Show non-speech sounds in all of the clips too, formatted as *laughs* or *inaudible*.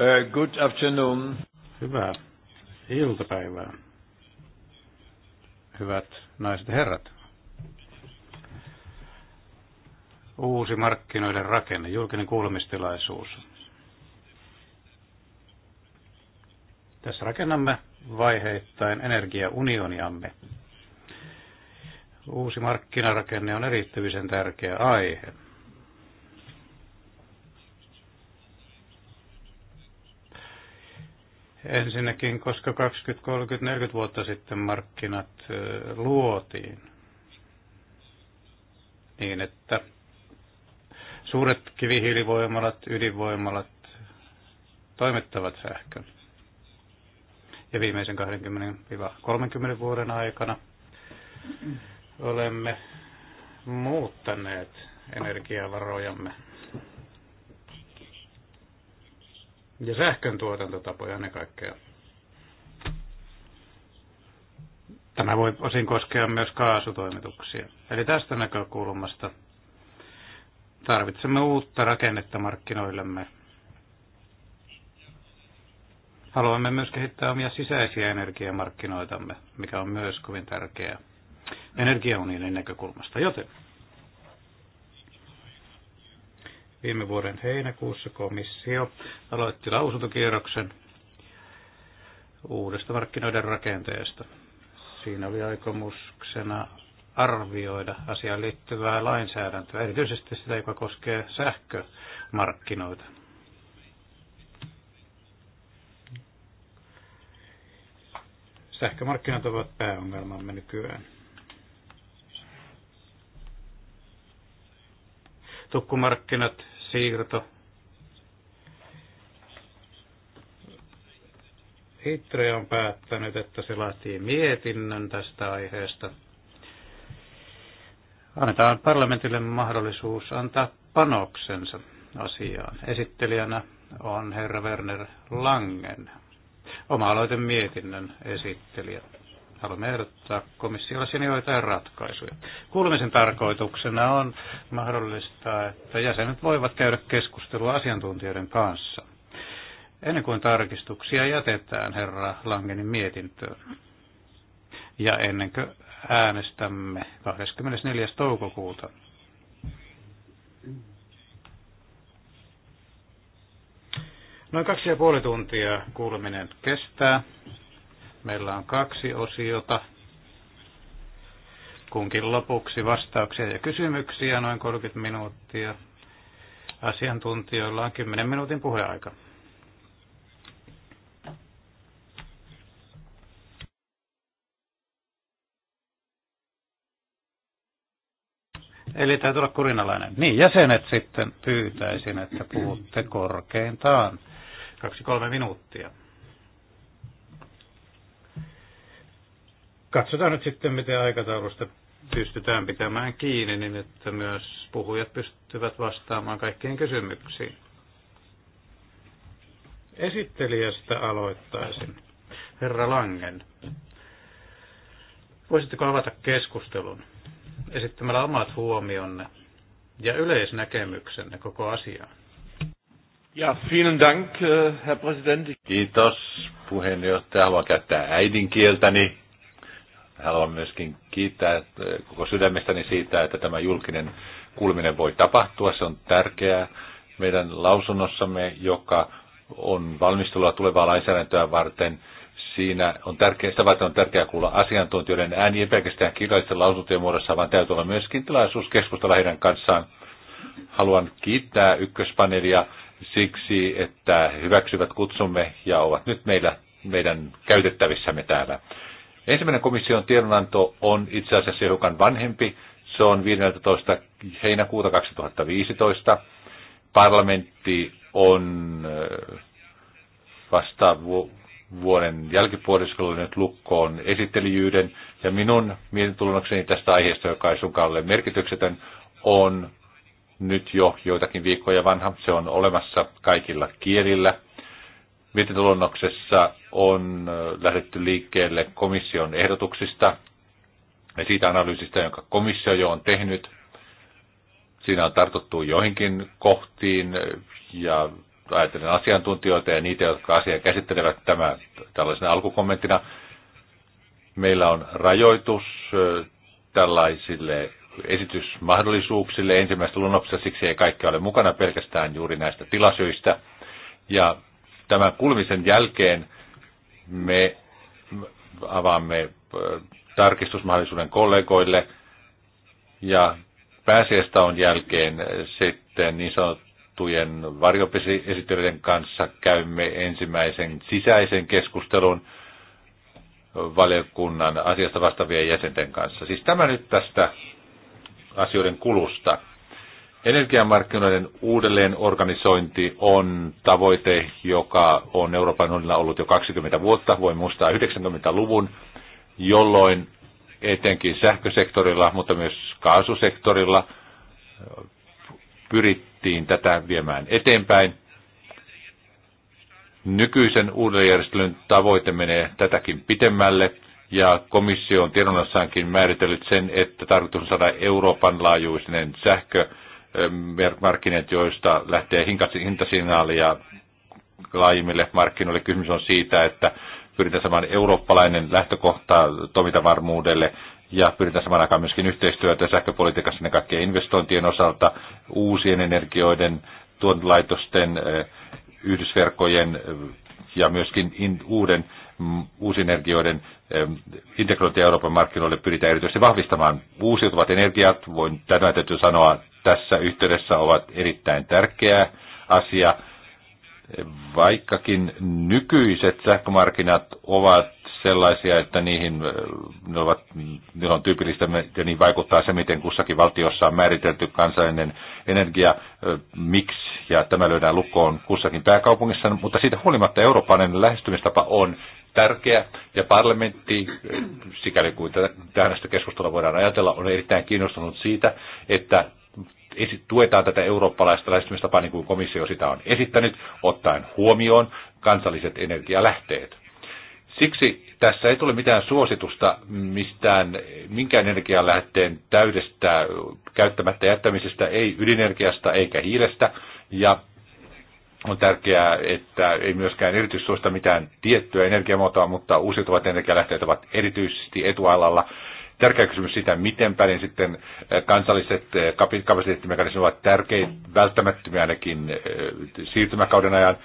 Uh, good afternoon. Hyvää iltapäivää. Hyvät naiset ja herrat. Uusi markkinoiden rakenne, julkinen kuulemistilaisuus. Tässä rakennamme vaiheittain energiaunioniamme. Uusi markkinarakenne on erittäin tärkeä aihe Ensinnäkin, koska 20, 30, 40 vuotta sitten markkinat luotiin niin, että suuret kivihiilivoimalat, ydinvoimalat toimittavat sähkön. Ja viimeisen 20-30 vuoden aikana olemme muuttaneet energiavarojamme ja sähkön tuotantotapoja ne kaikkea. Tämä voi osin koskea myös kaasutoimituksia. Eli tästä näkökulmasta tarvitsemme uutta rakennetta markkinoillemme. Haluamme myös kehittää omia sisäisiä energiamarkkinoitamme, mikä on myös kovin tärkeää energiaunionin näkökulmasta. Joten Viime vuoden heinäkuussa komissio aloitti lausuntokierroksen uudesta markkinoiden rakenteesta. Siinä oli aikomuksena arvioida asiaan liittyvää lainsäädäntöä, erityisesti sitä, joka koskee sähkömarkkinoita. Sähkömarkkinat ovat pääongelmamme nykyään. Tukkumarkkinat siirto. Itre on päättänyt, että se laatii mietinnön tästä aiheesta. Annetaan parlamentille mahdollisuus antaa panoksensa asiaan. Esittelijänä on herra Werner Langen, oma mietinnön esittelijä haluamme ehdottaa komissiolle sinne joitain ratkaisuja. Kuulemisen tarkoituksena on mahdollistaa, että jäsenet voivat käydä keskustelua asiantuntijoiden kanssa. Ennen kuin tarkistuksia jätetään herra Langenin mietintöön. Ja ennen kuin äänestämme 24. toukokuuta. Noin kaksi ja puoli tuntia kuuleminen kestää. Meillä on kaksi osiota. Kunkin lopuksi vastauksia ja kysymyksiä, noin 30 minuuttia. Asiantuntijoilla on 10 minuutin puheaika. Eli täytyy olla kurinalainen. Niin, jäsenet sitten pyytäisin, että puhutte korkeintaan kaksi-kolme minuuttia. Katsotaan nyt sitten, miten aikataulusta pystytään pitämään kiinni, niin että myös puhujat pystyvät vastaamaan kaikkiin kysymyksiin. Esittelijästä aloittaisin. Herra Langen, voisitteko avata keskustelun esittämällä omat huomionne ja yleisnäkemyksenne koko asiaan? Ja, vielen dank, äh, herr Präsident. Kiitos, puheenjohtaja. Haluan käyttää äidinkieltäni haluan myöskin kiittää äh, koko sydämestäni siitä, että tämä julkinen kuuleminen voi tapahtua. Se on tärkeää meidän lausunnossamme, joka on valmistelua tulevaa lainsäädäntöä varten. Siinä on tärkeää, sitä varten on tärkeää kuulla asiantuntijoiden ääni, ei pelkästään kirjallisten lausuntojen muodossa, vaan täytyy olla myöskin tilaisuus keskustella heidän kanssaan. Haluan kiittää ykköspaneelia siksi, että hyväksyvät kutsumme ja ovat nyt meillä, meidän käytettävissämme täällä. Ensimmäinen komission tiedonanto on itse asiassa hiukan vanhempi. Se on 15. heinäkuuta 2015. Parlamentti on äh, vasta vuoden jälkipuoliskolla nyt lukkoon esittelijyyden. Ja minun mietintulokseni tästä aiheesta, joka ei sunkaan ole merkityksetön, on nyt jo joitakin viikkoja vanha. Se on olemassa kaikilla kielillä. Mietintuloksessa on lähdetty liikkeelle komission ehdotuksista ja siitä analyysistä, jonka komissio jo on tehnyt. Siinä on tartuttu joihinkin kohtiin ja ajatellen asiantuntijoita ja niitä, jotka asiaa käsittelevät tämä tällaisena alkukommenttina. Meillä on rajoitus tällaisille esitysmahdollisuuksille ensimmäistä luonnoksessa, siksi ei kaikki ole mukana pelkästään juuri näistä tilasyistä. Ja tämän kulmisen jälkeen me avaamme äh, tarkistusmahdollisuuden kollegoille ja pääsiäistä on jälkeen sitten niin sanottujen varjopesiesittelyiden kanssa käymme ensimmäisen sisäisen keskustelun valiokunnan asiasta vastaavien jäsenten kanssa. Siis tämä nyt tästä asioiden kulusta. Energiamarkkinoiden uudelleen organisointi on tavoite, joka on Euroopan unionilla ollut jo 20 vuotta, voi muistaa 90-luvun, jolloin etenkin sähkösektorilla, mutta myös kaasusektorilla pyrittiin tätä viemään eteenpäin. Nykyisen uudelleenjärjestelyn tavoite menee tätäkin pitemmälle, ja komissio on tiedonassaankin määritellyt sen, että tarkoitus on saada Euroopan laajuisinen sähkö- Ehm, markkinat, joista lähtee hintasignaalia laajimmille markkinoille. Kysymys on siitä, että pyritään saamaan eurooppalainen lähtökohta toimintavarmuudelle ja pyritään samaan aikaan myöskin yhteistyötä sähköpolitiikassa ja kaikkea investointien osalta, uusien energioiden, tuotantolaitosten, eh, yhdysverkkojen eh, ja myöskin uuden mm, uuden, energioiden integrointia Euroopan markkinoille pyritään erityisesti vahvistamaan. Uusiutuvat energiat, voin tänään täytyy sanoa, tässä yhteydessä ovat erittäin tärkeä asia, vaikkakin nykyiset sähkömarkkinat ovat sellaisia, että niihin ne ovat, niillä on tyypillistä ja niin vaikuttaa se, miten kussakin valtiossa on määritelty kansallinen energia, miksi, ja tämä löydään lukkoon kussakin pääkaupungissa, mutta siitä huolimatta eurooppalainen lähestymistapa on tärkeä ja parlamentti, sikäli kuin sitä keskustelua voidaan ajatella, on erittäin kiinnostunut siitä, että tuetaan tätä eurooppalaista lähestymistapaa, niin kuin komissio sitä on esittänyt, ottaen huomioon kansalliset energialähteet. Siksi tässä ei tule mitään suositusta mistään minkään energialähteen täydestä käyttämättä jättämisestä, ei ydinenergiasta eikä hiilestä, ja on tärkeää, että ei myöskään erityissuosta mitään tiettyä energiamuotoa, mutta uusiutuvat energialähteet ovat erityisesti etualalla. Tärkeä kysymys sitä, miten päin sitten eh, kansalliset eh, kapasiteettimekanismit ovat tärkeitä, välttämättömiä ainakin eh, siirtymäkauden ajan,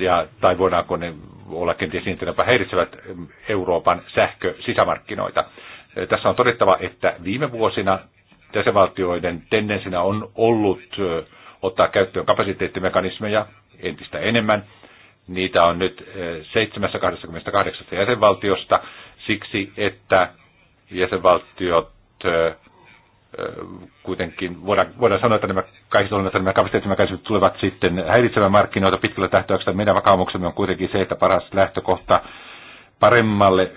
ja, tai voidaanko ne olla kenties niin, että häiritsevät Euroopan sähkösisämarkkinoita. Tässä on todettava, että viime vuosina jäsenvaltioiden tendenssinä on ollut äh, ottaa käyttöön kapasiteettimekanismeja entistä enemmän. Niitä on nyt 728 eh, jäsenvaltiosta siksi, että jäsenvaltiot eh, eh, kuitenkin, voidaan, voidaan sanoa, että nämä kaikki olennaista nämä kapasiteettimekanismit tulevat sitten häiritsemään markkinoita pitkällä tähtäyksellä. Meidän vakaumuksemme on kuitenkin se, että paras lähtökohta paremmalle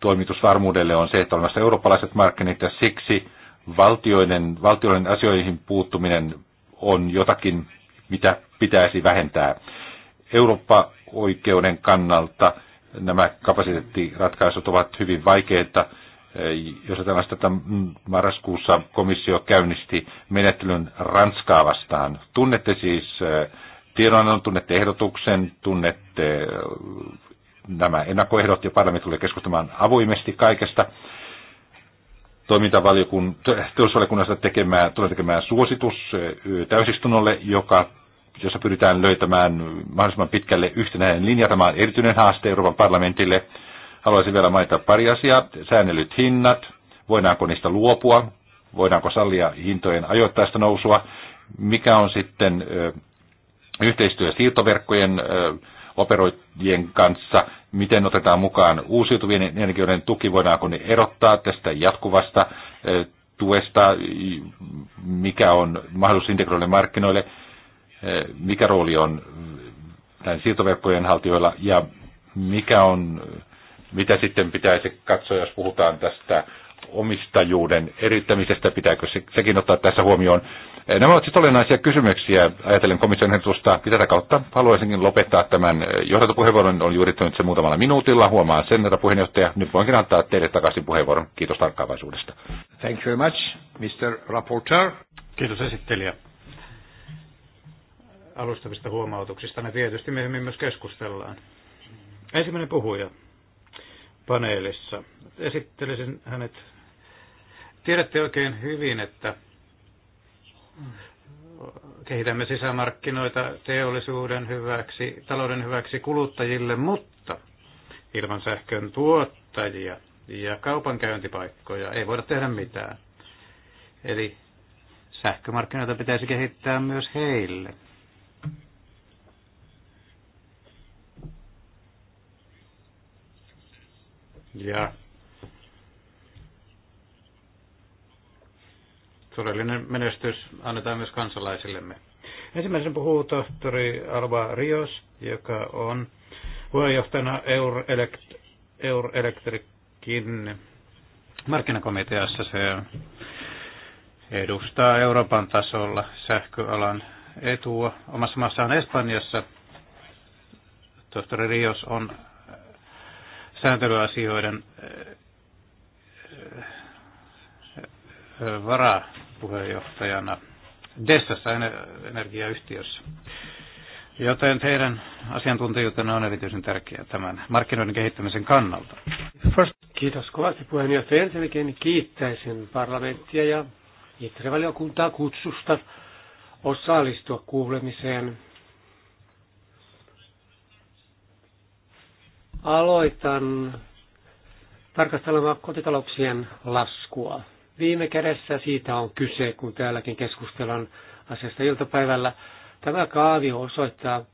toimitusvarmuudelle on se, että olemassa eurooppalaiset markkinat ja siksi valtioiden, valtioiden asioihin puuttuminen on jotakin, mitä pitäisi vähentää. Eurooppa-oikeuden kannalta nämä kapasiteettiratkaisut ovat hyvin vaikeita. Jos ajatellaan sitä, että marraskuussa komissio käynnisti menettelyn Ranskaa vastaan. Tunnette siis eh, tiedonannon, tunnette ehdotuksen, tunnette eh, nämä ennakkoehdot ja parlamentti tulee keskustelemaan avoimesti kaikesta toimintavaliokunnasta tekemään, tulee tekemään suositus täysistunnolle, joka, jossa pyritään löytämään mahdollisimman pitkälle yhtenäinen linja. Tämä on erityinen haaste Euroopan parlamentille. Haluaisin vielä mainita pari asiaa. Säännellyt hinnat, voidaanko niistä luopua, voidaanko sallia hintojen ajoittaista nousua, mikä on sitten yhteistyö siirtoverkkojen operoijien kanssa, miten otetaan mukaan uusiutuvien energioiden tuki, voidaanko ne erottaa tästä jatkuvasta tuesta, mikä on mahdollisuus integroille markkinoille, mikä rooli on näin siirtoverkkojen haltijoilla ja mikä on, mitä sitten pitäisi katsoa, jos puhutaan tästä omistajuuden erittämisestä, pitääkö se, sekin ottaa tässä huomioon. Nämä ovat siis olennaisia kysymyksiä. Ajatellen komission ehdotusta. Tätä kautta haluaisinkin lopettaa tämän johdantopuheenvuoron. Olen juurittanut sen muutamalla minuutilla. Huomaan sen, että puheenjohtaja. Nyt voinkin antaa teille takaisin puheenvuoron. Kiitos tarkkaavaisuudesta. Thank you very much, Mr. Rapporteur. Kiitos esittelijä alustavista huomautuksista. Ne tietysti myöhemmin myös keskustellaan. Ensimmäinen puhuja paneelissa. Esittelisin hänet. Tiedätte oikein hyvin, että Kehitämme sisämarkkinoita teollisuuden hyväksi, talouden hyväksi kuluttajille, mutta ilman sähkön tuottajia ja kaupankäyntipaikkoja ei voida tehdä mitään. Eli sähkömarkkinoita pitäisi kehittää myös heille. Ja Todellinen menestys annetaan myös kansalaisillemme. Ensimmäisen puhuu tohtori Alba Rios, joka on puheenjohtajana Eurelektrikin Eur markkinakomiteassa. Se edustaa Euroopan tasolla sähköalan etua. Omassa maassaan Espanjassa tohtori Rios on sääntelyasioiden eh, eh, vara puheenjohtajana Dessassa energiayhtiössä. Joten teidän asiantuntijuutenne on erityisen tärkeää tämän markkinoiden kehittämisen kannalta. First, kiitos kovasti puheenjohtaja. Ensinnäkin kiittäisin parlamenttia ja itsevaliokuntaa kutsusta osallistua kuulemiseen. Aloitan tarkastelemaan kotitalouksien laskua. Viime kädessä siitä on kyse, kun täälläkin keskustellaan asiasta iltapäivällä. Tämä kaavio osoittaa,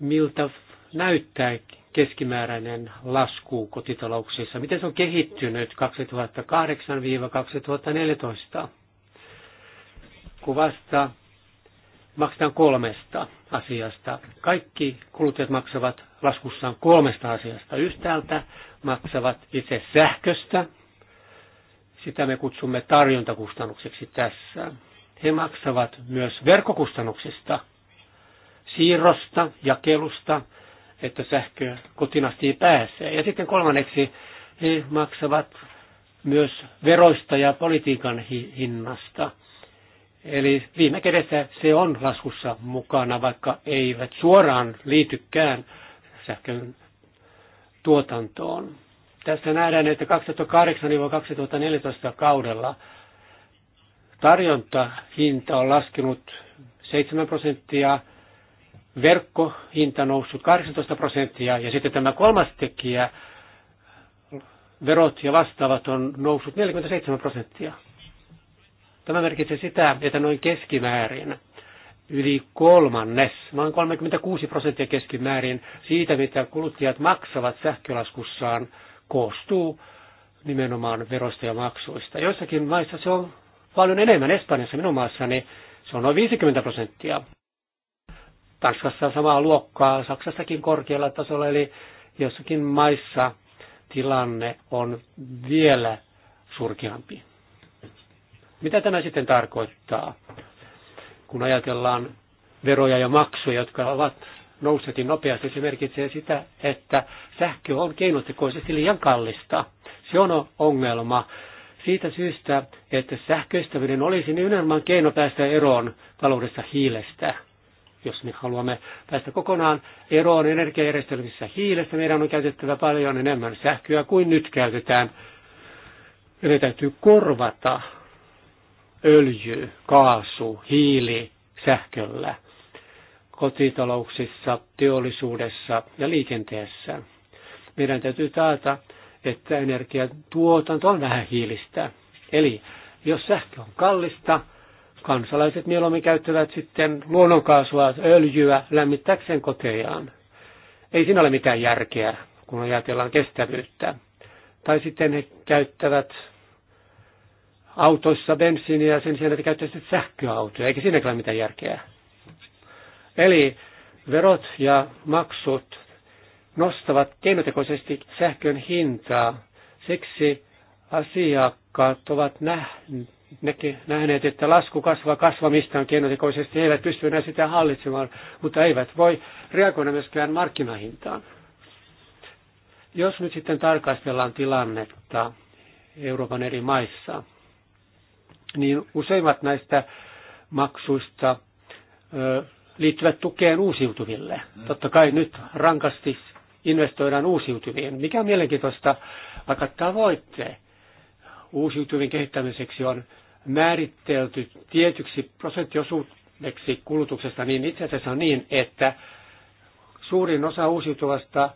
miltä näyttää keskimääräinen lasku kotitalouksissa. Miten se on kehittynyt 2008-2014? Kuvasta maksetaan kolmesta asiasta. Kaikki kuluttajat maksavat laskussaan kolmesta asiasta. Yhtäältä maksavat itse sähköstä, sitä me kutsumme tarjontakustannukseksi tässä. He maksavat myös verkkokustannuksista, siirrosta, jakelusta, että sähkö kotinastiin pääsee. Ja sitten kolmanneksi he maksavat myös veroista ja politiikan hinnasta. Eli viime kädessä se on laskussa mukana, vaikka eivät suoraan liitykään sähkön tuotantoon. Tässä nähdään, että 2008-2014 kaudella tarjontahinta on laskenut 7 prosenttia, verkkohinta noussut 18 prosenttia ja sitten tämä kolmas tekijä, verot ja vastaavat on noussut 47 prosenttia. Tämä merkitsee sitä, että noin keskimäärin yli kolmannes, noin 36 prosenttia keskimäärin siitä, mitä kuluttajat maksavat sähkölaskussaan, koostuu nimenomaan veroista ja maksuista. Joissakin maissa se on paljon enemmän. Espanjassa minun maassani se on noin 50 prosenttia. Tanskassa on samaa luokkaa, Saksassakin korkealla tasolla, eli jossakin maissa tilanne on vielä surkeampi. Mitä tämä sitten tarkoittaa, kun ajatellaan veroja ja maksuja, jotka ovat nouseekin nopeasti. Se merkitsee sitä, että sähkö on keinotekoisesti liian kallista. Se on ongelma siitä syystä, että sähköistäminen olisi nimenomaan keino päästä eroon taloudessa hiilestä. Jos me haluamme päästä kokonaan eroon energiajärjestelmissä hiilestä, meidän on käytettävä paljon enemmän sähköä kuin nyt käytetään. Ja ne täytyy korvata öljy, kaasu, hiili sähköllä kotitalouksissa, teollisuudessa ja liikenteessä. Meidän täytyy taata, että energiatuotanto on vähän hiilistä. Eli jos sähkö on kallista, kansalaiset mieluummin käyttävät sitten luonnonkaasua, öljyä lämmittäkseen kotejaan. Ei siinä ole mitään järkeä, kun ajatellaan kestävyyttä. Tai sitten he käyttävät autoissa bensiiniä sen sijaan, että käyttäisivät sähköautoja, eikä siinäkään ole mitään järkeä. Eli verot ja maksut nostavat keinotekoisesti sähkön hintaa. Siksi asiakkaat ovat nähneet, että lasku kasvaa kasvamistaan keinotekoisesti. He eivät pysty enää sitä hallitsemaan, mutta eivät voi reagoida myöskään markkinahintaan. Jos nyt sitten tarkastellaan tilannetta Euroopan eri maissa, niin useimmat näistä maksuista liittyvät tukeen uusiutuville. Mm. Totta kai nyt rankasti investoidaan uusiutuviin. Mikä on mielenkiintoista, vaikka tavoitte uusiutuvien kehittämiseksi on määritelty tietyksi prosenttiosuudeksi kulutuksesta, niin itse asiassa on niin, että suurin osa uusiutuvasta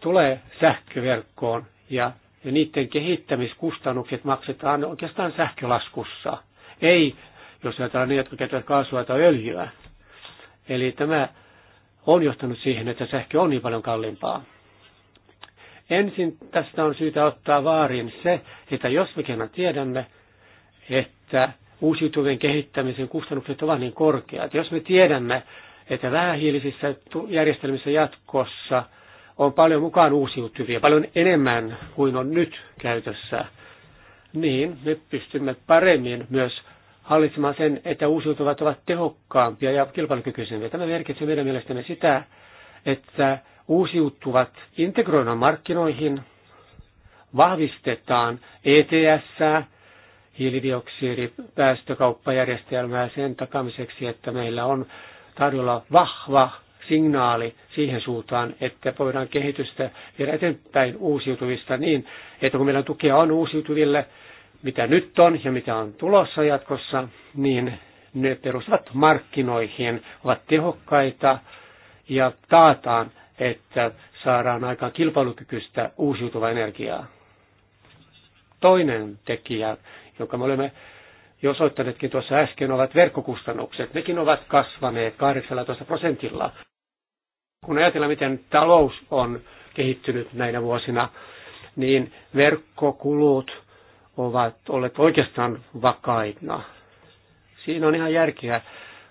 tulee sähköverkkoon ja ja niiden kehittämiskustannukset maksetaan oikeastaan sähkölaskussa. Ei, jos ajatellaan niitä, jotka käyttävät kaasua tai öljyä. Eli tämä on johtanut siihen, että sähkö on niin paljon kalliimpaa. Ensin tästä on syytä ottaa vaarin se, että jos me kerran tiedämme, että uusiutuvien kehittämisen kustannukset ovat niin korkeat, jos me tiedämme, että vähähiilisissä järjestelmissä jatkossa on paljon mukaan uusiutuvia, paljon enemmän kuin on nyt käytössä, niin me pystymme paremmin myös hallitsemaan sen, että uusiutuvat ovat tehokkaampia ja kilpailukykyisempiä. Tämä merkitsee meidän mielestämme sitä, että uusiutuvat integroidaan markkinoihin, vahvistetaan ETS, hiilidioksidipäästökauppajärjestelmää sen takamiseksi, että meillä on tarjolla vahva signaali siihen suuntaan, että voidaan kehitystä viedä eteenpäin uusiutuvista niin, että kun meillä tukea on uusiutuville, mitä nyt on ja mitä on tulossa jatkossa, niin ne perustuvat markkinoihin, ovat tehokkaita ja taataan, että saadaan aikaan kilpailukykyistä uusiutuvaa energiaa. Toinen tekijä, jonka me olemme jo osoittaneetkin tuossa äsken, ovat verkkokustannukset. Nekin ovat kasvaneet 18 prosentilla. Kun ajatellaan, miten talous on kehittynyt näinä vuosina, niin verkkokulut ovat olleet oikeastaan vakaina. Siinä on ihan järkeä,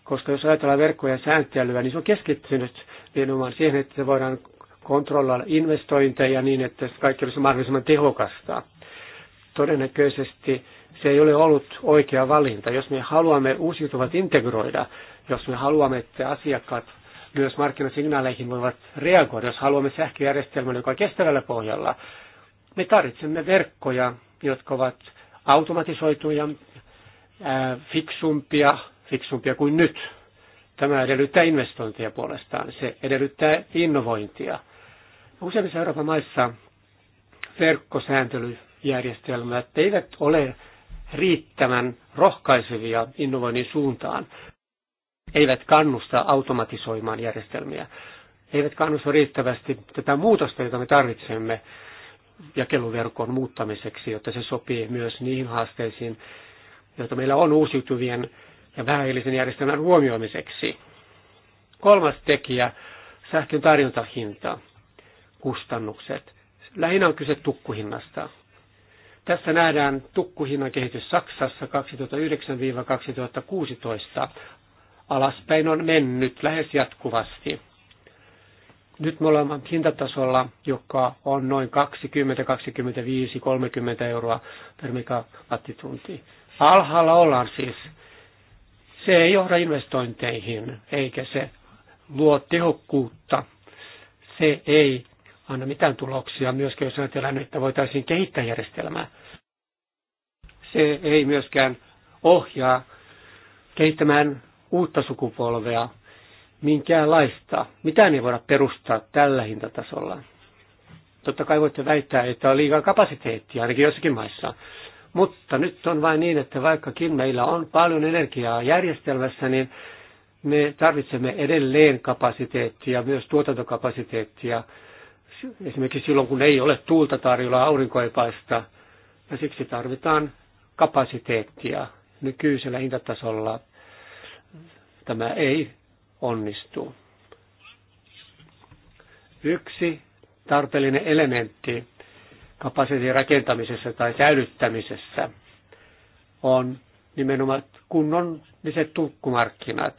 koska jos ajatellaan verkkojen sääntelyä, niin se on keskittynyt nimenomaan siihen, että se voidaan kontrolloida investointeja niin, että kaikki olisi mahdollisimman tehokasta. Todennäköisesti se ei ole ollut oikea valinta. Jos me haluamme uusiutuvat integroida, jos me haluamme, että asiakkaat myös markkinasignaaleihin voivat reagoida, jos haluamme sähköjärjestelmän, joka on kestävällä pohjalla, me tarvitsemme verkkoja, jotka ovat automatisoituja, fiksumpia, fiksumpia kuin nyt. Tämä edellyttää investointia puolestaan. Se edellyttää innovointia. Useimmissa Euroopan maissa verkkosääntelyjärjestelmät eivät ole riittävän rohkaisevia innovoinnin suuntaan. Eivät kannusta automatisoimaan järjestelmiä. Eivät kannusta riittävästi tätä muutosta, jota me tarvitsemme jakeluverkon muuttamiseksi, jotta se sopii myös niihin haasteisiin, joita meillä on uusiutuvien ja vähäillisen järjestelmän huomioimiseksi. Kolmas tekijä, sähkön tarjontahinta, kustannukset. Lähinnä on kyse tukkuhinnasta. Tässä nähdään tukkuhinnan kehitys Saksassa 2009-2016. Alaspäin on mennyt lähes jatkuvasti. Nyt me ollaan hintatasolla, joka on noin 20, 25, 30 euroa per megawattitunti. Alhaalla ollaan siis. Se ei johda investointeihin, eikä se luo tehokkuutta. Se ei anna mitään tuloksia, myöskään jos ajatellaan, että voitaisiin kehittää järjestelmää. Se ei myöskään ohjaa kehittämään uutta sukupolvea minkäänlaista. Mitään ei voida perustaa tällä hintatasolla. Totta kai voitte väittää, että on liikaa kapasiteettia, ainakin jossakin maissa. Mutta nyt on vain niin, että vaikkakin meillä on paljon energiaa järjestelmässä, niin me tarvitsemme edelleen kapasiteettia, myös tuotantokapasiteettia. Esimerkiksi silloin, kun ei ole tuulta tarjolla, aurinko ei paista. Ja siksi tarvitaan kapasiteettia nykyisellä hintatasolla. Tämä ei onnistuu. Yksi tarpeellinen elementti kapasiteetin rakentamisessa tai säilyttämisessä on nimenomaan kunnolliset tulkkumarkkinat.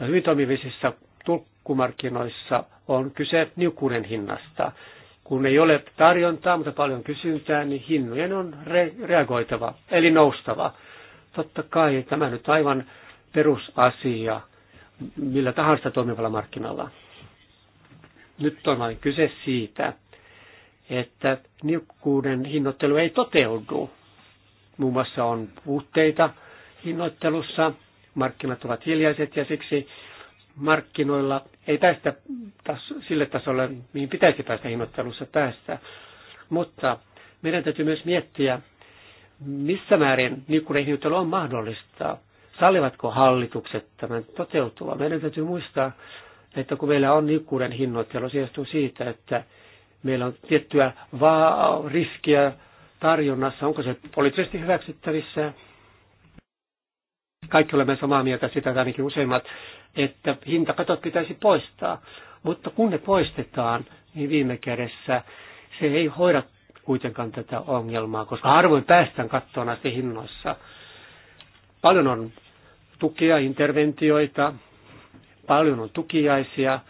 Ja hyvin toimivisissa tulkkumarkkinoissa on kyse niukkuuden hinnasta. Kun ei ole tarjontaa, mutta paljon kysyntää, niin hinnojen on re- reagoitava, eli noustava. Totta kai tämä nyt aivan perusasia millä tahansa toimivalla markkinalla. Nyt on vain kyse siitä, että niukkuuden hinnoittelu ei toteudu. Muun muassa on puutteita hinnoittelussa, markkinat ovat hiljaiset ja siksi markkinoilla ei päästä sille tasolle, mihin pitäisi päästä hinnoittelussa päästä. Mutta meidän täytyy myös miettiä, missä määrin niukkuuden hinnoittelu on mahdollista sallivatko hallitukset tämän toteutua. Meidän täytyy muistaa, että kun meillä on niukkuuden hinnoittelu, se johtuu siitä, että meillä on tiettyä va- riskiä tarjonnassa, onko se poliittisesti hyväksyttävissä. Kaikki olemme samaa mieltä sitä, ainakin useimmat, että hintakatot pitäisi poistaa. Mutta kun ne poistetaan, niin viime kädessä se ei hoida kuitenkaan tätä ongelmaa, koska harvoin päästään kattoon asti hinnoissa. Paljon on tukia, interventioita, paljon on tukiaisia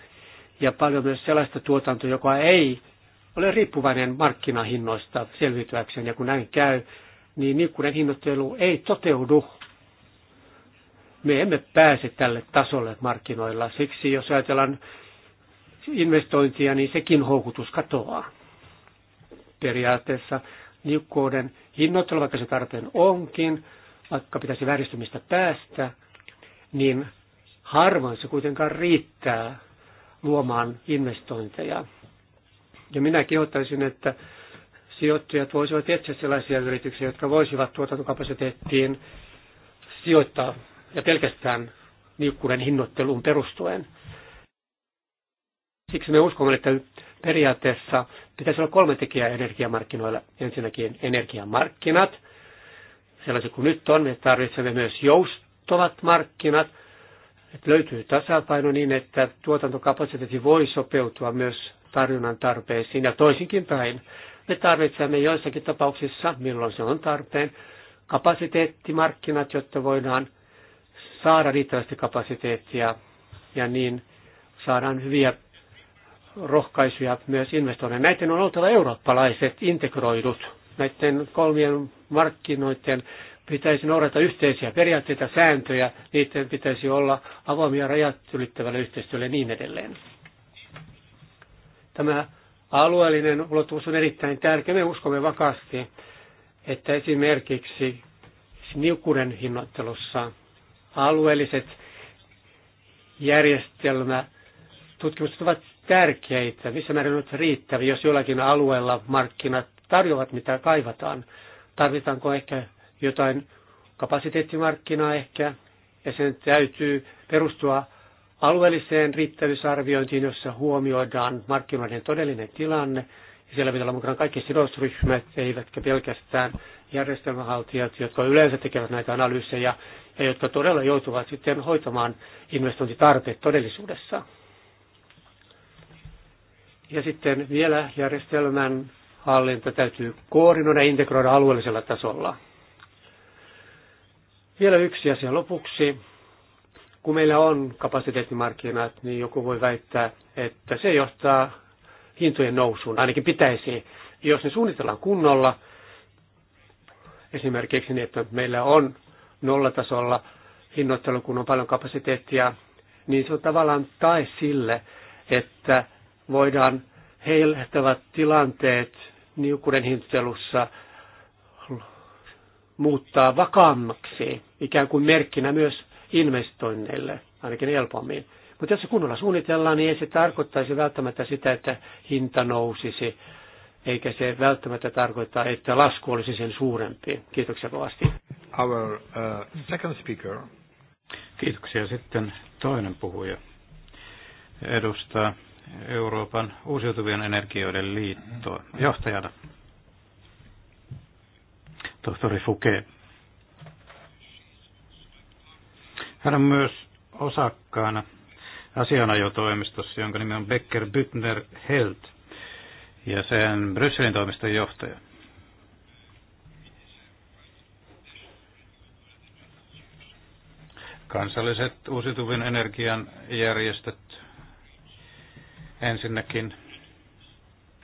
ja paljon myös sellaista tuotantoa, joka ei ole riippuvainen markkinahinnoista selviytyäkseen. Ja kun näin käy, niin niukkuuden hinnoittelu ei toteudu. Me emme pääse tälle tasolle markkinoilla. Siksi jos ajatellaan investointia, niin sekin houkutus katoaa. Periaatteessa niukkuuden hinnoittelu, vaikka se tarpeen onkin, vaikka pitäisi vääristymistä päästä, niin harvoin se kuitenkaan riittää luomaan investointeja. Ja minä kehottaisin, että sijoittajat voisivat etsiä sellaisia yrityksiä, jotka voisivat tuotantokapasiteettiin sijoittaa ja pelkästään niukkuuden hinnoitteluun perustuen. Siksi me uskomme, että periaatteessa pitäisi olla kolme tekijää energiamarkkinoilla. Ensinnäkin energiamarkkinat – sellaiset kuin nyt on. Me tarvitsemme myös joustavat markkinat, että löytyy tasapaino niin, että tuotantokapasiteetti voi sopeutua myös tarjonnan tarpeisiin ja toisinkin päin. Me tarvitsemme joissakin tapauksissa, milloin se on tarpeen, kapasiteettimarkkinat, jotta voidaan saada riittävästi kapasiteettia ja niin saadaan hyviä rohkaisuja myös investoinneille. Näiden on oltava eurooppalaiset integroidut näiden kolmien markkinoiden pitäisi noudata yhteisiä periaatteita, sääntöjä, niiden pitäisi olla avoimia rajat ylittävälle yhteistyölle ja niin edelleen. Tämä alueellinen ulottuvuus on erittäin tärkeä. Me uskomme vakaasti, että esimerkiksi niukkuuden hinnoittelussa alueelliset järjestelmä tutkimukset ovat tärkeitä, missä määrin ovat riittäviä, jos jollakin alueella markkinat tarjoavat, mitä kaivataan. Tarvitaanko ehkä jotain kapasiteettimarkkinaa ehkä, ja sen täytyy perustua alueelliseen riittävyysarviointiin, jossa huomioidaan markkinoiden todellinen tilanne, ja siellä pitää olla mukana kaikki sidosryhmät, eivätkä pelkästään järjestelmähaltijat, jotka yleensä tekevät näitä analyysejä ja jotka todella joutuvat sitten hoitamaan investointitarpeet todellisuudessa. Ja sitten vielä järjestelmän hallinta täytyy koordinoida ja integroida alueellisella tasolla. Vielä yksi asia lopuksi. Kun meillä on kapasiteettimarkkinat, niin joku voi väittää, että se johtaa hintojen nousuun, ainakin pitäisi. Jos ne suunnitellaan kunnolla, esimerkiksi niin, että meillä on nollatasolla hinnoittelu, kun on paljon kapasiteettia, niin se on tavallaan tae sille, että voidaan heilehtävät tilanteet niukkuuden hintelussa muuttaa vakaammaksi, ikään kuin merkkinä myös investoinneille, ainakin helpommin. Mutta jos se kunnolla suunnitellaan, niin ei se tarkoittaisi välttämättä sitä, että hinta nousisi, eikä se välttämättä tarkoita, että lasku olisi sen suurempi. Kiitoksia kovasti. Our uh, second speaker. Kiitoksia. Sitten toinen puhuja edustaa Euroopan uusiutuvien energioiden liittoa. johtajana. Tohtori Fuke. Hän on myös osakkaana asianajotoimistossa, jonka nimi on Becker Büttner Held, ja sen Brysselin toimiston johtaja. Kansalliset uusiutuvien energian järjestöt ensinnäkin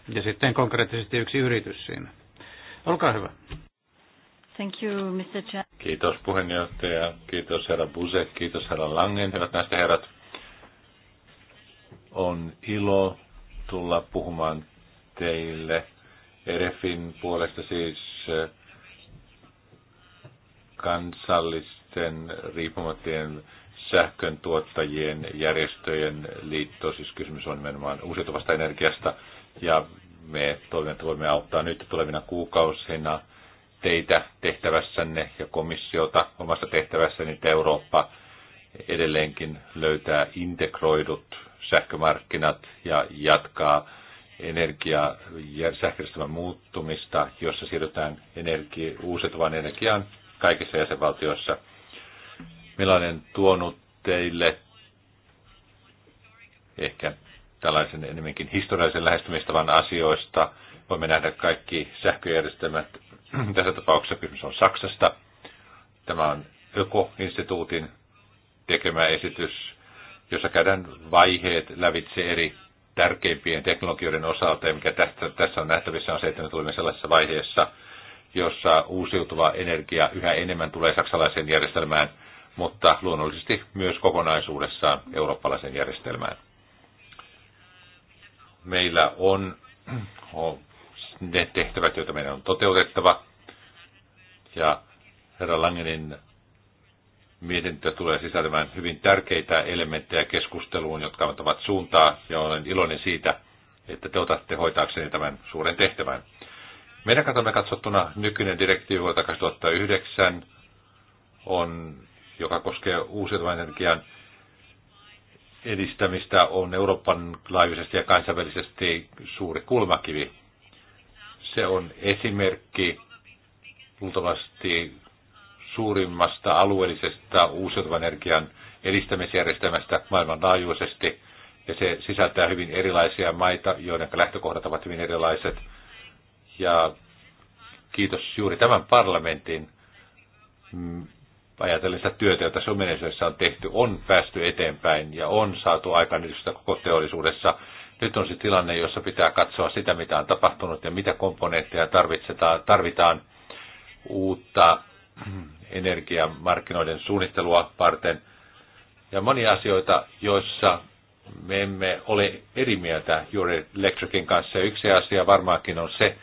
ja sitten konkreettisesti yksi yritys siinä. Olkaa hyvä. Thank you, Mr. Chair. Kiitos puheenjohtaja, kiitos herra Buse, kiitos herra Langen, hyvät näistä herrat. On ilo tulla puhumaan teille EREFin puolesta siis eh, kansallisten riippumattien sähkön tuottajien järjestöjen liitto, siis kysymys on nimenomaan uusiutuvasta energiasta, ja me toivon, että voimme auttaa nyt tulevina kuukausina teitä tehtävässänne ja komissiota omassa tehtävässäni, että Eurooppa edelleenkin löytää integroidut sähkömarkkinat ja jatkaa energia- ja sähköistelmän muuttumista, jossa siirrytään energi- uusiutuvaan energiaan kaikissa jäsenvaltioissa – minä tuonut teille ehkä tällaisen enemmänkin historiallisen lähestymistavan asioista. Voimme nähdä kaikki sähköjärjestelmät. *clears throat* Tässä tapauksessa kysymys on Saksasta. Tämä on Öko-instituutin tekemä esitys, jossa käydään vaiheet lävitse eri tärkeimpien teknologioiden osalta, ja mikä tästä, tässä on nähtävissä on se, että me tulemme sellaisessa vaiheessa, jossa uusiutuva energia yhä enemmän tulee saksalaiseen järjestelmään – mutta luonnollisesti myös kokonaisuudessaan eurooppalaisen järjestelmään. Meillä on *clears throat* ne tehtävät, joita meidän on toteutettava, ja herra Langenin mietintö tulee sisältämään hyvin tärkeitä elementtejä keskusteluun, jotka ovat suuntaa, ja olen iloinen siitä, että te otatte hoitaakseni tämän suuren tehtävän. Meidän katsomme katsottuna nykyinen direktiivi vuodelta 2009 on joka koskee uusiutuvan energian edistämistä, on Euroopan laajuisesti ja kansainvälisesti suuri kulmakivi. Se on esimerkki luultavasti suurimmasta alueellisesta uusiutuvan energian edistämisjärjestelmästä maailmanlaajuisesti, ja se sisältää hyvin erilaisia maita, joiden lähtökohdat ovat hyvin erilaiset. Ja kiitos juuri tämän parlamentin ajatellen sitä työtä, jota Suomenisuudessa on tehty, on päästy eteenpäin ja on saatu aikaan yhdistystä koko teollisuudessa. Nyt on se tilanne, jossa pitää katsoa sitä, mitä on tapahtunut ja mitä komponentteja tarvitaan, tarvitaan uutta *clears throat* energiamarkkinoiden suunnittelua varten. Ja monia asioita, joissa me emme ole eri mieltä juuri Electricin kanssa. Yksi asia varmaankin on se,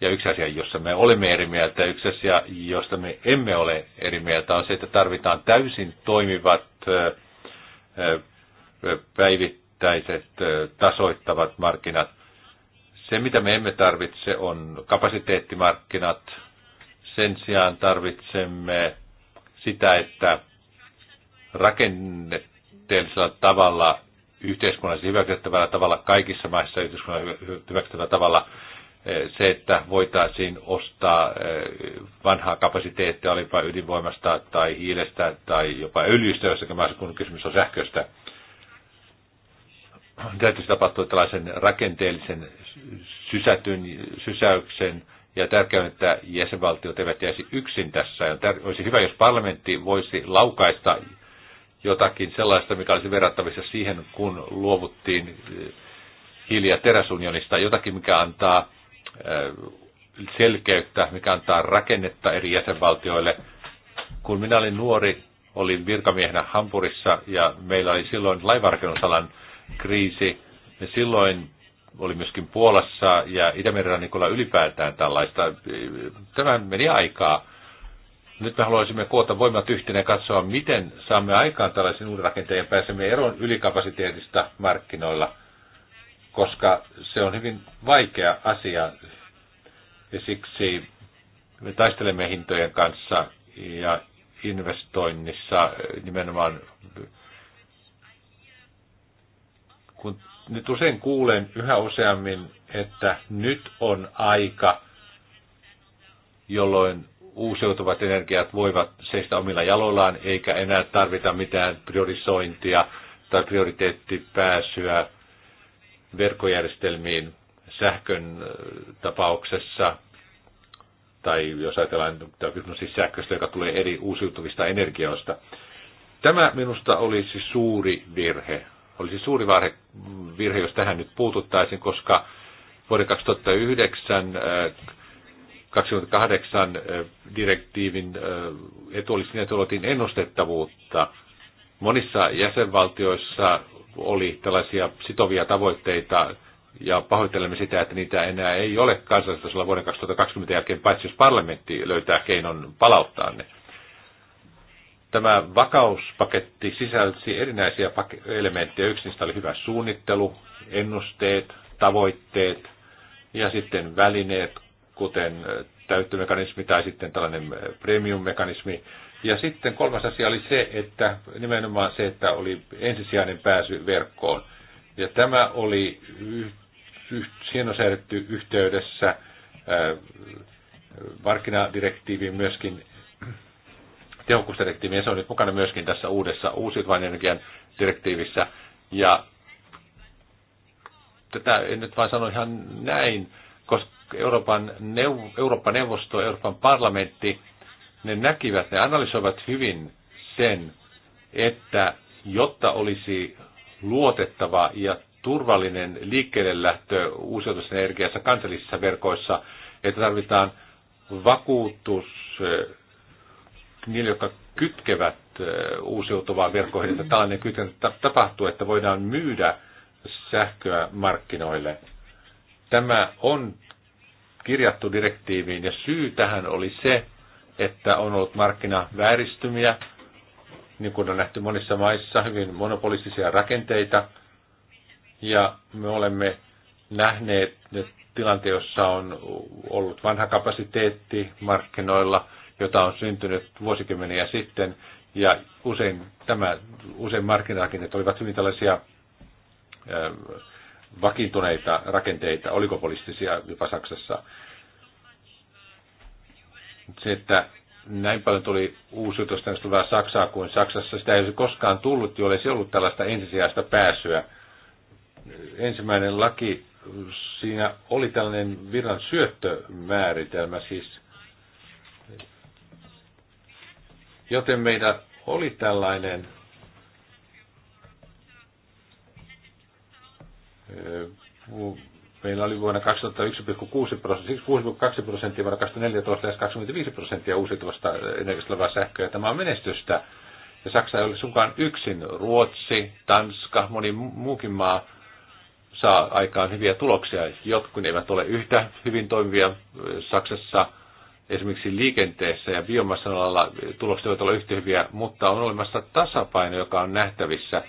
ja yksi asia, jossa me olemme eri mieltä, ja yksi asia, josta me emme ole eri mieltä, on se, että tarvitaan täysin toimivat päivittäiset tasoittavat markkinat. Se, mitä me emme tarvitse, on kapasiteettimarkkinat. Sen sijaan tarvitsemme sitä, että rakenteellisella tavalla, yhteiskunnallisesti hyväksyttävällä tavalla, kaikissa maissa yhteiskunnallisesti hyväksyttävällä tavalla se, että voitaisiin ostaa vanhaa kapasiteettia, olipa ydinvoimasta tai hiilestä tai jopa öljystä, jossakin kun kysymys on sähköstä. *clears throat* Täytyisi tapahtua tällaisen rakenteellisen sysätyn, sysäyksen, ja tärkeää on, että jäsenvaltiot eivät jäisi yksin tässä. Ja olisi hyvä, jos parlamentti voisi laukaista jotakin sellaista, mikä olisi verrattavissa siihen, kun luovuttiin hiili- ja teräsunionista, jotakin, mikä antaa selkeyttä, mikä antaa rakennetta eri jäsenvaltioille. Kun minä olin nuori, olin virkamiehenä Hampurissa ja meillä oli silloin laivarkennusalan kriisi. Me silloin oli myöskin Puolassa ja Itämerenrannikolla ylipäätään tällaista. Tämä meni aikaa. Nyt me haluaisimme koota voimat yhteen ja katsoa, miten saamme aikaan tällaisen uuden rakenteen ja pääsemme eroon ylikapasiteetista markkinoilla – koska se on hyvin vaikea asia ja siksi me taistelemme hintojen kanssa ja investoinnissa nimenomaan, kun nyt usein kuulen yhä useammin, että nyt on aika, jolloin uusiutuvat energiat voivat seistä omilla jaloillaan, eikä enää tarvita mitään priorisointia tai prioriteettipääsyä verkkojärjestelmiin sähkön äh, tapauksessa, tai jos ajatellaan, tämä siis sähköstä, joka tulee eri uusiutuvista energioista. Tämä minusta olisi suuri virhe. Olisi suuri virhe, jos tähän nyt puututtaisiin, koska vuoden 2009 28 äh, äh, direktiivin etu oli siinä, että ennustettavuutta. Monissa jäsenvaltioissa oli tällaisia sitovia tavoitteita ja pahoittelemme sitä, että niitä enää ei ole kansallistasolla vuoden 2020 jälkeen, paitsi jos parlamentti löytää keinon palauttaa ne. Tämä vakauspaketti sisälsi erinäisiä elementtejä. Yksi niistä oli hyvä suunnittelu, ennusteet, tavoitteet ja sitten välineet, kuten täyttömekanismi tai sitten tällainen premiummekanismi, mekanismi ja sitten kolmas asia oli se, että nimenomaan se, että oli ensisijainen pääsy verkkoon. Ja tämä oli, siinä on säädetty yhteydessä äh, markkinadirektiiviin myöskin tehokkuusdirektiiviin, ja se on nyt mukana myöskin tässä uudessa uusiutuvan energian direktiivissä. Ja tätä en nyt vain sano ihan näin, koska Euroopan neuv- Eurooppa-neuvosto, Euroopan parlamentti ne näkivät, ne analysoivat hyvin sen, että jotta olisi luotettava ja turvallinen liikkeelle lähtö uusiutuvassa energiassa kansallisissa verkoissa, että tarvitaan vakuutus eh, niille, jotka kytkevät eh, uusiutuvaa verkkoihin, että tällainen kytkentä tapahtuu, että voidaan myydä sähköä markkinoille. Tämä on kirjattu direktiiviin ja syy tähän oli se, että on ollut markkinavääristymiä, niin kuin on nähty monissa maissa, hyvin monopolistisia rakenteita. Ja me olemme nähneet nyt tilanteen, jossa on ollut vanha kapasiteetti markkinoilla, jota on syntynyt vuosikymmeniä sitten. Ja usein, tämä, usein markkinarakenteet olivat hyvin tällaisia ö, vakiintuneita rakenteita, oligopolistisia jopa Saksassa. Se, että näin paljon tuli uusiutusta tulevaa Saksaa kuin Saksassa, sitä ei olisi koskaan tullut, jolle se ollut tällaista ensisijaista pääsyä. Ensimmäinen laki, siinä oli tällainen viran syöttömääritelmä siis. Joten meidän oli tällainen Meillä oli vuonna 2001 6,2 siis prosenttia, vuonna 2014 lähes 25 prosenttia uusiutuvasta energiasta olevaa sähköä. Tämä on menestystä. Ja Saksa ei ole sunkaan yksin. Ruotsi, Tanska, moni muukin maa saa aikaan hyviä tuloksia. Jotkut eivät ole yhtä hyvin toimivia Saksassa. Esimerkiksi liikenteessä ja biomassan alalla tulokset eivät ole yhtä hyviä, mutta on olemassa tasapaino, joka on nähtävissä.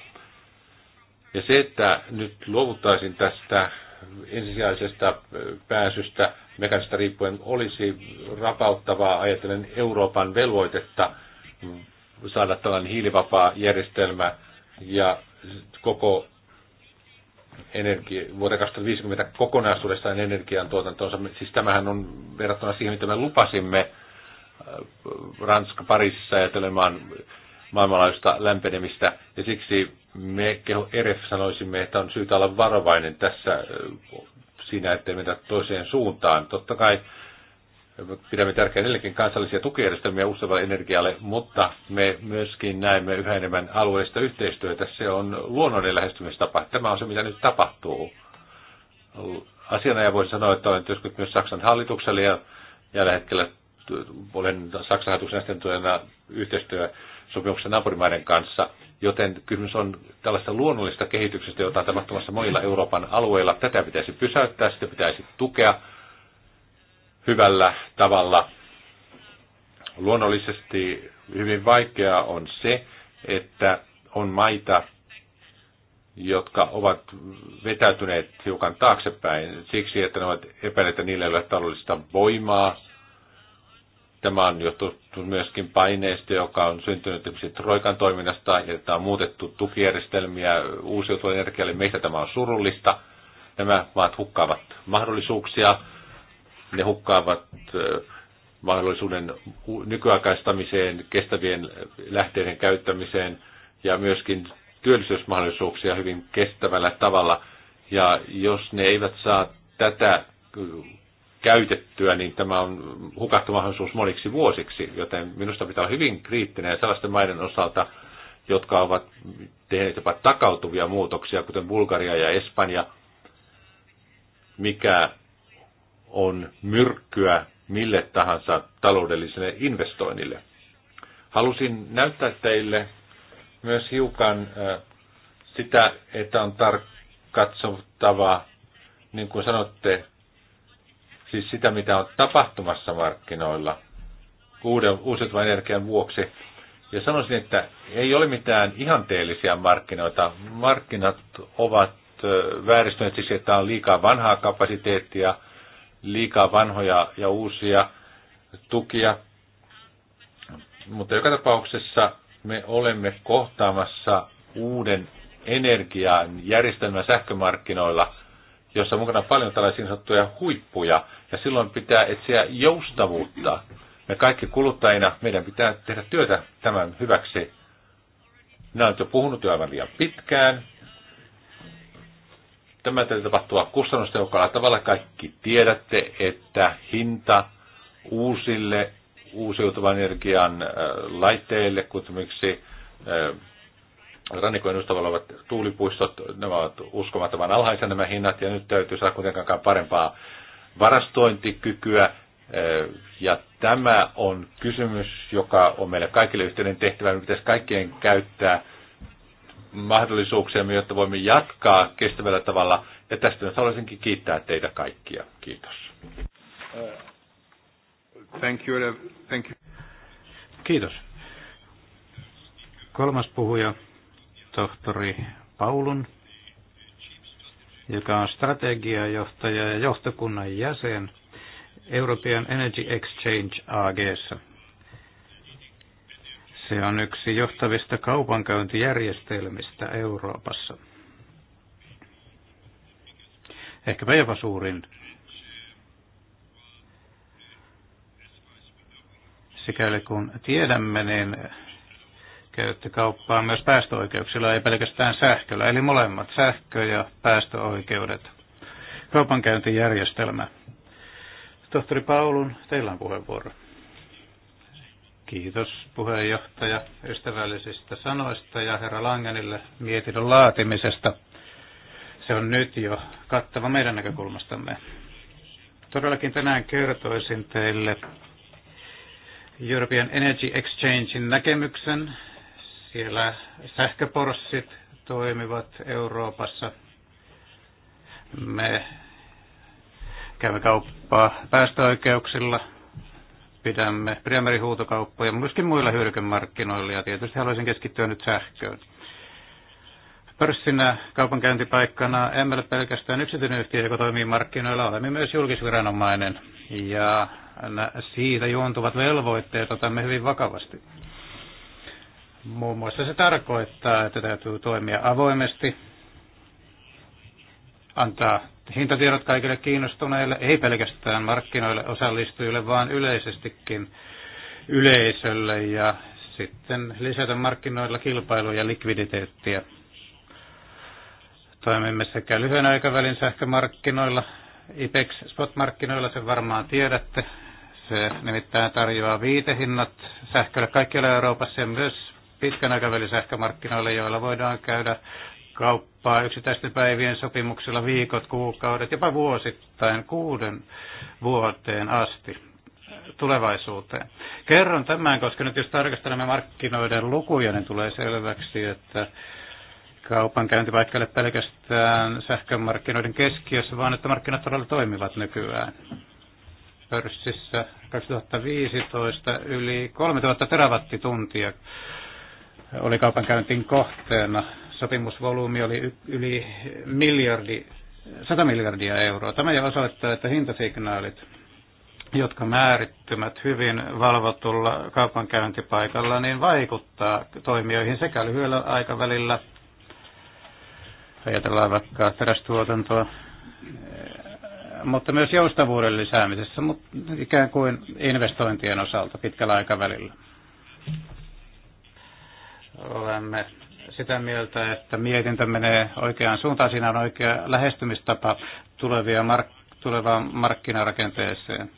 Ja se, että nyt luovuttaisin tästä ensisijaisesta pääsystä mekanismista riippuen olisi rapauttavaa ajatellen Euroopan velvoitetta saada tällainen hiilivapaa järjestelmä ja koko energia, vuoden 2050 kokonaisuudessaan energiantuotantonsa. Siis tämähän on verrattuna siihen, mitä me lupasimme Ranska Pariisissa ajatelemaan maailmanlaajuista lämpenemistä, ja siksi me keho EREF sanoisimme, että on syytä olla varovainen tässä siinä, ettei mennä toiseen suuntaan. Totta kai pidämme tärkeänä edelleenkin kansallisia tukijärjestelmiä uusiutuvalle energialle, mutta me myöskin näemme yhä enemmän alueellista yhteistyötä. Se on luonnollinen lähestymistapa. Tämä on se, mitä nyt tapahtuu. Asianaja voisi sanoa, että olen työskennellyt myös Saksan hallitukselle ja, ja tällä hetkellä olen Saksan hallituksen jäsentuena yhteistyö sopimuksen naapurimaiden kanssa, joten kysymys on tällaista luonnollista kehityksestä, jota on tapahtumassa monilla Euroopan alueilla. Tätä pitäisi pysäyttää, sitä pitäisi tukea hyvällä tavalla. Luonnollisesti hyvin vaikeaa on se, että on maita, jotka ovat vetäytyneet hiukan taaksepäin siksi, että ne ovat epäilleet, että niillä ei ole taloudellista voimaa Tämä on johtunut myöskin paineista, joka on syntynyt Troikan toiminnasta, ja että on muutettu tukijärjestelmiä uusiutuvan energialle. Meistä tämä on surullista. Nämä maat hukkaavat mahdollisuuksia. Ne hukkaavat mahdollisuuden nykyaikaistamiseen, kestävien lähteiden käyttämiseen ja myöskin työllisyysmahdollisuuksia hyvin kestävällä tavalla. Ja jos ne eivät saa tätä käytettyä, niin tämä on hukattu mahdollisuus moniksi vuosiksi, joten minusta pitää olla hyvin kriittinen sellaisten maiden osalta, jotka ovat tehneet jopa takautuvia muutoksia, kuten Bulgaria ja Espanja, mikä on myrkkyä mille tahansa taloudelliselle investoinnille. Halusin näyttää teille myös hiukan sitä, että on tar- katsottava, niin kuin sanotte, siis sitä, mitä on tapahtumassa markkinoilla uuden, uusiutuvan energian vuoksi. Ja sanoisin, että ei ole mitään ihanteellisia markkinoita. Markkinat ovat vääristyneet siksi, että on liikaa vanhaa kapasiteettia, liikaa vanhoja ja uusia tukia. Mutta joka tapauksessa me olemme kohtaamassa uuden energian järjestelmän sähkömarkkinoilla, jossa on mukana paljon tällaisia niin sanottuja huippuja – ja silloin pitää etsiä joustavuutta. Me kaikki kuluttajina, meidän pitää tehdä työtä tämän hyväksi. Minä olen jo puhunut jo aivan liian pitkään. Tämä täytyy tapahtua kustannustehokkaalla tavalla. Kaikki tiedätte, että hinta uusille uusiutuvan energian äh, laitteille, kuten esimerkiksi äh, rannikon edustavalla olevat tuulipuistot, nämä ovat uskomattoman alhaisia nämä hinnat, ja nyt täytyy saada kuitenkaan parempaa varastointikykyä. Ja tämä on kysymys, joka on meille kaikille yhteinen tehtävä. Me pitäisi kaikkien käyttää mahdollisuuksia, jotta voimme jatkaa kestävällä tavalla. Ja tästä myös haluaisinkin kiittää teitä kaikkia. Kiitos. Uh, thank you. Uh, thank you. Kiitos. Kolmas puhuja, tohtori Paulun joka on strategiajohtaja ja johtokunnan jäsen European Energy Exchange AGssä. Se on yksi johtavista kaupankäyntijärjestelmistä Euroopassa. Ehkäpä jopa suurin. Sikäli kun tiedämme, niin käytte kauppaa myös päästöoikeuksilla, ei pelkästään sähköllä, eli molemmat, sähkö- ja päästöoikeudet. Kaupankäyntijärjestelmä. Tohtori Paulun, teillä on puheenvuoro. Kiitos puheenjohtaja ystävällisistä sanoista ja herra Langenille mietinnön laatimisesta. Se on nyt jo kattava meidän näkökulmastamme. Todellakin tänään kertoisin teille European Energy Exchangein näkemyksen siellä sähköporssit toimivat Euroopassa. Me käymme kauppaa päästöoikeuksilla, pidämme primärihuutokauppoja, myöskin muilla hyödykemarkkinoilla ja tietysti haluaisin keskittyä nyt sähköön. Pörssinä kaupankäyntipaikkana emme ole pelkästään yksityinen yhtiö, joka toimii markkinoilla, olemme myös julkisviranomainen ja siitä juontuvat velvoitteet otamme hyvin vakavasti. Muun muassa se tarkoittaa, että täytyy toimia avoimesti, antaa hintatiedot kaikille kiinnostuneille, ei pelkästään markkinoille osallistujille, vaan yleisestikin yleisölle ja sitten lisätä markkinoilla kilpailuja ja likviditeettiä. Toimimme sekä lyhyen aikavälin sähkömarkkinoilla, IPEX spot-markkinoilla, sen varmaan tiedätte. Se nimittäin tarjoaa viitehinnat sähkölle kaikkialla Euroopassa ja myös pitkän aikavälin sähkömarkkinoille, joilla voidaan käydä kauppaa yksittäisten päivien sopimuksilla viikot, kuukaudet, jopa vuosittain kuuden vuoteen asti tulevaisuuteen. Kerron tämän, koska nyt jos tarkastelemme markkinoiden lukuja, niin tulee selväksi, että kaupan vaikka ei ole pelkästään sähkömarkkinoiden keskiössä, vaan että markkinat todella toimivat nykyään. Pörssissä 2015 yli 3000 terawattituntia oli kaupankäyntin kohteena. Sopimusvolyymi oli yli miljardi, 100 miljardia euroa. Tämä jo osoittaa, että hintasignaalit, jotka määrittymät hyvin valvotulla kaupankäyntipaikalla, niin vaikuttaa toimijoihin sekä lyhyellä aikavälillä, ajatellaan vaikka terästuotantoa, mutta myös joustavuuden lisäämisessä, mutta ikään kuin investointien osalta pitkällä aikavälillä olemme sitä mieltä, että mietintö menee oikeaan suuntaan. Siinä on oikea lähestymistapa tulevia mark- tulevaan markkinarakenteeseen.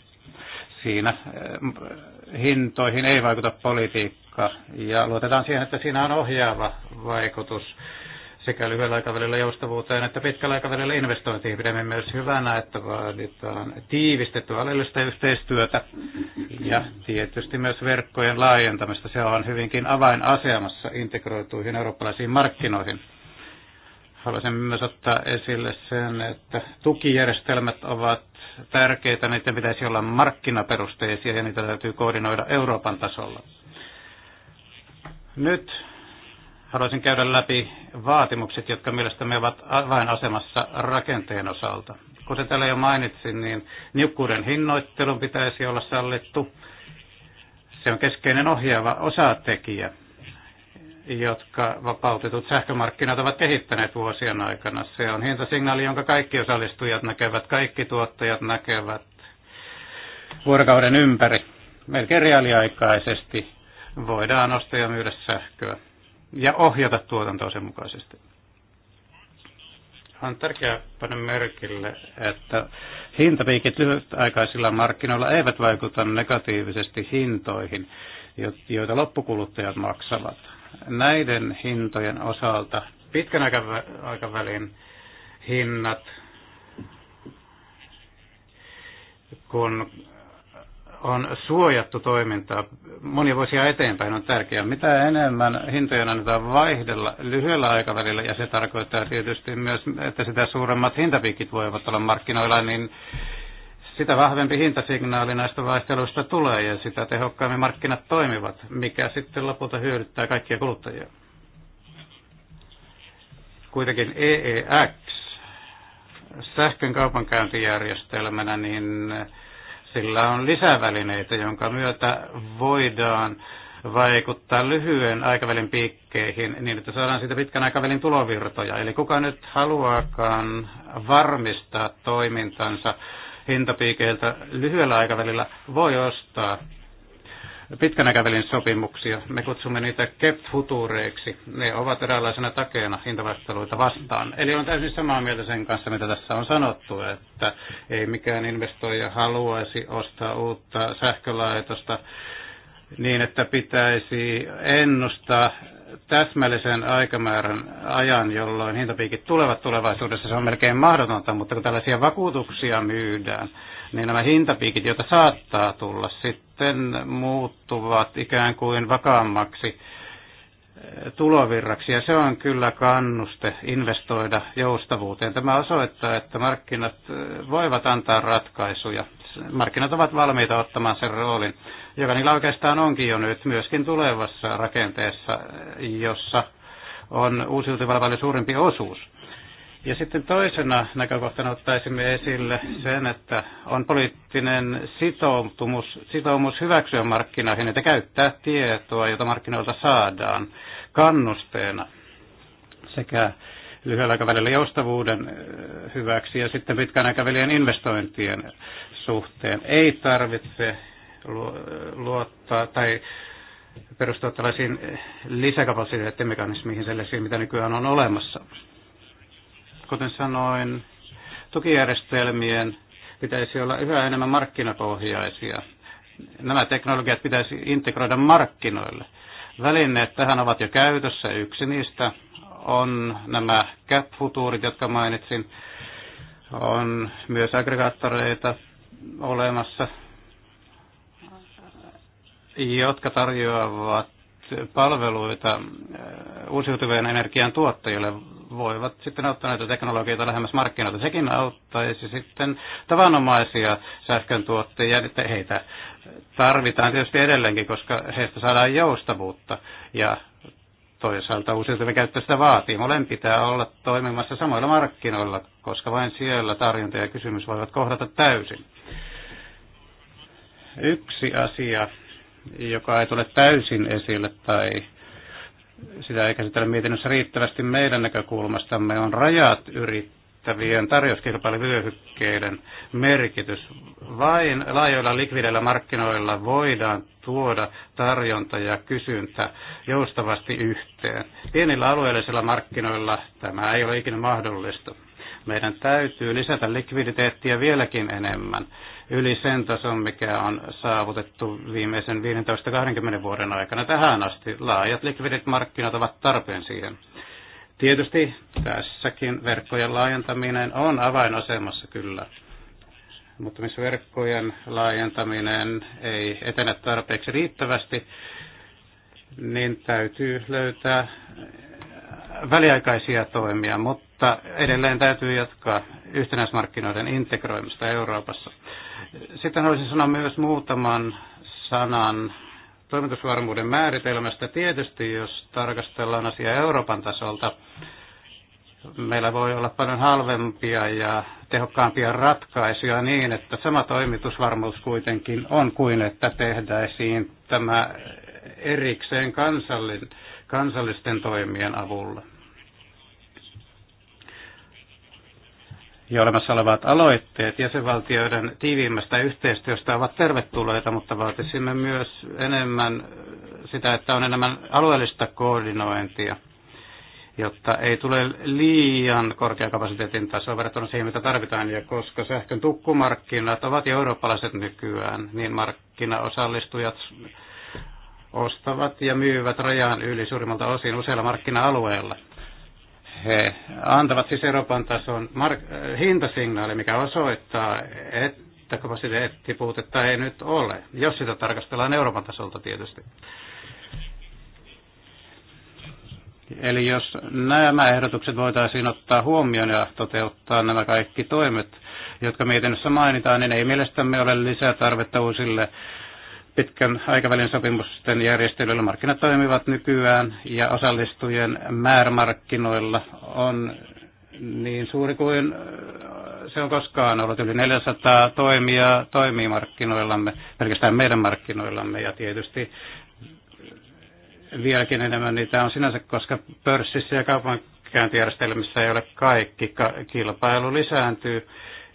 Siinä eh, hintoihin ei vaikuta politiikka ja luotetaan siihen, että siinä on ohjaava vaikutus sekä lyhyellä aikavälillä joustavuuteen että pitkällä aikavälillä investointiin. Pidämme myös hyvänä, että vaaditaan tiivistettyä alueellista yhteistyötä ja tietysti myös verkkojen laajentamista. Se on hyvinkin avainasemassa integroituihin eurooppalaisiin markkinoihin. Haluaisin myös ottaa esille sen, että tukijärjestelmät ovat tärkeitä, niiden pitäisi olla markkinaperusteisia ja niitä täytyy koordinoida Euroopan tasolla. Nyt haluaisin käydä läpi vaatimukset, jotka mielestämme ovat avainasemassa rakenteen osalta. Kuten täällä jo mainitsin, niin niukkuuden hinnoittelun pitäisi olla sallittu. Se on keskeinen ohjaava osatekijä, jotka vapautetut sähkömarkkinat ovat kehittäneet vuosien aikana. Se on hintasignaali, jonka kaikki osallistujat näkevät, kaikki tuottajat näkevät vuorokauden ympäri. Melkein reaaliaikaisesti voidaan ostaa ja myydä sähköä ja ohjata tuotantoa sen mukaisesti. On tärkeää panna merkille, että hintapiikit lyhytaikaisilla markkinoilla eivät vaikuta negatiivisesti hintoihin, joita loppukuluttajat maksavat. Näiden hintojen osalta pitkän aikavälin hinnat, kun on suojattu toimintaa monia vuosia eteenpäin on tärkeää. Mitä enemmän hintojen annetaan vaihdella lyhyellä aikavälillä, ja se tarkoittaa tietysti myös, että sitä suuremmat hintapiikit voivat olla markkinoilla, niin sitä vahvempi hintasignaali näistä vaihteluista tulee ja sitä tehokkaammin markkinat toimivat, mikä sitten lopulta hyödyttää kaikkia kuluttajia. Kuitenkin EEX sähkön kaupankäyntijärjestelmänä, niin sillä on lisävälineitä, jonka myötä voidaan vaikuttaa lyhyen aikavälin piikkeihin niin, että saadaan siitä pitkän aikavälin tulovirtoja. Eli kuka nyt haluaakaan varmistaa toimintansa hintapiikeiltä lyhyellä aikavälillä, voi ostaa pitkän aikavälin sopimuksia. Me kutsumme niitä kept-futureiksi. Ne ovat eräänlaisena takeena hintavaihteluita vastaan. Eli on täysin samaa mieltä sen kanssa, mitä tässä on sanottu, että ei mikään investoija haluaisi ostaa uutta sähkölaitosta niin, että pitäisi ennustaa täsmällisen aikamäärän ajan, jolloin hintapiikit tulevat tulevaisuudessa, se on melkein mahdotonta, mutta kun tällaisia vakuutuksia myydään, niin nämä hintapiikit, joita saattaa tulla, sitten muuttuvat ikään kuin vakaammaksi eh, tulovirraksi, ja se on kyllä kannuste investoida joustavuuteen. Tämä osoittaa, että markkinat eh, voivat antaa ratkaisuja markkinat ovat valmiita ottamaan sen roolin, joka niillä oikeastaan onkin jo nyt myöskin tulevassa rakenteessa, jossa on uusiutuvalla paljon suurempi osuus. Ja sitten toisena näkökohtana ottaisimme esille sen, että on poliittinen sitoutumus, sitoumus hyväksyä markkinoihin, että käyttää tietoa, jota markkinoilta saadaan kannusteena sekä lyhyellä aikavälillä joustavuuden hyväksi ja sitten pitkän aikavälien investointien suhteen. Ei tarvitse luottaa tai perustua tällaisiin lisäkapasiteettimekanismiin sellaisiin, mitä nykyään on olemassa. Kuten sanoin, tukijärjestelmien pitäisi olla yhä enemmän markkinapohjaisia. Nämä teknologiat pitäisi integroida markkinoille. Välineet tähän ovat jo käytössä. Yksi niistä on nämä CAP-futuurit, jotka mainitsin. On myös aggregaattoreita olemassa, jotka tarjoavat palveluita äh, uusiutuvien energian tuottajille voivat sitten auttaa näitä teknologioita lähemmäs markkinoita. Sekin auttaisi sitten tavanomaisia sähkön tuottajia, niin että heitä tarvitaan tietysti edelleenkin, koska heistä saadaan joustavuutta ja toisaalta uusiutuvien käyttö sitä vaatii. Molempi pitää olla toimimassa samoilla markkinoilla, koska vain siellä tarjonta ja kysymys voivat kohdata täysin. Yksi asia, joka ei tule täysin esille tai sitä ei käsitellä mietinnössä riittävästi meidän näkökulmastamme, on rajat yrittää merkittävien tarjouskilpailuvyöhykkeiden merkitys. Vain laajoilla likvideillä markkinoilla voidaan tuoda tarjonta ja kysyntä joustavasti yhteen. Pienillä alueellisilla markkinoilla tämä ei ole ikinä mahdollista. Meidän täytyy lisätä likviditeettiä vieläkin enemmän yli sen tason, mikä on saavutettu viimeisen 15-20 vuoden aikana tähän asti. Laajat likvidit markkinat ovat tarpeen siihen. Tietysti tässäkin verkkojen laajentaminen on avainasemassa kyllä, mutta missä verkkojen laajentaminen ei etene tarpeeksi riittävästi, niin täytyy löytää väliaikaisia toimia, mutta edelleen täytyy jatkaa yhtenäismarkkinoiden integroimista Euroopassa. Sitten haluaisin sanoa myös muutaman sanan toimitusvarmuuden määritelmästä. Tietysti jos tarkastellaan asiaa Euroopan tasolta, meillä voi olla paljon halvempia ja tehokkaampia ratkaisuja niin, että sama toimitusvarmuus kuitenkin on kuin että tehdäisiin tämä erikseen kansallin, kansallisten toimien avulla. jo olemassa olevat aloitteet jäsenvaltioiden tiiviimmästä yhteistyöstä ovat tervetulleita, mutta vaatisimme myös enemmän sitä, että on enemmän alueellista koordinointia, jotta ei tule liian korkea kapasiteetin tasoa verrattuna siihen, mitä tarvitaan. Ja koska sähkön tukkumarkkinat ovat jo eurooppalaiset nykyään, niin markkinaosallistujat ostavat ja myyvät rajan yli suurimmalta osin useilla markkina-alueilla – he antavat siis Euroopan tason mark- äh, hintasignaali, mikä osoittaa, että kapasiteettipuutetta ei nyt ole, jos sitä tarkastellaan Euroopan tasolta tietysti. Eli jos nämä ehdotukset voitaisiin ottaa huomioon ja toteuttaa nämä kaikki toimet, jotka mietinnössä mainitaan, niin ei mielestämme ole lisää tarvetta uusille pitkän aikavälin sopimusten järjestelyillä markkinat toimivat nykyään ja osallistujien määrämarkkinoilla on niin suuri kuin se on koskaan ollut. Yli 400 toimia toimii markkinoillamme, pelkästään meidän markkinoillamme ja tietysti vieläkin enemmän niitä on sinänsä, koska pörssissä ja kaupankäyntijärjestelmissä ei ole kaikki. Kilpailu lisääntyy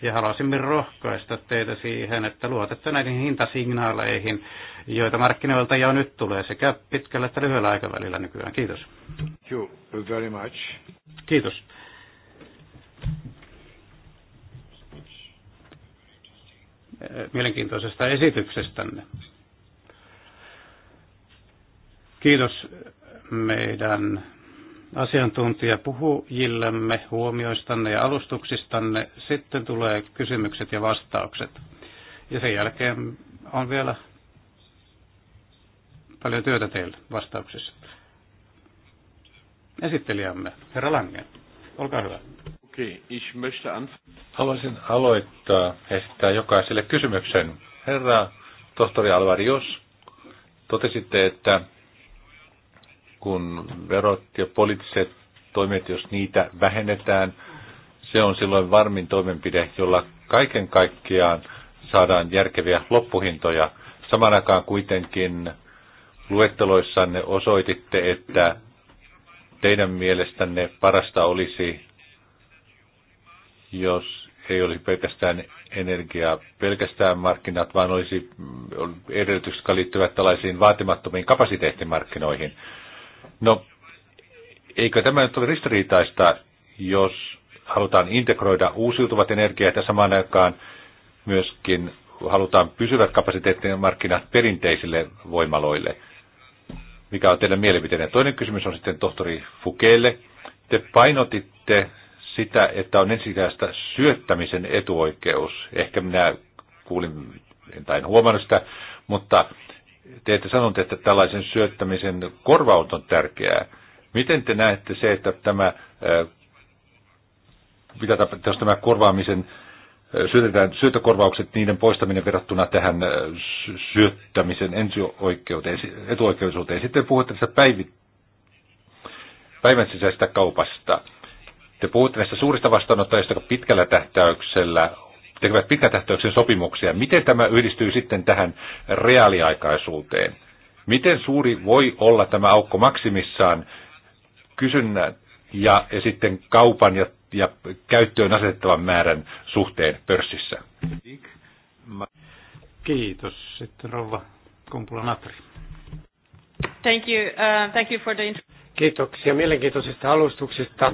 ja haluaisimme rohkaista teitä siihen, että luotatte näihin hintasignaaleihin, joita markkinoilta jo nyt tulee sekä pitkällä että lyhyellä aikavälillä nykyään. Kiitos. Thank you very much. Kiitos. mielenkiintoisesta esityksestänne. Kiitos meidän asiantuntijapuhujillemme huomioistanne ja alustuksistanne. Sitten tulee kysymykset ja vastaukset. Ja sen jälkeen on vielä paljon työtä teillä vastauksissa. Esittelijämme, herra Lange, olkaa hyvä. Haluaisin aloittaa esittää jokaiselle kysymyksen. Herra tohtori Alvarios, totesitte, että kun verot ja poliittiset toimet, jos niitä vähennetään, se on silloin varmin toimenpide, jolla kaiken kaikkiaan saadaan järkeviä loppuhintoja. Saman aikaan kuitenkin luetteloissanne osoititte, että teidän mielestänne parasta olisi, jos ei olisi pelkästään energiaa, pelkästään markkinat, vaan olisi edellytykset, jotka liittyvät tällaisiin vaatimattomiin kapasiteettimarkkinoihin. No, eikö tämä nyt ole ristiriitaista, jos halutaan integroida uusiutuvat energiat ja samaan aikaan myöskin halutaan pysyvät kapasiteettien markkinat perinteisille voimaloille? Mikä on teidän mielipiteenne? Toinen kysymys on sitten tohtori Fukeelle. Te painotitte sitä, että on ensisijaista syöttämisen etuoikeus. Ehkä minä kuulin, en tain huomannut sitä, mutta te ette sanonut, että tällaisen syöttämisen korvaus on tärkeää. Miten te näette se, että tämä, eh, mitä jos tämä korvaamisen eh, syötetään, syöttökorvaukset, niiden poistaminen verrattuna tähän eh, syöttämisen ensioikeuteen, etuoikeusuuteen. Sitten puhutte tästä päivi, päivän sisäisestä kaupasta. Te puhutte näistä suurista vastaanottajista, jotka pitkällä tähtäyksellä tekevät pitkätähtäyksen sopimuksia. Miten tämä yhdistyy sitten tähän reaaliaikaisuuteen? Miten suuri voi olla tämä aukko maksimissaan kysynnän ja, ja sitten kaupan ja, ja käyttöön asetettavan määrän suhteen pörssissä? Kiitos. Sitten rouva Kumpula-Natri. Thank you. Uh, thank you for the... Kiitoksia mielenkiintoisista alustuksista.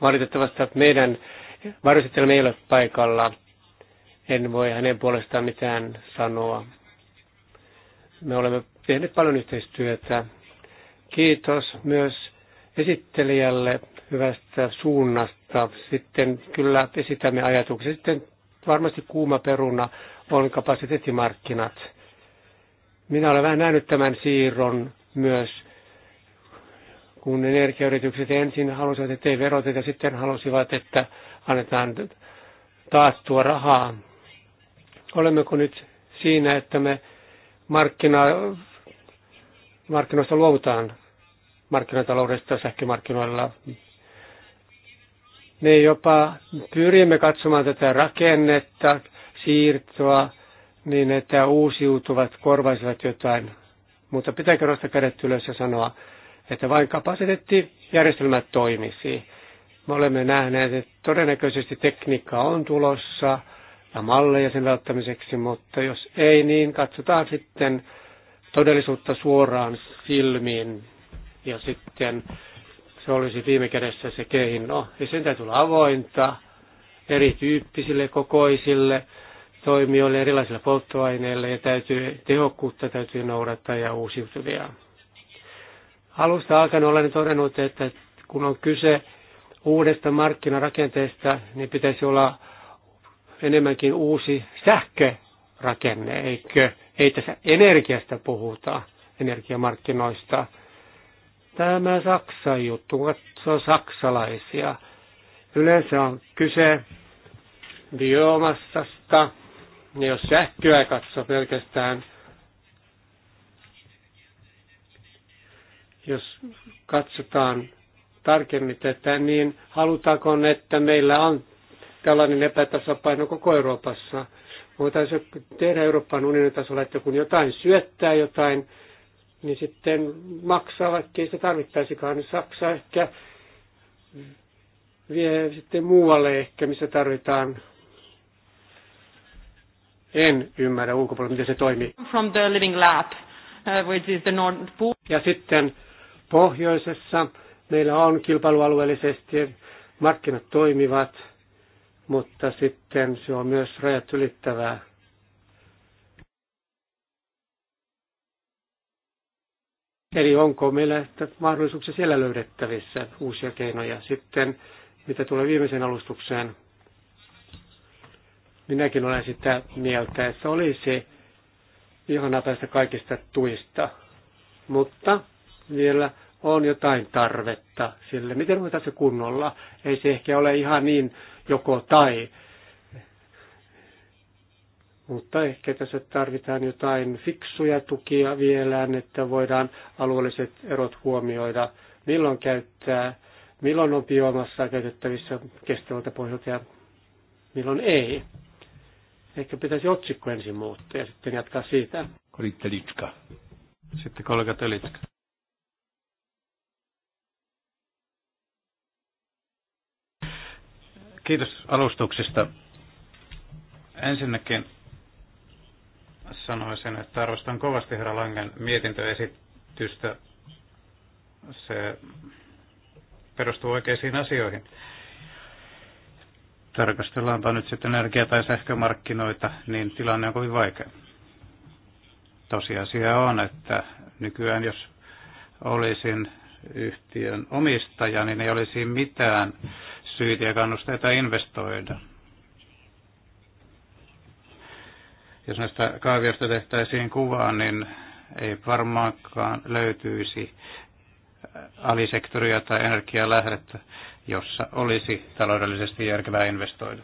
Valitettavasti meidän Varjoesittelemme ei ole paikalla. En voi hänen puolestaan mitään sanoa. Me olemme tehneet paljon yhteistyötä. Kiitos myös esittelijälle hyvästä suunnasta. Sitten kyllä esitämme ajatuksia. Sitten varmasti kuuma peruna on kapasiteettimarkkinat. Minä olen vähän nähnyt tämän siirron myös, kun energiayritykset ensin halusivat, että ei veroteta, sitten halusivat, että annetaan taas tuo rahaa. Olemmeko nyt siinä, että me markkina, markkinoista luovutaan markkinataloudesta sähkömarkkinoilla? Me jopa pyrimme katsomaan tätä rakennetta, siirtoa, niin että uusiutuvat korvaisivat jotain. Mutta pitääkö nostaa kädet ylös ja sanoa, että vain kapasiteettijärjestelmät toimisi. Me olemme nähneet, että todennäköisesti tekniikka on tulossa ja malleja sen välttämiseksi, mutta jos ei, niin katsotaan sitten todellisuutta suoraan silmiin ja sitten se olisi viime kädessä se keino. Ja sen täytyy olla avointa erityyppisille kokoisille toimijoille, erilaisille polttoaineille ja täytyy, tehokkuutta täytyy noudattaa ja uusiutuvia. Alusta alkaen olen todennut, että kun on kyse uudesta markkinarakenteesta, niin pitäisi olla enemmänkin uusi sähkörakenne, eikö? Ei tässä energiasta puhuta, energiamarkkinoista. Tämä Saksan juttu, se on saksalaisia. Yleensä on kyse biomassasta, niin jos sähköä katsoo pelkästään, jos katsotaan tarkemmin tätä, niin halutaanko, että meillä on tällainen epätasapaino koko Euroopassa. Voitaisiin tehdä Euroopan unionin tasolla, että kun jotain syöttää jotain, niin sitten maksaa, vaikka ei sitä tarvittaisikaan, niin Saksa ehkä vie sitten muualle ehkä, missä tarvitaan. En ymmärrä ulkopuolella, miten se toimii. From the Living Lab, uh, which is the North Pool. Ja sitten pohjoisessa Meillä on kilpailualueellisesti, markkinat toimivat, mutta sitten se on myös rajat ylittävää. Eli onko meillä mahdollisuuksia siellä löydettävissä uusia keinoja. Sitten mitä tulee viimeiseen alustukseen, minäkin olen sitä mieltä, että olisi ihana päästä kaikista tuista. Mutta vielä on jotain tarvetta sille. Miten voitaisiin se kunnolla? Ei se ehkä ole ihan niin joko tai. Mutta ehkä tässä tarvitaan jotain fiksuja tukia vielä, että voidaan alueelliset erot huomioida, milloin käyttää, milloin on biomassa käytettävissä kestävältä pohjalta ja milloin ei. Ehkä pitäisi otsikko ensin muuttaa ja sitten jatkaa siitä. Kolittelitska. Sitten kollega Telitska. Kiitos alustuksista. Ensinnäkin sanoisin, että arvostan kovasti herra Langen mietintöesitystä. Se perustuu oikeisiin asioihin. Tarkastellaanpa nyt sitten energia- tai sähkömarkkinoita, niin tilanne on kovin vaikea. Tosiasia on, että nykyään jos olisin yhtiön omistaja, niin ei olisi mitään syitä ja kannusteita investoida. Jos näistä kaaviosta tehtäisiin kuvaa, niin ei varmaankaan löytyisi äh, alisektoria tai energialähdettä, jossa olisi taloudellisesti järkevää investoida.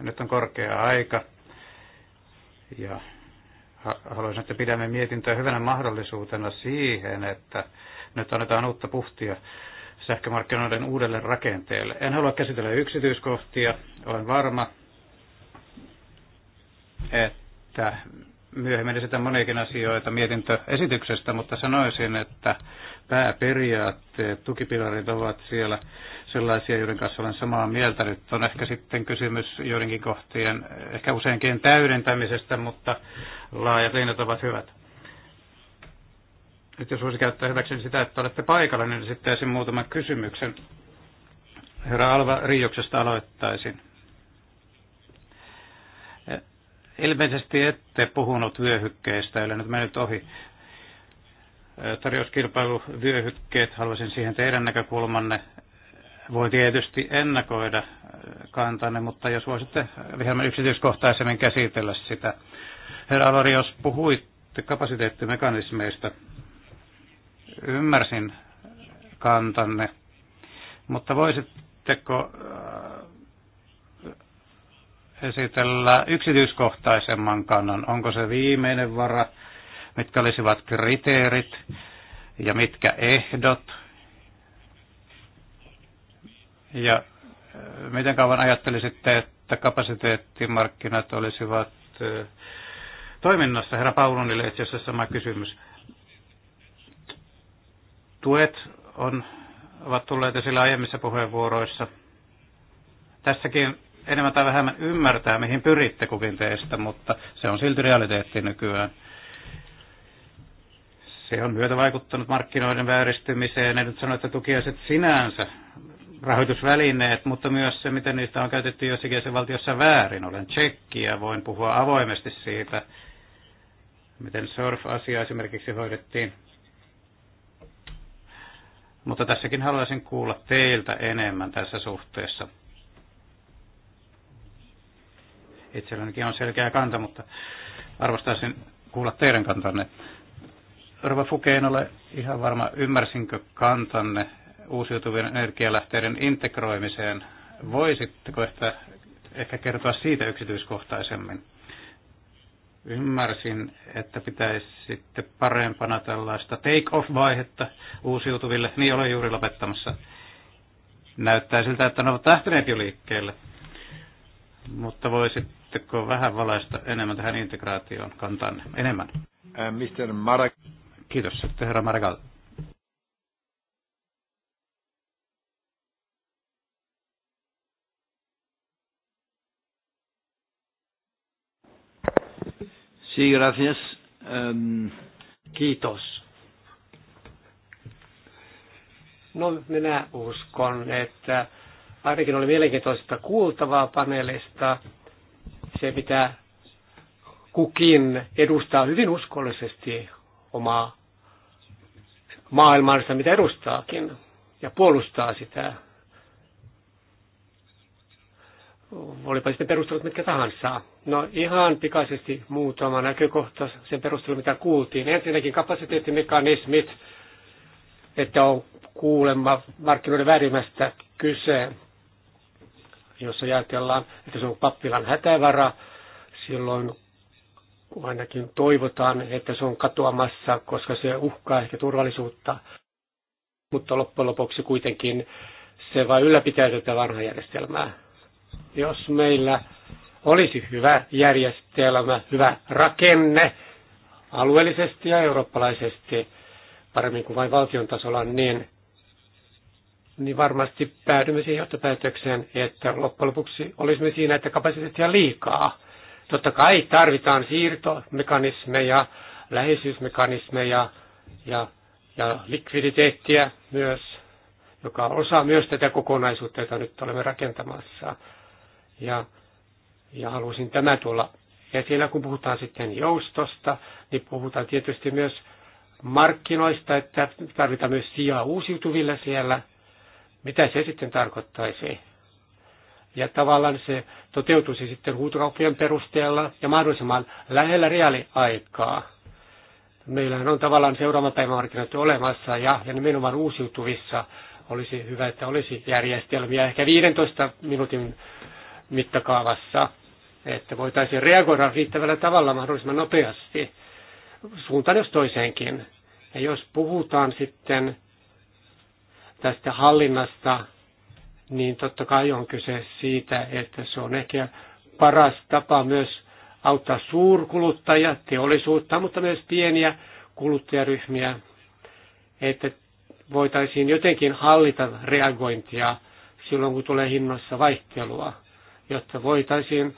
Nyt on korkea aika ja haluaisin, että pidämme mietintöä hyvänä mahdollisuutena siihen, että nyt annetaan uutta puhtia sähkömarkkinoiden uudelle rakenteelle. En halua käsitellä yksityiskohtia. Olen varma, että myöhemmin esitän moniakin asioita mietintöesityksestä, mutta sanoisin, että pääperiaatteet, tukipilarit ovat siellä sellaisia, joiden kanssa olen samaa mieltä. Nyt on ehkä sitten kysymys joidenkin kohtien, ehkä useinkin täydentämisestä, mutta laajat linjat ovat hyvät. Nyt jos voisi käyttää hyväksi sitä, että olette paikalla, niin esittäisin muutaman kysymyksen. Herra Alva Riioksesta aloittaisin. Eh, ilmeisesti ette puhunut vyöhykkeistä, eli nyt mennyt ohi. Eh, vyöhykkeet, haluaisin siihen teidän näkökulmanne. Voi tietysti ennakoida eh, kantanne, mutta jos voisitte hieman yksityiskohtaisemmin käsitellä sitä. Herra Alvari, jos puhuitte kapasiteettimekanismeista, Ymmärsin kantanne, mutta voisitteko äh, esitellä yksityiskohtaisemman kannan? Onko se viimeinen vara? Mitkä olisivat kriteerit ja mitkä ehdot? Ja äh, miten kauan ajattelisitte, että kapasiteettimarkkinat olisivat äh, toiminnassa? Herra Paulunille itse asiassa sama kysymys. Tuet on, ovat tulleet esille aiemmissa puheenvuoroissa. Tässäkin enemmän tai vähemmän ymmärtää, mihin pyritte kukin teistä, mutta se on silti realiteetti nykyään. Se on myötä vaikuttanut markkinoiden vääristymiseen. En nyt sano, että tukiaiset sinänsä rahoitusvälineet, mutta myös se, miten niistä on käytetty jossakin jäsenvaltiossa väärin. Olen tsekki ja voin puhua avoimesti siitä, miten surf-asia esimerkiksi hoidettiin mutta tässäkin haluaisin kuulla teiltä enemmän tässä suhteessa. Itsellänikin on selkeä kanta, mutta arvostaisin kuulla teidän kantanne. Rova Fuke, en ole ihan varma, ymmärsinkö kantanne uusiutuvien energialähteiden integroimiseen. Voisitteko ehkä, ehkä kertoa siitä yksityiskohtaisemmin? Ymmärsin, että pitäisi sitten parempana tällaista take-off-vaihetta uusiutuville. Niin olen juuri lopettamassa. Näyttää siltä, että ne ovat lähteneet jo liikkeelle. Mutta voisitteko vähän valaista enemmän tähän integraation kantaan enemmän? Äh, Mr. Marek, Kiitos, herra Marekalta. Sí, gracias. Um, Kiitos. No, minä uskon, että ainakin oli mielenkiintoista kuultavaa paneelista. Se, mitä kukin edustaa hyvin uskollisesti omaa maailmansa, mitä edustaakin, ja puolustaa sitä olipa sitten perustelut mitkä tahansa. No ihan pikaisesti muutama näkökohta sen perustelu, mitä kuultiin. Ensinnäkin kapasiteettimekanismit, että on kuulemma markkinoiden värimästä kyse, jos ajatellaan, että se on pappilan hätävara, silloin ainakin toivotaan, että se on katoamassa, koska se uhkaa ehkä turvallisuutta. Mutta loppujen lopuksi kuitenkin se vain ylläpitää tätä vanhaa järjestelmää jos meillä olisi hyvä järjestelmä, hyvä rakenne alueellisesti ja eurooppalaisesti, paremmin kuin vain valtion tasolla, niin, niin varmasti päädymme siihen johtopäätökseen, että loppujen lopuksi olisimme siinä, että kapasiteettia liikaa. Totta kai tarvitaan siirtomekanismeja, läheisyysmekanismeja ja, ja likviditeettiä myös, joka osaa myös tätä kokonaisuutta, jota nyt olemme rakentamassa. Ja, ja halusin tämä tuolla esillä, kun puhutaan sitten joustosta, niin puhutaan tietysti myös markkinoista, että tarvitaan myös sijaa uusiutuville siellä. Mitä se sitten tarkoittaisi? Ja tavallaan se toteutuisi sitten huutokauppien perusteella ja mahdollisimman lähellä reaaliaikaa. Meillähän on tavallaan seuraavan päivän markkinat olemassa ja, ja nimenomaan uusiutuvissa olisi hyvä, että olisi järjestelmiä. Ehkä 15 minuutin mittakaavassa, että voitaisiin reagoida riittävällä tavalla mahdollisimman nopeasti suuntaan jos toiseenkin. Ja jos puhutaan sitten tästä hallinnasta, niin totta kai on kyse siitä, että se on ehkä paras tapa myös auttaa suurkuluttajia, teollisuutta, mutta myös pieniä kuluttajaryhmiä, että voitaisiin jotenkin hallita reagointia silloin, kun tulee hinnoissa vaihtelua jotta voitaisiin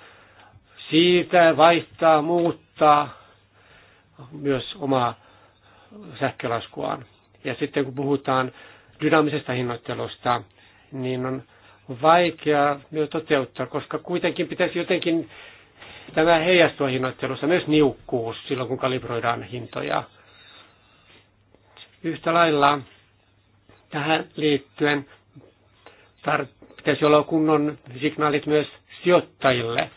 siitä vaihtaa, muuttaa myös omaa sähkölaskuaan. Ja sitten kun puhutaan dynaamisesta hinnoittelusta, niin on vaikea myös toteuttaa, koska kuitenkin pitäisi jotenkin tämä heijastua hinnoittelussa, myös niukkuus silloin kun kalibroidaan hintoja. Yhtä lailla tähän liittyen tar- pitäisi olla kunnon signaalit myös sijoittajille.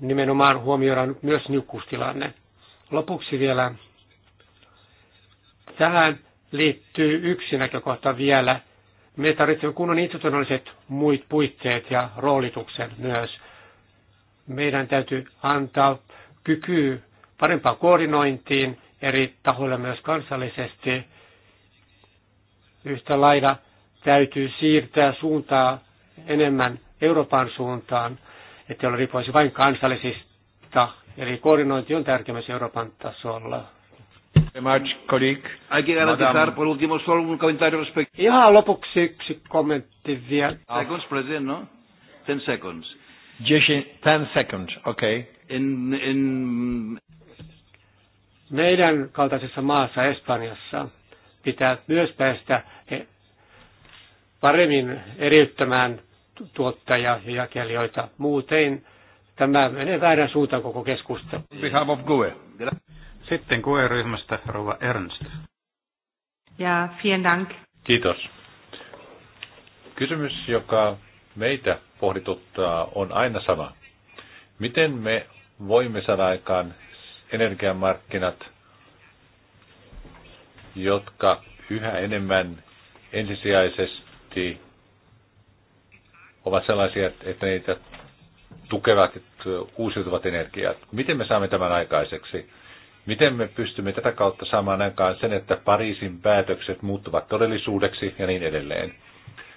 Nimenomaan huomioidaan myös niukkuustilanne. Lopuksi vielä tähän liittyy yksi näkökohta vielä. Me tarvitsemme kunnon institutionaaliset muit puitteet ja roolituksen myös. Meidän täytyy antaa kyky parempaan koordinointiin eri tahoille myös kansallisesti. Yhtä lailla täytyy siirtää suuntaa enemmän Euroopan suuntaan, että jolla riippuisi vain kansallisista. Eli koordinointi on tärkeä myös Euroopan tasolla. Ihan lopuksi yksi kommentti vielä. Seconds, present, no? Ten seconds. Ten seconds, okay. In, in... Meidän kaltaisessa maassa Espanjassa pitää myös päästä e- paremmin eriyttämään tuottaja- ja jakelijoita. Muuten tämä menee väärän suuntaan koko keskustelu. E. Sitten QE-ryhmästä Rova Ernst. Ja, vielen dank. Kiitos. Kysymys, joka meitä pohdituttaa, on aina sama. Miten me voimme saada aikaan energiamarkkinat, jotka yhä enemmän ensisijaisesti ovat sellaisia, että niitä tukevat uusiutuvat energiat. Miten me saamme tämän aikaiseksi? Miten me pystymme tätä kautta saamaan aikaan sen, että Pariisin päätökset muuttuvat todellisuudeksi ja niin edelleen?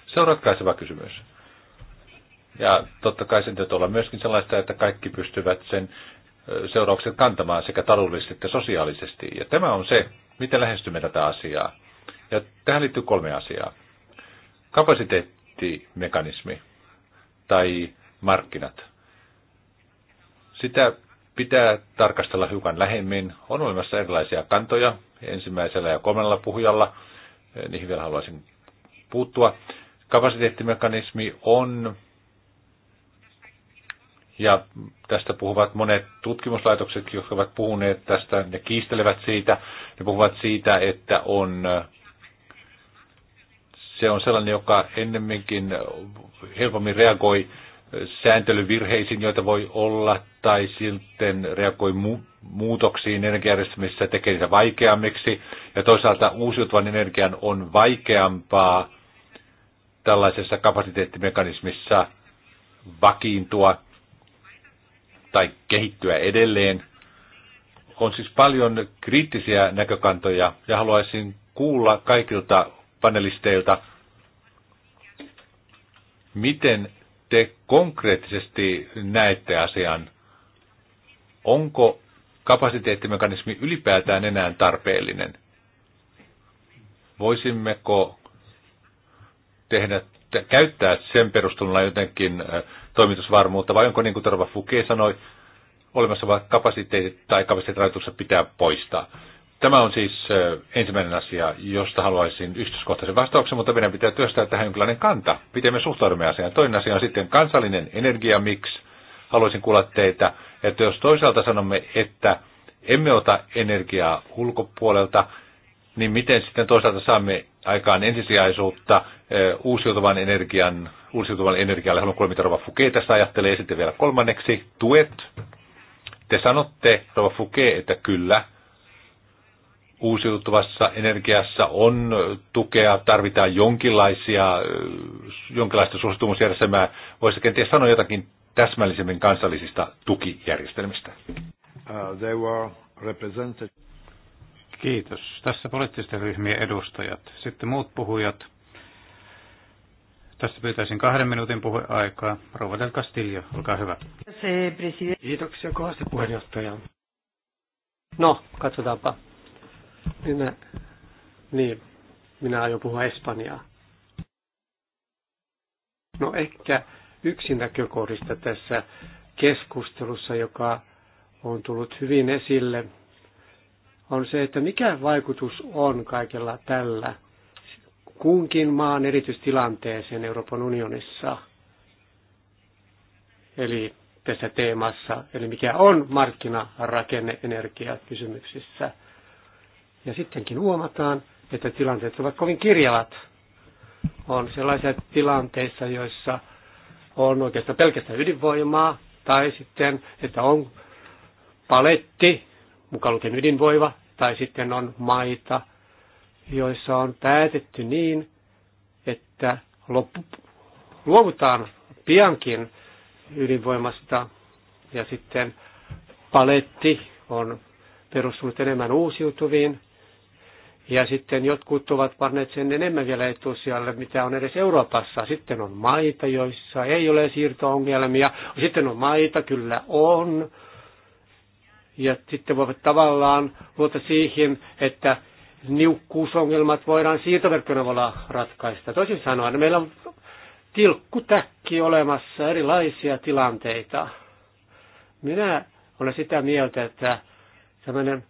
Se on ratkaiseva kysymys. Ja totta kai sen täytyy olla myöskin sellaista, että kaikki pystyvät sen seuraukset kantamaan sekä taloudellisesti että sosiaalisesti. Ja tämä on se, miten lähestymme tätä asiaa. Ja tähän liittyy kolme asiaa. Kapasiteettimekanismi tai markkinat. Sitä pitää tarkastella hiukan lähemmin. On olemassa erilaisia kantoja ensimmäisellä ja kolmannella puhujalla. Niihin vielä haluaisin puuttua. Kapasiteettimekanismi on, ja tästä puhuvat monet tutkimuslaitokset, jotka ovat puhuneet tästä, ne kiistelevät siitä. Ne puhuvat siitä, että on se on sellainen, joka ennemminkin helpommin reagoi sääntelyvirheisiin, joita voi olla, tai sitten reagoi mu- muutoksiin energiajärjestelmissä, tekee niitä vaikeammiksi, ja toisaalta uusiutuvan energian on vaikeampaa tällaisessa kapasiteettimekanismissa vakiintua tai kehittyä edelleen. On siis paljon kriittisiä näkökantoja, ja haluaisin kuulla kaikilta panelisteilta, Miten te konkreettisesti näette asian? Onko kapasiteettimekanismi ylipäätään enää tarpeellinen? Voisimmeko tehdä, käyttää sen perusteluna jotenkin toimitusvarmuutta, vai onko niin kuin Tarva Fouquet sanoi, olemassa vain kapasiteetit tai kapasiteettirajoitukset pitää poistaa? Tämä on siis ensimmäinen asia, josta haluaisin yksityiskohtaisen vastauksen, mutta meidän pitää työstää tähän jonkinlainen kanta, miten me suhtaudumme asiaan. Toinen asia on sitten kansallinen energiamiksi. Haluaisin kuulla teitä, että jos toisaalta sanomme, että emme ota energiaa ulkopuolelta, niin miten sitten toisaalta saamme aikaan ensisijaisuutta uusiutuvan energian, uusiutuvan energialle. Haluan kuulla, mitä Rova Fuke tästä ajattelee. Ja sitten vielä kolmanneksi, tuet. Te sanotte, Rova Fuke, että kyllä, uusiutuvassa energiassa on tukea, tarvitaan jonkinlaisia, jonkinlaista suostumusjärjestelmää. Voisi kenties sanoa jotakin täsmällisemmin kansallisista tukijärjestelmistä. Uh, they were represented. Kiitos. Tässä poliittisten ryhmien edustajat. Sitten muut puhujat. Tässä pyytäisin kahden minuutin puheaikaa. Rouva del Castillo, olkaa hyvä. Kiitoksia kovasti puheenjohtaja. No, katsotaanpa. Minä, niin, minä aion puhua Espanjaa. No ehkä yksi näkökohdista tässä keskustelussa, joka on tullut hyvin esille, on se, että mikä vaikutus on kaikella tällä kunkin maan erityistilanteeseen Euroopan unionissa. Eli tässä teemassa, eli mikä on markkinarakenne energiakysymyksissä – ja sittenkin huomataan, että tilanteet ovat kovin kirjavat. On sellaisia tilanteissa, joissa on oikeastaan pelkästään ydinvoimaa, tai sitten, että on paletti, mukaan lukien ydinvoiva, tai sitten on maita, joissa on päätetty niin, että loppu, luovutaan piankin ydinvoimasta ja sitten paletti on perustunut enemmän uusiutuviin ja sitten jotkut ovat panneet sen enemmän vielä etusijalle, mitä on edes Euroopassa. Sitten on maita, joissa ei ole siirtoongelmia. Sitten on maita, kyllä on. Ja sitten voivat tavallaan luota siihen, että niukkuusongelmat voidaan siirtoverkkojen avulla ratkaista. Toisin sanoen, meillä on tilkkutäkki olemassa erilaisia tilanteita. Minä olen sitä mieltä, että tämmöinen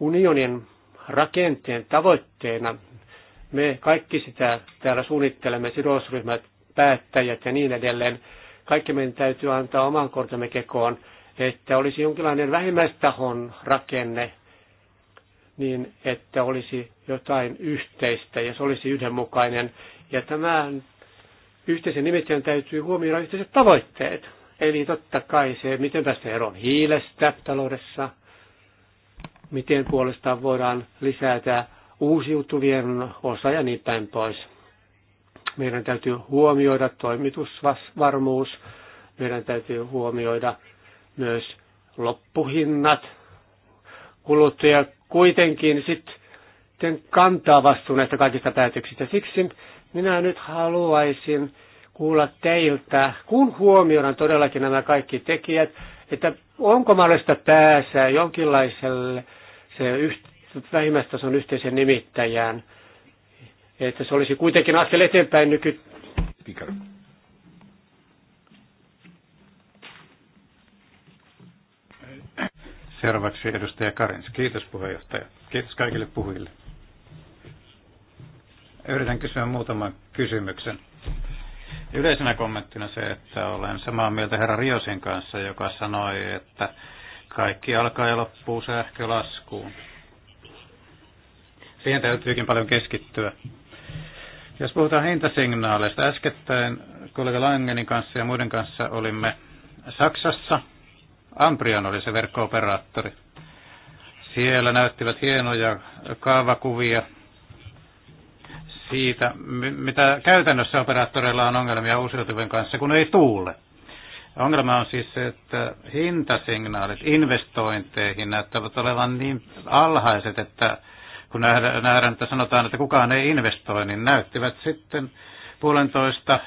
unionin rakenteen tavoitteena. Me kaikki sitä täällä suunnittelemme, sidosryhmät, päättäjät ja niin edelleen. Kaikki meidän täytyy antaa oman kortemme kekoon, että olisi jonkinlainen vähimmäistahon rakenne, niin että olisi jotain yhteistä ja se olisi yhdenmukainen. Ja tämän yhteisen nimittäin täytyy huomioida yhteiset tavoitteet. Eli totta kai se, miten päästä eroon hiilestä taloudessa, miten puolestaan voidaan lisätä uusiutuvien osa ja niin päin pois. Meidän täytyy huomioida toimitusvarmuus, meidän täytyy huomioida myös loppuhinnat. Kuluttaja kuitenkin sitten kantaa vastuun näistä kaikista päätöksistä. Siksi minä nyt haluaisin kuulla teiltä, kun huomioidaan todellakin nämä kaikki tekijät, että onko mahdollista pääsää jonkinlaiselle se vähimmäistason yhteisen nimittäjään, että se olisi kuitenkin askel eteenpäin nyky... Speaker. Seuraavaksi edustaja Karins. Kiitos puheenjohtaja. Kiitos kaikille puhujille. Yritän kysyä muutaman kysymyksen. Yleisenä kommenttina se, että olen samaa mieltä herra Riosin kanssa, joka sanoi, että kaikki alkaa ja loppuu sähkölaskuun. Siihen täytyykin paljon keskittyä. Jos puhutaan hintasignaaleista, äskettäin kollega Langenin kanssa ja muiden kanssa olimme Saksassa. Amprian oli se verkkooperaattori. Siellä näyttivät hienoja kaavakuvia siitä, mitä käytännössä operaattoreilla on ongelmia uusiutuvien kanssa, kun ei tuule. Ongelma on siis se, että hintasignaalit investointeihin näyttävät olevan niin alhaiset, että kun nähdään, että sanotaan, että kukaan ei investoi, niin näyttivät sitten puolentoista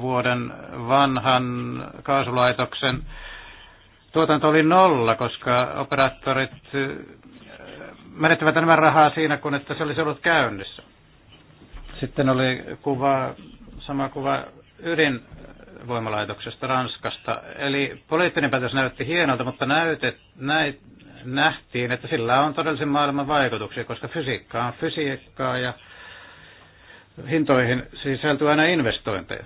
vuoden vanhan kaasulaitoksen tuotanto oli nolla, koska operaattorit eh, menettivät enemmän rahaa siinä kuin että se olisi ollut käynnissä. Sitten oli kuva, sama kuva ydin voimalaitoksesta Ranskasta. Eli poliittinen päätös näytti hienolta, mutta näytet, näit, nähtiin, että sillä on todellisen maailman vaikutuksia, koska fysiikka on fysiikkaa ja hintoihin sisältyy aina investointeja.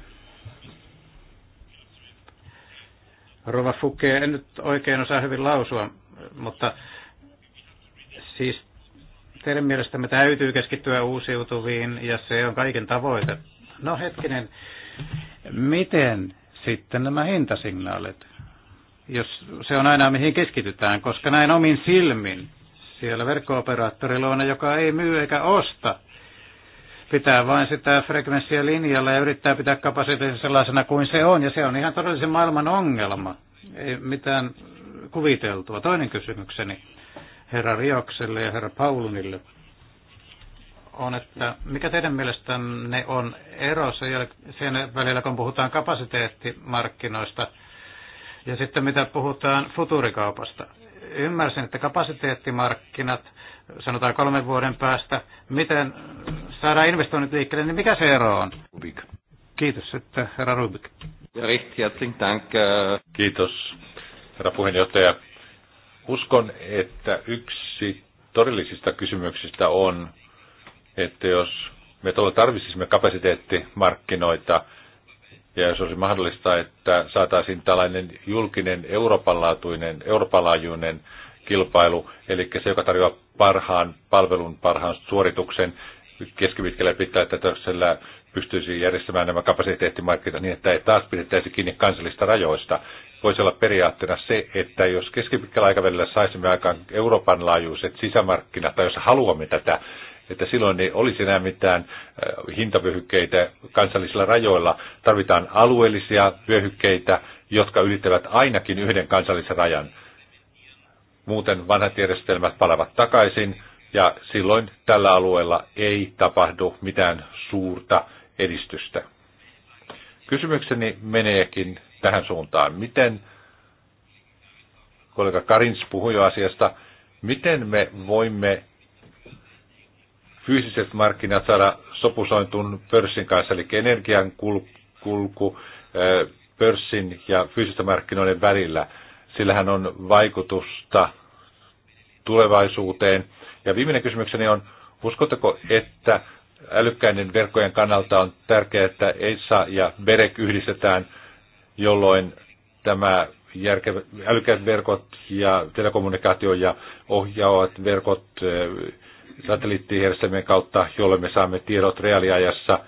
Rova Fuke, en nyt oikein osaa hyvin lausua, mutta siis teidän mielestämme täytyy keskittyä uusiutuviin ja se on kaiken tavoite. No hetkinen, Miten sitten nämä hintasignaalit, jos se on aina mihin keskitytään, koska näin omin silmin siellä verkko-operaattorilla on, joka ei myy eikä osta, pitää vain sitä frekvenssiä linjalla ja yrittää pitää kapasiteetin sellaisena kuin se on, ja se on ihan todellisen maailman ongelma. Ei mitään kuviteltua. Toinen kysymykseni herra Riokselle ja herra Paulunille – on, että mikä teidän mielestänne on ero sen välillä, kun puhutaan kapasiteettimarkkinoista ja sitten mitä puhutaan futurikaupasta? Ymmärsin, että kapasiteettimarkkinat, sanotaan kolmen vuoden päästä, miten saadaan investoinnit liikkeelle, niin mikä se ero on? Rubik. Kiitos, että herra Rubik. Uh, Kiitos, herra puheenjohtaja. Uskon, että yksi todellisista kysymyksistä on, että jos me tarvitsisimme kapasiteettimarkkinoita, ja jos olisi mahdollista, että saataisiin tällainen julkinen Euroopan, laatuinen, kilpailu, eli se, joka tarjoaa parhaan palvelun, parhaan suorituksen keskipitkällä ja pitkällä tätöksellä pystyisi järjestämään nämä kapasiteettimarkkinat niin, että ei taas pidettäisi kiinni kansallista rajoista. Voisi olla periaatteena se, että jos keskipitkällä aikavälillä saisimme aikaan Euroopan laajuiset sisämarkkinat, tai jos haluamme tätä, että silloin ei olisi enää mitään hintavyöhykkeitä kansallisilla rajoilla. Tarvitaan alueellisia vyöhykkeitä, jotka ylittävät ainakin yhden kansallisen rajan. Muuten vanhat järjestelmät palavat takaisin ja silloin tällä alueella ei tapahdu mitään suurta edistystä. Kysymykseni meneekin tähän suuntaan. Miten, kollega Karins puhui jo asiasta, miten me voimme fyysiset markkinat saada sopusointun pörssin kanssa, eli energian kulku pörssin ja fyysisten markkinoiden välillä. Sillähän on vaikutusta tulevaisuuteen. Ja viimeinen kysymykseni on, uskotteko, että älykkäiden verkkojen kannalta on tärkeää, että EISA ja BEREK yhdistetään, jolloin tämä järkevä, älykkäät verkot ja telekommunikaatio ja ohjaavat verkot satelliittijärjestelmien kautta, jolle me saamme tiedot reaaliajassa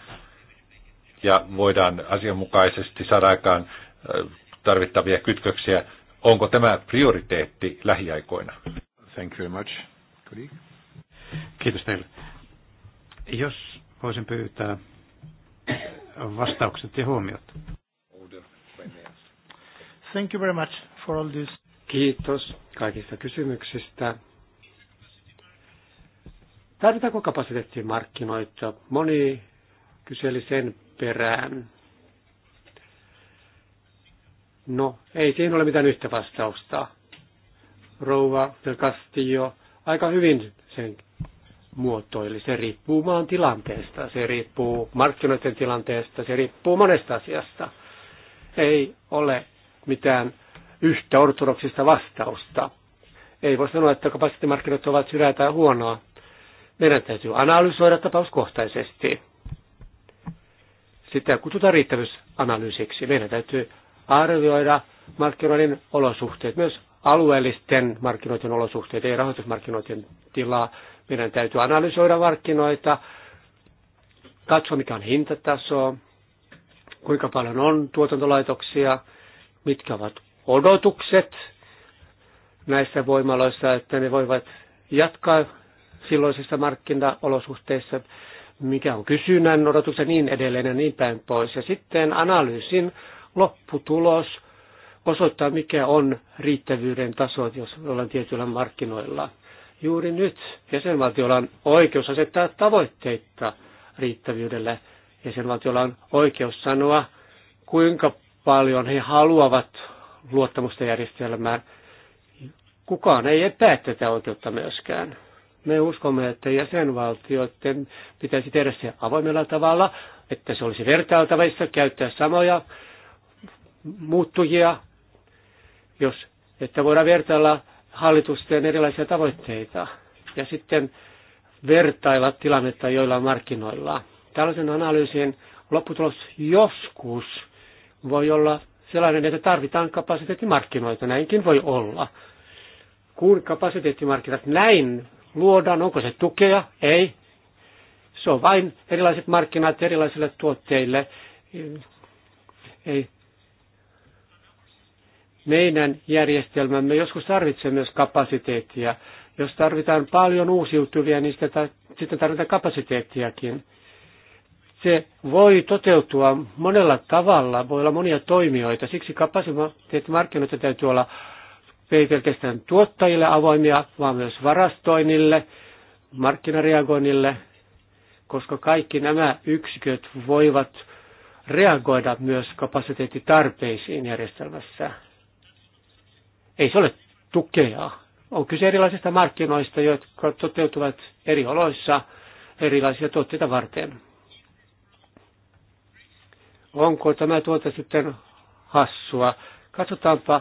ja voidaan asianmukaisesti saada aikaan tarvittavia kytköksiä. Onko tämä prioriteetti lähiaikoina? Thank you very much. Kiitos teille. Jos voisin pyytää vastaukset ja huomiot. Thank you very much for all this. Kiitos kaikista kysymyksistä. Tarvitaanko markkinoita? Moni kyseli sen perään. No, ei siihen ole mitään yhtä vastausta. Rouva del Castillo aika hyvin sen muotoili. Se riippuu maan tilanteesta, se riippuu markkinoiden tilanteesta, se riippuu monesta asiasta. Ei ole mitään yhtä ortodoksista vastausta. Ei voi sanoa, että kapasiteettimarkkinat ovat hyvää tai huonoa. Meidän täytyy analysoida tapauskohtaisesti. Sitä kutsutaan riittävyysanalyysiksi. Meidän täytyy arvioida markkinoiden olosuhteet, myös alueellisten markkinoiden olosuhteet, ei rahoitusmarkkinoiden tilaa. Meidän täytyy analysoida markkinoita, katsoa mikä on hintataso, kuinka paljon on tuotantolaitoksia, mitkä ovat odotukset näissä voimaloissa, että ne voivat jatkaa silloisissa markkinaolosuhteissa, mikä on kysynnän odotuksen niin edelleen ja niin päin pois. Ja sitten analyysin lopputulos osoittaa, mikä on riittävyyden taso, jos ollaan tietyillä markkinoilla. Juuri nyt jäsenvaltiolla on oikeus asettaa tavoitteita riittävyydelle. Jäsenvaltiolla on oikeus sanoa, kuinka paljon he haluavat luottamusta järjestelmään. Kukaan ei epää tätä oikeutta myöskään. Me uskomme, että jäsenvaltioiden pitäisi tehdä se avoimella tavalla, että se olisi vertailtavissa, käyttää samoja muuttujia, jos, että voidaan vertailla hallitusten erilaisia tavoitteita ja sitten vertailla tilannetta joilla markkinoilla. Tällaisen analyysin lopputulos joskus voi olla sellainen, että tarvitaan kapasiteettimarkkinoita. Näinkin voi olla. Kun kapasiteettimarkkinat näin luodaan, onko se tukea, ei. Se on vain erilaiset markkinat erilaisille tuotteille. Ei. Meidän järjestelmämme joskus tarvitsee myös kapasiteettia. Jos tarvitaan paljon uusiutuvia, niin sitä, sitten tarvitaan kapasiteettiakin. Se voi toteutua monella tavalla, voi olla monia toimijoita, siksi kapasiteettimarkkinoita täytyy olla ei pelkästään tuottajille avoimia, vaan myös varastoinnille, markkinareagoinnille, koska kaikki nämä yksiköt voivat reagoida myös kapasiteettitarpeisiin järjestelmässä. Ei se ole tukea. On kyse erilaisista markkinoista, jotka toteutuvat eri oloissa erilaisia tuotteita varten. Onko tämä tuote sitten hassua? Katsotaanpa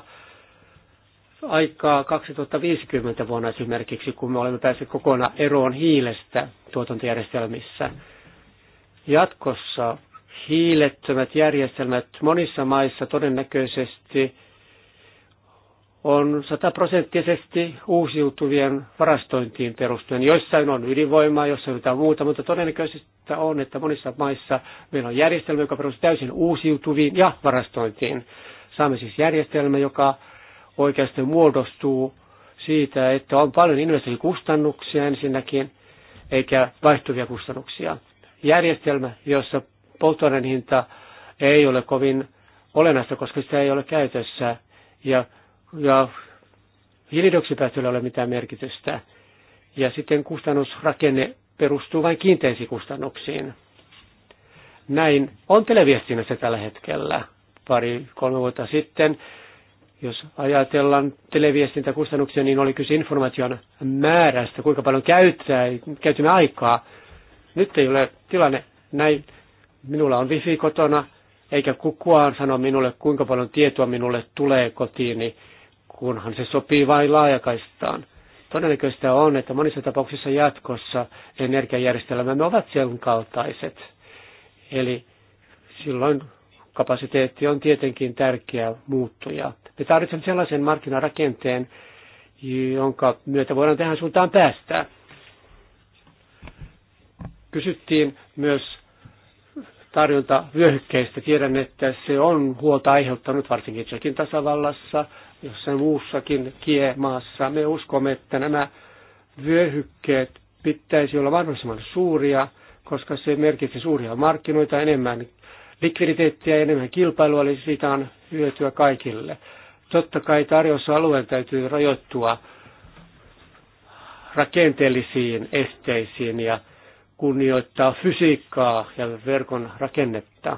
aikaa 2050 vuonna esimerkiksi, kun me olemme päässeet kokonaan eroon hiilestä tuotantojärjestelmissä. Jatkossa hiilettömät järjestelmät monissa maissa todennäköisesti on sataprosenttisesti uusiutuvien varastointiin perustuen. Joissain on ydinvoimaa, joissain jotain muuta, mutta todennäköisesti on, että monissa maissa meillä on järjestelmä, joka perustuu täysin uusiutuviin ja varastointiin. Saamme siis järjestelmä, joka oikeasti muodostuu siitä, että on paljon investointikustannuksia ensinnäkin, eikä vaihtuvia kustannuksia. Järjestelmä, jossa polttoaineen hinta ei ole kovin olennaista, koska sitä ei ole käytössä, ja, ja hiilidioksipäästöllä ei ole mitään merkitystä. Ja sitten kustannusrakenne perustuu vain kiinteisiin kustannuksiin. Näin on televiestinnässä tällä hetkellä. Pari-kolme vuotta sitten jos ajatellaan televiestintäkustannuksia, niin oli kyse informaation määrästä, kuinka paljon käyttää, käytämme aikaa. Nyt ei ole tilanne näin. Minulla on wifi kotona, eikä kukaan sano minulle, kuinka paljon tietoa minulle tulee kotiin, kunhan se sopii vain laajakaistaan. Todennäköistä on, että monissa tapauksissa jatkossa energiajärjestelmämme ovat sen kaltaiset. Eli silloin kapasiteetti on tietenkin tärkeä muuttuja. Me tarvitsemme sellaisen markkinarakenteen, jonka myötä voidaan tähän suuntaan päästä. Kysyttiin myös tarjonta vyöhykkeistä. Tiedän, että se on huolta aiheuttanut varsinkin Tsekin tasavallassa, jossain muussakin kiemaassa. Me uskomme, että nämä vyöhykkeet pitäisi olla mahdollisimman suuria, koska se merkitsee suuria markkinoita enemmän likviditeettiä enemmän kilpailua, eli siitä on hyötyä kaikille. Totta kai tarjousalueen täytyy rajoittua rakenteellisiin esteisiin ja kunnioittaa fysiikkaa ja verkon rakennetta.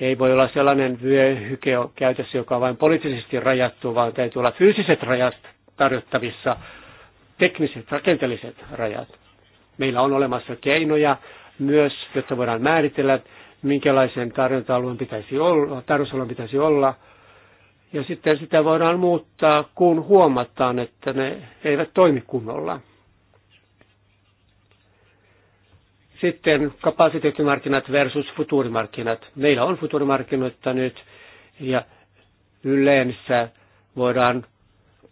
Ei voi olla sellainen vyöhyke käytössä, joka on vain poliittisesti rajattu, vaan täytyy olla fyysiset rajat tarjottavissa, tekniset, rakenteelliset rajat. Meillä on olemassa keinoja myös, jotta voidaan määritellä minkälaisen tarjontalueen pitäisi olla, tarjousalueen pitäisi olla. Ja sitten sitä voidaan muuttaa, kun huomataan, että ne eivät toimi kunnolla. Sitten kapasiteettimarkkinat versus futurimarkkinat. Meillä on futurimarkkinoita nyt ja yleensä voidaan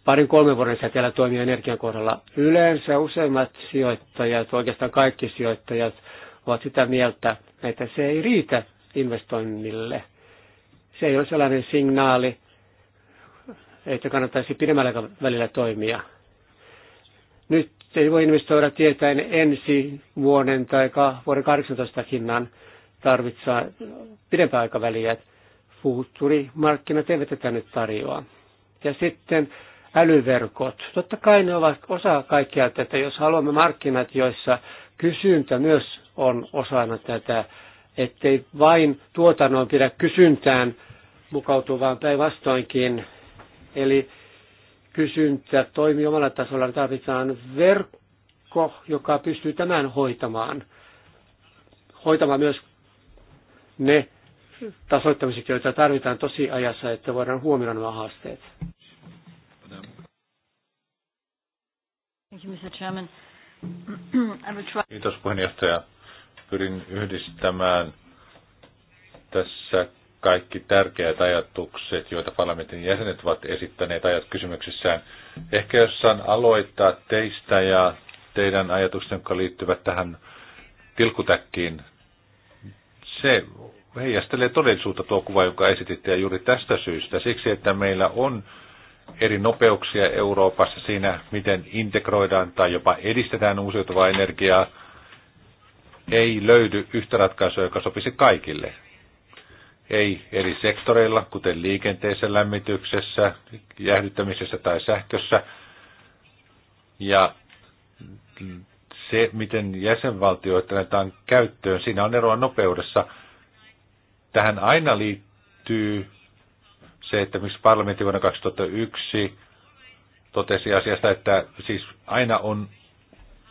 parin kolmen vuoden säteellä toimia energian kohdalla. Yleensä useimmat sijoittajat, oikeastaan kaikki sijoittajat, ovat sitä mieltä, että se ei riitä investoinnille. Se ei ole sellainen signaali, että kannattaisi pidemmällä välillä toimia. Nyt ei voi investoida tietäen ensi vuoden tai vuoden 18 hinnan tarvitsee pidempää aikaväliä. Futurimarkkinat eivät tätä nyt tarjoa. Ja sitten älyverkot. Totta kai ne ovat osa kaikkea tätä. Jos haluamme markkinat, joissa Kysyntä myös on osana tätä, ettei vain tuotannon pidä kysyntään mukautua, vaan päinvastoinkin. Eli kysyntä toimii omalla tasolla, tarvitaan verkko, joka pystyy tämän hoitamaan. Hoitamaan myös ne tasoittamiset, joita tarvitaan tosiajassa, että voidaan huomioida nämä haasteet. Thank you, Mr. Chairman. Kiitos puheenjohtaja. Pyrin yhdistämään tässä kaikki tärkeät ajatukset, joita parlamentin jäsenet ovat esittäneet ajat kysymyksissään. Ehkä jos saan aloittaa teistä ja teidän ajatuksenne, jotka liittyvät tähän tilkutäkkiin. Se heijastelee todellisuutta tuo kuva, jonka esititte, ja juuri tästä syystä. Siksi, että meillä on eri nopeuksia Euroopassa siinä, miten integroidaan tai jopa edistetään uusiutuvaa energiaa, ei löydy yhtä ratkaisua, joka sopisi kaikille. Ei eri sektoreilla, kuten liikenteessä, lämmityksessä, jäähdyttämisessä tai sähkössä. Ja se, miten jäsenvaltioita annetaan käyttöön, siinä on eroa nopeudessa. Tähän aina liittyy se, että miksi parlamentti vuonna 2001 totesi asiasta, että siis aina on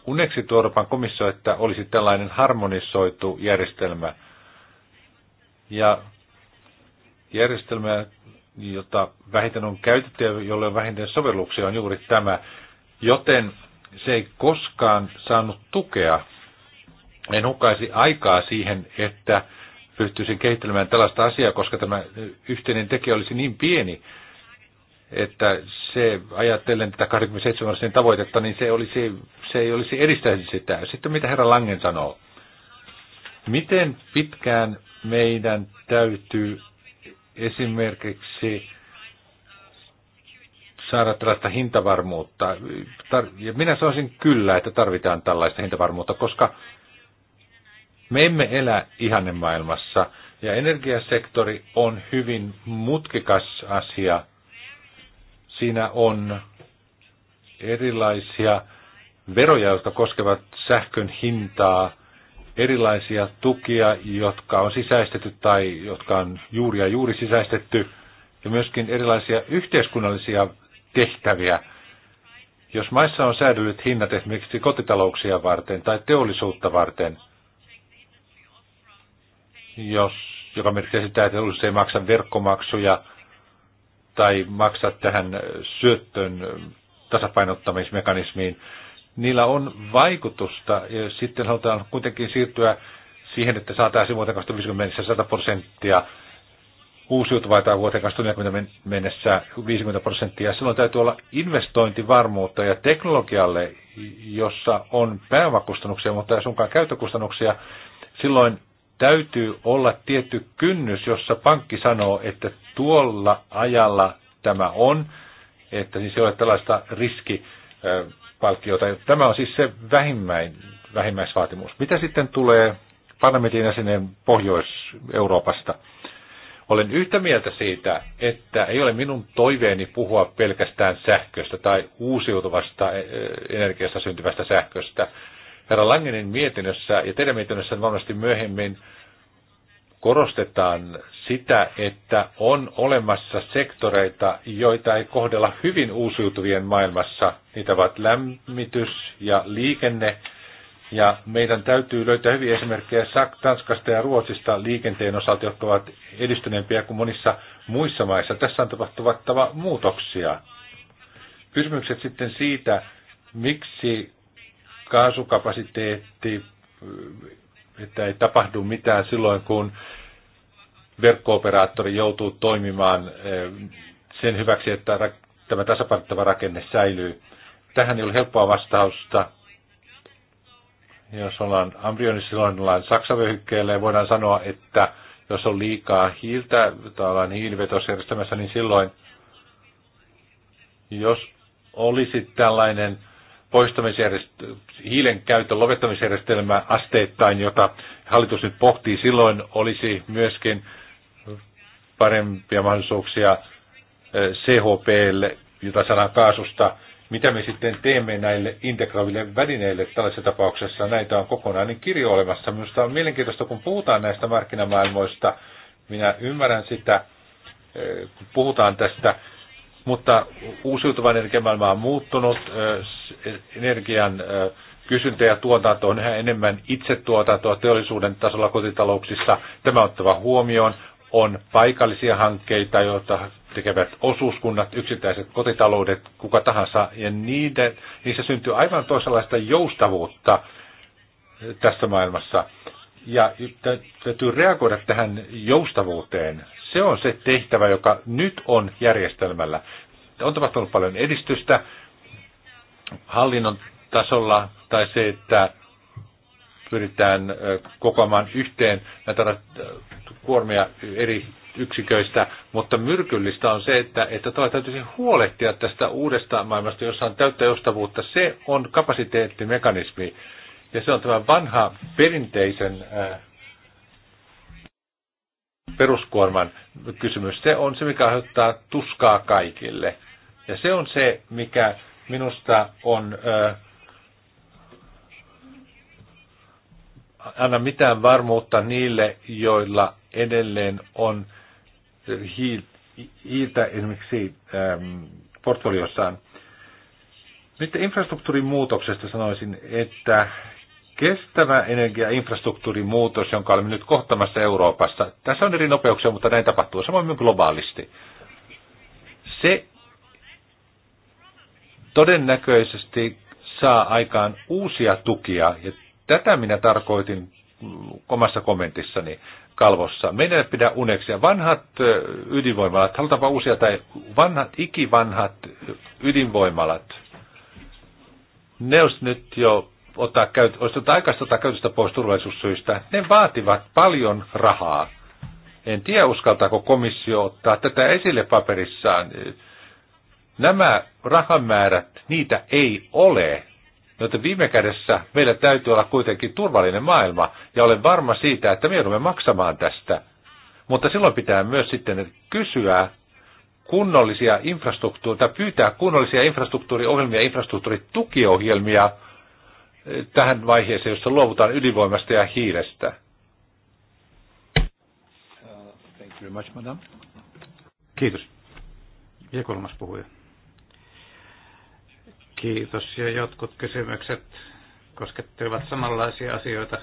uneksi Euroopan komissio, että olisi tällainen harmonisoitu järjestelmä. Ja järjestelmä, jota vähiten on käytetty ja jolle on vähiten sovelluksia, on juuri tämä. Joten se ei koskaan saanut tukea. En hukaisi aikaa siihen, että ryhtyisin kehittelemään tällaista asiaa, koska tämä yhteinen tekijä olisi niin pieni, että se ajatellen tätä 27 tavoitetta, niin se, olisi, se ei olisi edistäisi sitä. Sitten mitä herra Langen sanoo? Miten pitkään meidän täytyy esimerkiksi saada tällaista hintavarmuutta. Ja minä sanoisin kyllä, että tarvitaan tällaista hintavarmuutta, koska me emme elä ihannemaailmassa ja energiasektori on hyvin mutkikas asia. Siinä on erilaisia veroja, jotka koskevat sähkön hintaa, erilaisia tukia, jotka on sisäistetty tai jotka on juuri ja juuri sisäistetty, ja myöskin erilaisia yhteiskunnallisia tehtäviä. Jos maissa on säädellyt hinnat esimerkiksi kotitalouksia varten tai teollisuutta varten – jos, joka merkitsee sitä, että yritys ei maksa verkkomaksuja tai maksa tähän syöttön tasapainottamismekanismiin, niillä on vaikutusta. Ja sitten halutaan kuitenkin siirtyä siihen, että saataisiin vuoteen 2050 mennessä 100 prosenttia uusiutuvaa tai vuoteen 2040 mennessä 50 prosenttia. Silloin täytyy olla investointivarmuutta ja teknologialle, jossa on pääomakustannuksia, mutta ei suinkaan käyttökustannuksia. Silloin täytyy olla tietty kynnys, jossa pankki sanoo, että tuolla ajalla tämä on, että siis ei ole tällaista riskipalkkiota. Tämä on siis se vähimmäin, vähimmäisvaatimus. Mitä sitten tulee parlamentin jäsenen Pohjois-Euroopasta? Olen yhtä mieltä siitä, että ei ole minun toiveeni puhua pelkästään sähköstä tai uusiutuvasta energiasta syntyvästä sähköstä. Herra Langenin mietinnössä ja teidän mietinnössä varmasti myöhemmin korostetaan sitä, että on olemassa sektoreita, joita ei kohdella hyvin uusiutuvien maailmassa. Niitä ovat lämmitys ja liikenne. Ja meidän täytyy löytää hyviä esimerkkejä Tanskasta ja Ruotsista liikenteen osalta, jotka ovat edistyneempiä kuin monissa muissa maissa. Tässä on tapahtuvattava muutoksia. Kysymykset sitten siitä, miksi kaasukapasiteetti, että ei tapahdu mitään silloin, kun verkkooperaattori joutuu toimimaan eh, sen hyväksi, että tämä tasapainottava rakenne säilyy. Tähän ei ole helppoa vastausta. Jos ollaan Ambrionissa, silloin ollaan Saksan ja voidaan sanoa, että jos on liikaa hiiltä tai ollaan hiilivetosjärjestelmässä, niin silloin, jos olisi tällainen hiilen käytön lopettamisjärjestelmä asteittain, jota hallitus nyt pohtii, silloin olisi myöskin parempia mahdollisuuksia eh, CHPlle, jota sanan kaasusta. Mitä me sitten teemme näille integroiville välineille tällaisessa tapauksessa? Näitä on kokonainen niin kirjo olemassa. Minusta on mielenkiintoista, kun puhutaan näistä markkinamaailmoista. Minä ymmärrän sitä, eh, kun puhutaan tästä mutta uusiutuvan energiamaailma on muuttunut, energian kysyntä ja tuotanto on yhä enemmän itsetuotantoa teollisuuden tasolla kotitalouksissa. Tämä ottava huomioon on paikallisia hankkeita, joita tekevät osuuskunnat, yksittäiset kotitaloudet, kuka tahansa, ja niiden, niissä syntyy aivan toisenlaista joustavuutta tässä maailmassa. Ja täytyy reagoida tähän joustavuuteen. Se on se tehtävä, joka nyt on järjestelmällä. On tapahtunut paljon edistystä hallinnon tasolla tai se, että pyritään kokoamaan yhteen näitä kuormia eri yksiköistä, mutta myrkyllistä on se, että, että täytyisi huolehtia tästä uudesta maailmasta, jossa on täyttä joustavuutta. Se on kapasiteettimekanismi ja se on tämä vanha perinteisen äh, peruskuorman kysymys, se on se, mikä aiheuttaa tuskaa kaikille. Ja se on se, mikä minusta on, äh, anna mitään varmuutta niille, joilla edelleen on hiiltä esimerkiksi ähm, portfoliossaan. Nyt infrastruktuurin muutoksesta sanoisin, että kestävä energiainfrastruktuurin muutos, jonka olemme nyt kohtamassa Euroopassa. Tässä on eri nopeuksia, mutta näin tapahtuu samoin globaalisti. Se todennäköisesti saa aikaan uusia tukia, ja tätä minä tarkoitin omassa kommentissani kalvossa. Meidän ei pidä ja Vanhat ydinvoimalat, halutaanpa uusia tai vanhat, ikivanhat ydinvoimalat, ne olisi nyt jo ottaa, käyt, tota aikaista ottaa käytöstä pois turvallisuussyistä, ne vaativat paljon rahaa. En tiedä, uskaltaako komissio ottaa tätä esille paperissaan. Nämä rahamäärät, niitä ei ole. Joten viime kädessä meillä täytyy olla kuitenkin turvallinen maailma, ja olen varma siitä, että me joudumme maksamaan tästä. Mutta silloin pitää myös sitten kysyä kunnollisia infrastruktuuria, tai pyytää kunnollisia infrastruktuuriohjelmia, infrastruktuuritukiohjelmia, tähän vaiheeseen, jossa luovutaan ydinvoimasta ja hiilestä? Thank you very much, madam. Kiitos. Ja kolmas puhuja. Kiitos. Ja jotkut kysymykset koskettelevat samanlaisia asioita.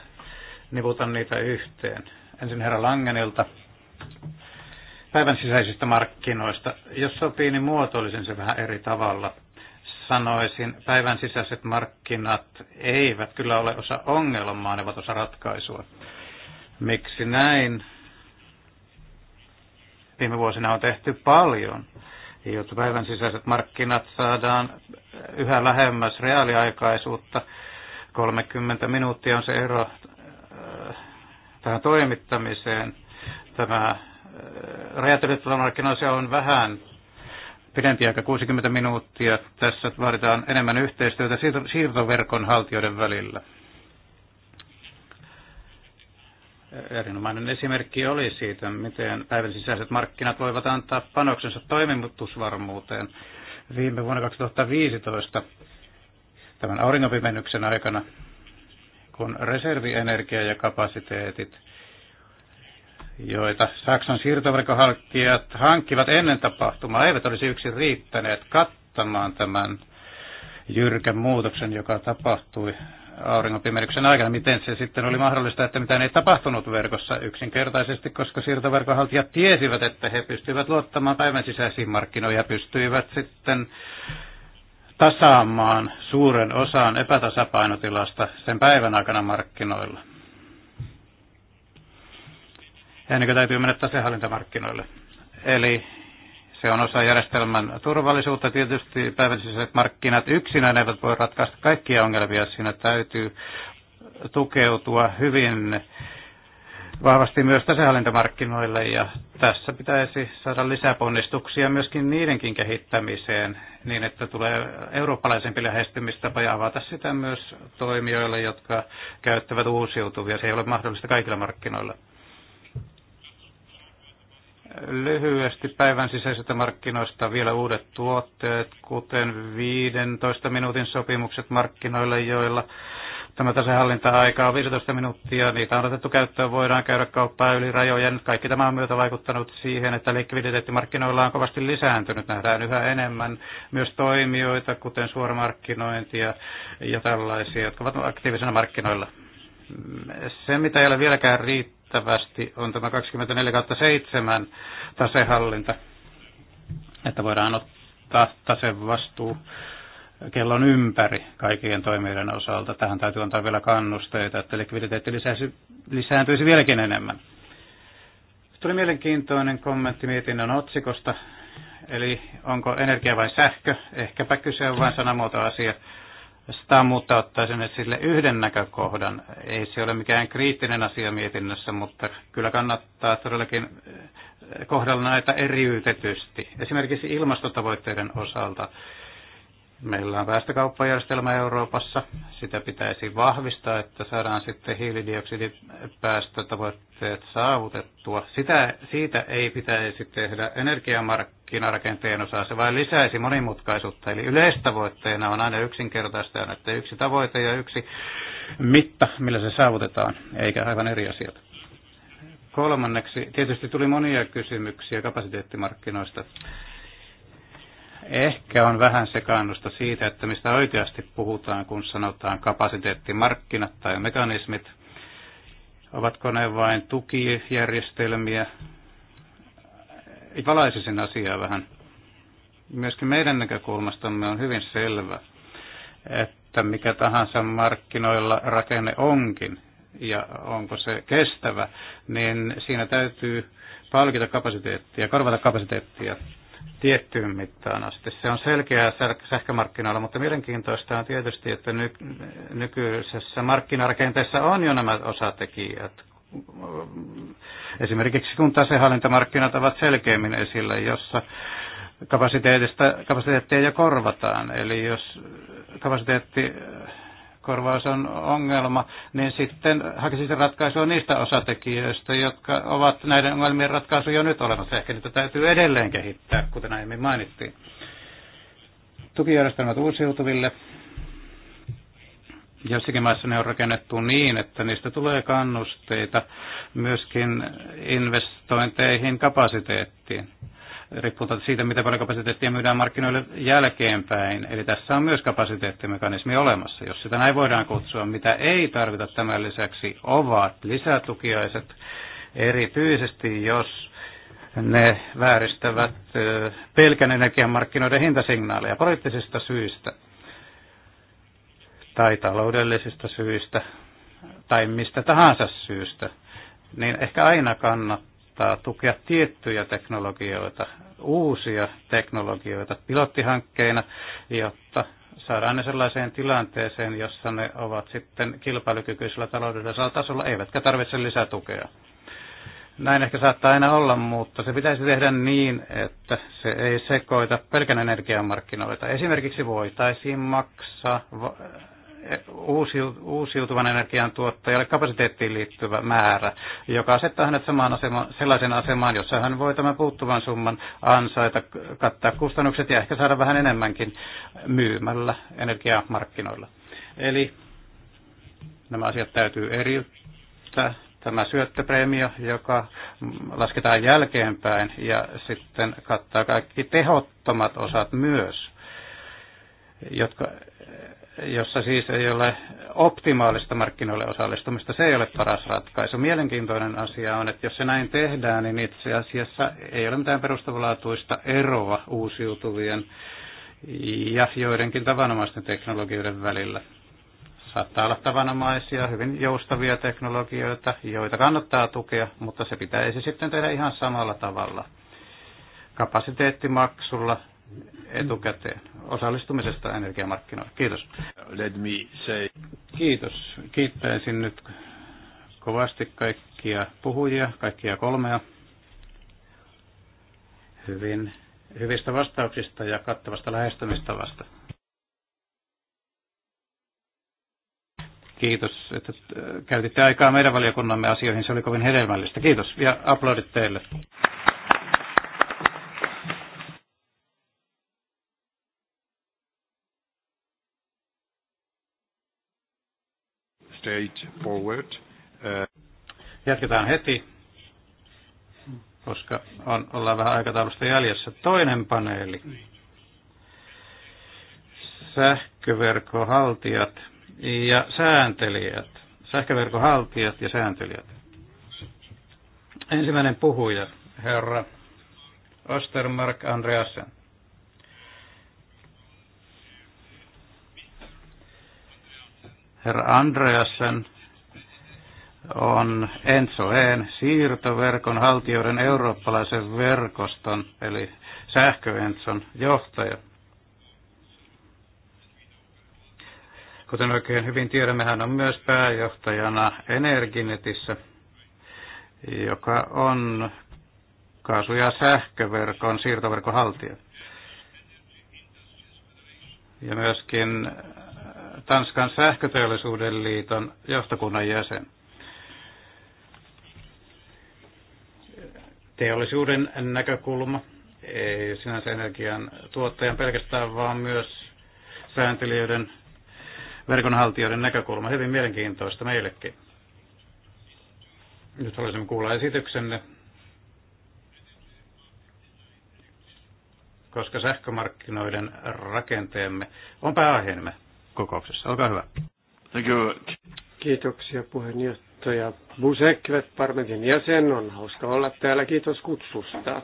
Nivutan niitä yhteen. Ensin herra Langenilta päivän sisäisistä markkinoista. Jos sopii, niin muotoilisin se vähän eri tavalla – sanoisin, päivän sisäiset markkinat eivät kyllä ole osa ongelmaa, ne ovat osa ratkaisua. Miksi näin? Viime vuosina on tehty paljon, jotta päivän sisäiset markkinat saadaan yhä lähemmäs reaaliaikaisuutta. 30 minuuttia on se ero äh, tähän toimittamiseen. Tämä äh, rajatelyttävä on vähän pidempi aika, 60 minuuttia. Tässä vaaditaan enemmän yhteistyötä siirtoverkon haltijoiden välillä. Erinomainen esimerkki oli siitä, miten päivän sisäiset markkinat voivat antaa panoksensa toimimutusvarmuuteen Viime vuonna 2015 tämän auringonpimennyksen aikana, kun reservienergia ja kapasiteetit – joita Saksan siirtoverkohaltijat hankkivat ennen tapahtumaa, eivät olisi yksin riittäneet kattamaan tämän jyrkän muutoksen, joka tapahtui auringonpimennyksen aikana. Miten se sitten oli mahdollista, että mitään ei tapahtunut verkossa yksinkertaisesti, koska siirtoverkohaltijat tiesivät, että he pystyivät luottamaan päivän sisäisiin markkinoihin ja pystyivät sitten tasaamaan suuren osan epätasapainotilasta sen päivän aikana markkinoilla ennen kuin täytyy mennä tasehallintamarkkinoille. Eli se on osa järjestelmän turvallisuutta. Tietysti päivälliset markkinat yksinään eivät voi ratkaista kaikkia ongelmia. Siinä täytyy tukeutua hyvin vahvasti myös tasehallintamarkkinoille ja tässä pitäisi saada lisäponnistuksia myöskin niidenkin kehittämiseen niin, että tulee eurooppalaisempi lähestymistapa ja avata sitä myös toimijoille, jotka käyttävät uusiutuvia. Se ei ole mahdollista kaikilla markkinoilla lyhyesti päivän sisäisistä markkinoista vielä uudet tuotteet, kuten 15 minuutin sopimukset markkinoille, joilla tämä tasehallinta-aika on 15 minuuttia. Niitä on otettu käyttöön, voidaan käydä kauppaa yli rajojen. Kaikki tämä on myötä vaikuttanut siihen, että likviditeettimarkkinoilla on kovasti lisääntynyt. Nähdään yhä enemmän myös toimijoita, kuten suoramarkkinointia ja tällaisia, jotka ovat aktiivisena markkinoilla. Se, mitä ei ole vieläkään riittää, merkittävästi on tämä 24-7 tasehallinta, että voidaan ottaa tasevastuu kellon ympäri kaikkien toimijoiden osalta. Tähän täytyy antaa vielä kannusteita, että likviditeetti lisäisi, lisääntyisi vieläkin enemmän. Tuli mielenkiintoinen kommentti mietinnön otsikosta, eli onko energia vai sähkö? Ehkäpä kyse on vain sanamuotoasia. asia sitä, mutta sinne esille yhden näkökohdan. Ei se ole mikään kriittinen asia mietinnössä, mutta kyllä kannattaa todellakin eh, kohdalla näitä eriytetysti. Esimerkiksi ilmastotavoitteiden osalta Meillä on päästökauppajärjestelmä Euroopassa. Sitä pitäisi vahvistaa, että saadaan sitten hiilidioksidipäästötavoitteet saavutettua. Sitä, siitä ei pitäisi tehdä energiamarkkinarakenteen osaa. Se vain lisäisi monimutkaisuutta. Eli yleistavoitteena on aina yksinkertaista, että yksi tavoite ja yksi mitta, millä se saavutetaan, eikä aivan eri asiat. Kolmanneksi, tietysti tuli monia kysymyksiä kapasiteettimarkkinoista. Ehkä on vähän sekaannusta siitä, että mistä oikeasti puhutaan, kun sanotaan kapasiteettimarkkinat tai mekanismit. Ovatko ne vain tukijärjestelmiä? Valaisisin asiaa vähän. Myöskin meidän näkökulmastamme on hyvin selvä, että mikä tahansa markkinoilla rakenne onkin ja onko se kestävä, niin siinä täytyy palkita kapasiteettia, korvata kapasiteettia tiettyyn mittaan asti. Se on selkeää sähkömarkkinoilla, mutta mielenkiintoista on tietysti, että ny, nykyisessä markkinarakenteessa on jo nämä osatekijät. Esimerkiksi kun tasehallintamarkkinat ovat selkeämmin esillä, jossa kapasiteettia jo korvataan. Eli jos kapasiteetti korvaus on ongelma, niin sitten hakisin ratkaisua niistä osatekijöistä, jotka ovat näiden ongelmien ratkaisu jo nyt olemassa. Ehkä niitä täytyy edelleen kehittää, kuten aiemmin mainittiin. Tukijärjestelmät uusiutuville. Jossakin maissa ne on rakennettu niin, että niistä tulee kannusteita myöskin investointeihin kapasiteettiin riippuu siitä, miten paljon kapasiteettia myydään markkinoille jälkeenpäin. Eli tässä on myös kapasiteettimekanismi olemassa, jos sitä näin voidaan kutsua. Mitä ei tarvita tämän lisäksi ovat lisätukiaiset, erityisesti jos ne vääristävät pelkän energiamarkkinoiden hintasignaaleja poliittisista syistä tai taloudellisista syistä tai mistä tahansa syystä, niin ehkä aina kannattaa kannattaa tukea tiettyjä teknologioita, uusia teknologioita pilottihankkeina, jotta saadaan ne sellaiseen tilanteeseen, jossa ne ovat sitten kilpailukykyisellä taloudellisella tasolla, eivätkä tarvitse lisätukea. Näin ehkä saattaa aina olla, mutta se pitäisi tehdä niin, että se ei sekoita pelkän energiamarkkinoita. Esimerkiksi voitaisiin maksaa uusiutuvan energian tuottajalle kapasiteettiin liittyvä määrä, joka asettaa hänet samaan asemaan, sellaisen asemaan, jossa hän voi tämän puuttuvan summan ansaita, kattaa kustannukset ja ehkä saada vähän enemmänkin myymällä energiamarkkinoilla. Eli nämä asiat täytyy eriyttää. Tämä syöttöpreemio, joka lasketaan jälkeenpäin ja sitten kattaa kaikki tehottomat osat myös, jotka jossa siis ei ole optimaalista markkinoille osallistumista, se ei ole paras ratkaisu. Mielenkiintoinen asia on, että jos se näin tehdään, niin itse asiassa ei ole mitään perustavanlaatuista eroa uusiutuvien ja joidenkin tavanomaisten teknologioiden välillä. Saattaa olla tavanomaisia, hyvin joustavia teknologioita, joita kannattaa tukea, mutta se pitäisi sitten tehdä ihan samalla tavalla. Kapasiteettimaksulla etukäteen osallistumisesta energiamarkkinoille. Kiitos. Let me say. Kiitos. Kiittäisin nyt kovasti kaikkia puhujia, kaikkia kolmea hyvin, hyvistä vastauksista ja kattavasta lähestymistavasta. Kiitos, että äh, käytitte aikaa meidän valiokunnamme asioihin. Se oli kovin hedelmällistä. Kiitos ja aplodit teille. straight forward. Uh, Jatketaan heti, koska on, ollaan vähän aikataulusta jäljessä. Toinen paneeli. Sähköverkohaltijat ja sääntelijät. Sähköverkohaltijat ja sääntelijät. Ensimmäinen puhuja, herra Ostermark Andreasen. Herra Andreasen on Ensoen siirtoverkon haltijoiden eurooppalaisen verkoston, eli sähköenson johtaja. Kuten oikein hyvin tiedämme, hän on myös pääjohtajana Energinetissä, joka on kaasu- ja sähköverkon siirtoverkon haltija. Ja myöskin Tanskan sähköteollisuuden liiton johtokunnan jäsen. Teollisuuden näkökulma, ei sinänsä energian tuottajan pelkästään, vaan myös sääntelijöiden, verkonhaltijoiden näkökulma. Hyvin mielenkiintoista meillekin. Nyt haluaisimme kuulla esityksenne, koska sähkömarkkinoiden rakenteemme on pääaiheemme kokouksessa. Olkaa hyvä. Thank you. Kiitoksia puheenjohtaja Busek, parlamentin jäsen. On hauska olla täällä. Kiitos kutsusta.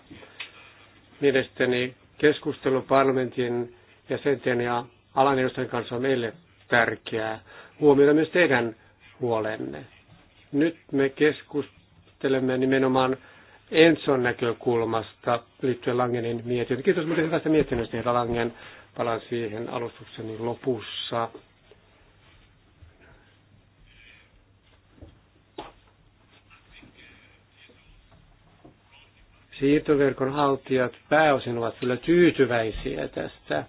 Mielestäni keskustelu parlamentin jäsenten ja alan edustajien kanssa on meille tärkeää. Huomioida myös teidän huolenne. Nyt me keskustelemme nimenomaan Enson näkökulmasta liittyen Langenin mietintöön. Kiitos muuten hyvästä mietinnöstä, herra Langen. Palaan siihen alustukseni lopussa. Siirtoverkon haltijat pääosin ovat kyllä tyytyväisiä tästä.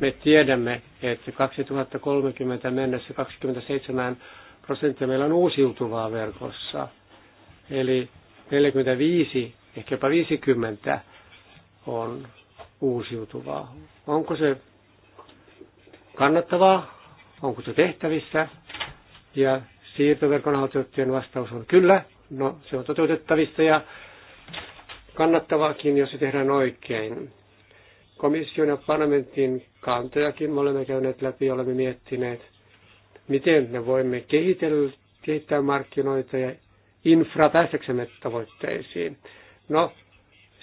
Me tiedämme, että 2030 mennessä 27 prosenttia meillä on uusiutuvaa verkossa. Eli 45 ehkä jopa 50 on uusiutuvaa. Onko se kannattavaa? Onko se tehtävissä? Ja siirtoverkon autoittajien vastaus on kyllä, no se on toteutettavissa ja kannattavaakin, jos se tehdään oikein. Komission ja parlamentin kantojakin me olemme käyneet läpi, olemme miettineet, miten me voimme kehitellä, kehittää markkinoita ja infra päästäksemme tavoitteisiin. No,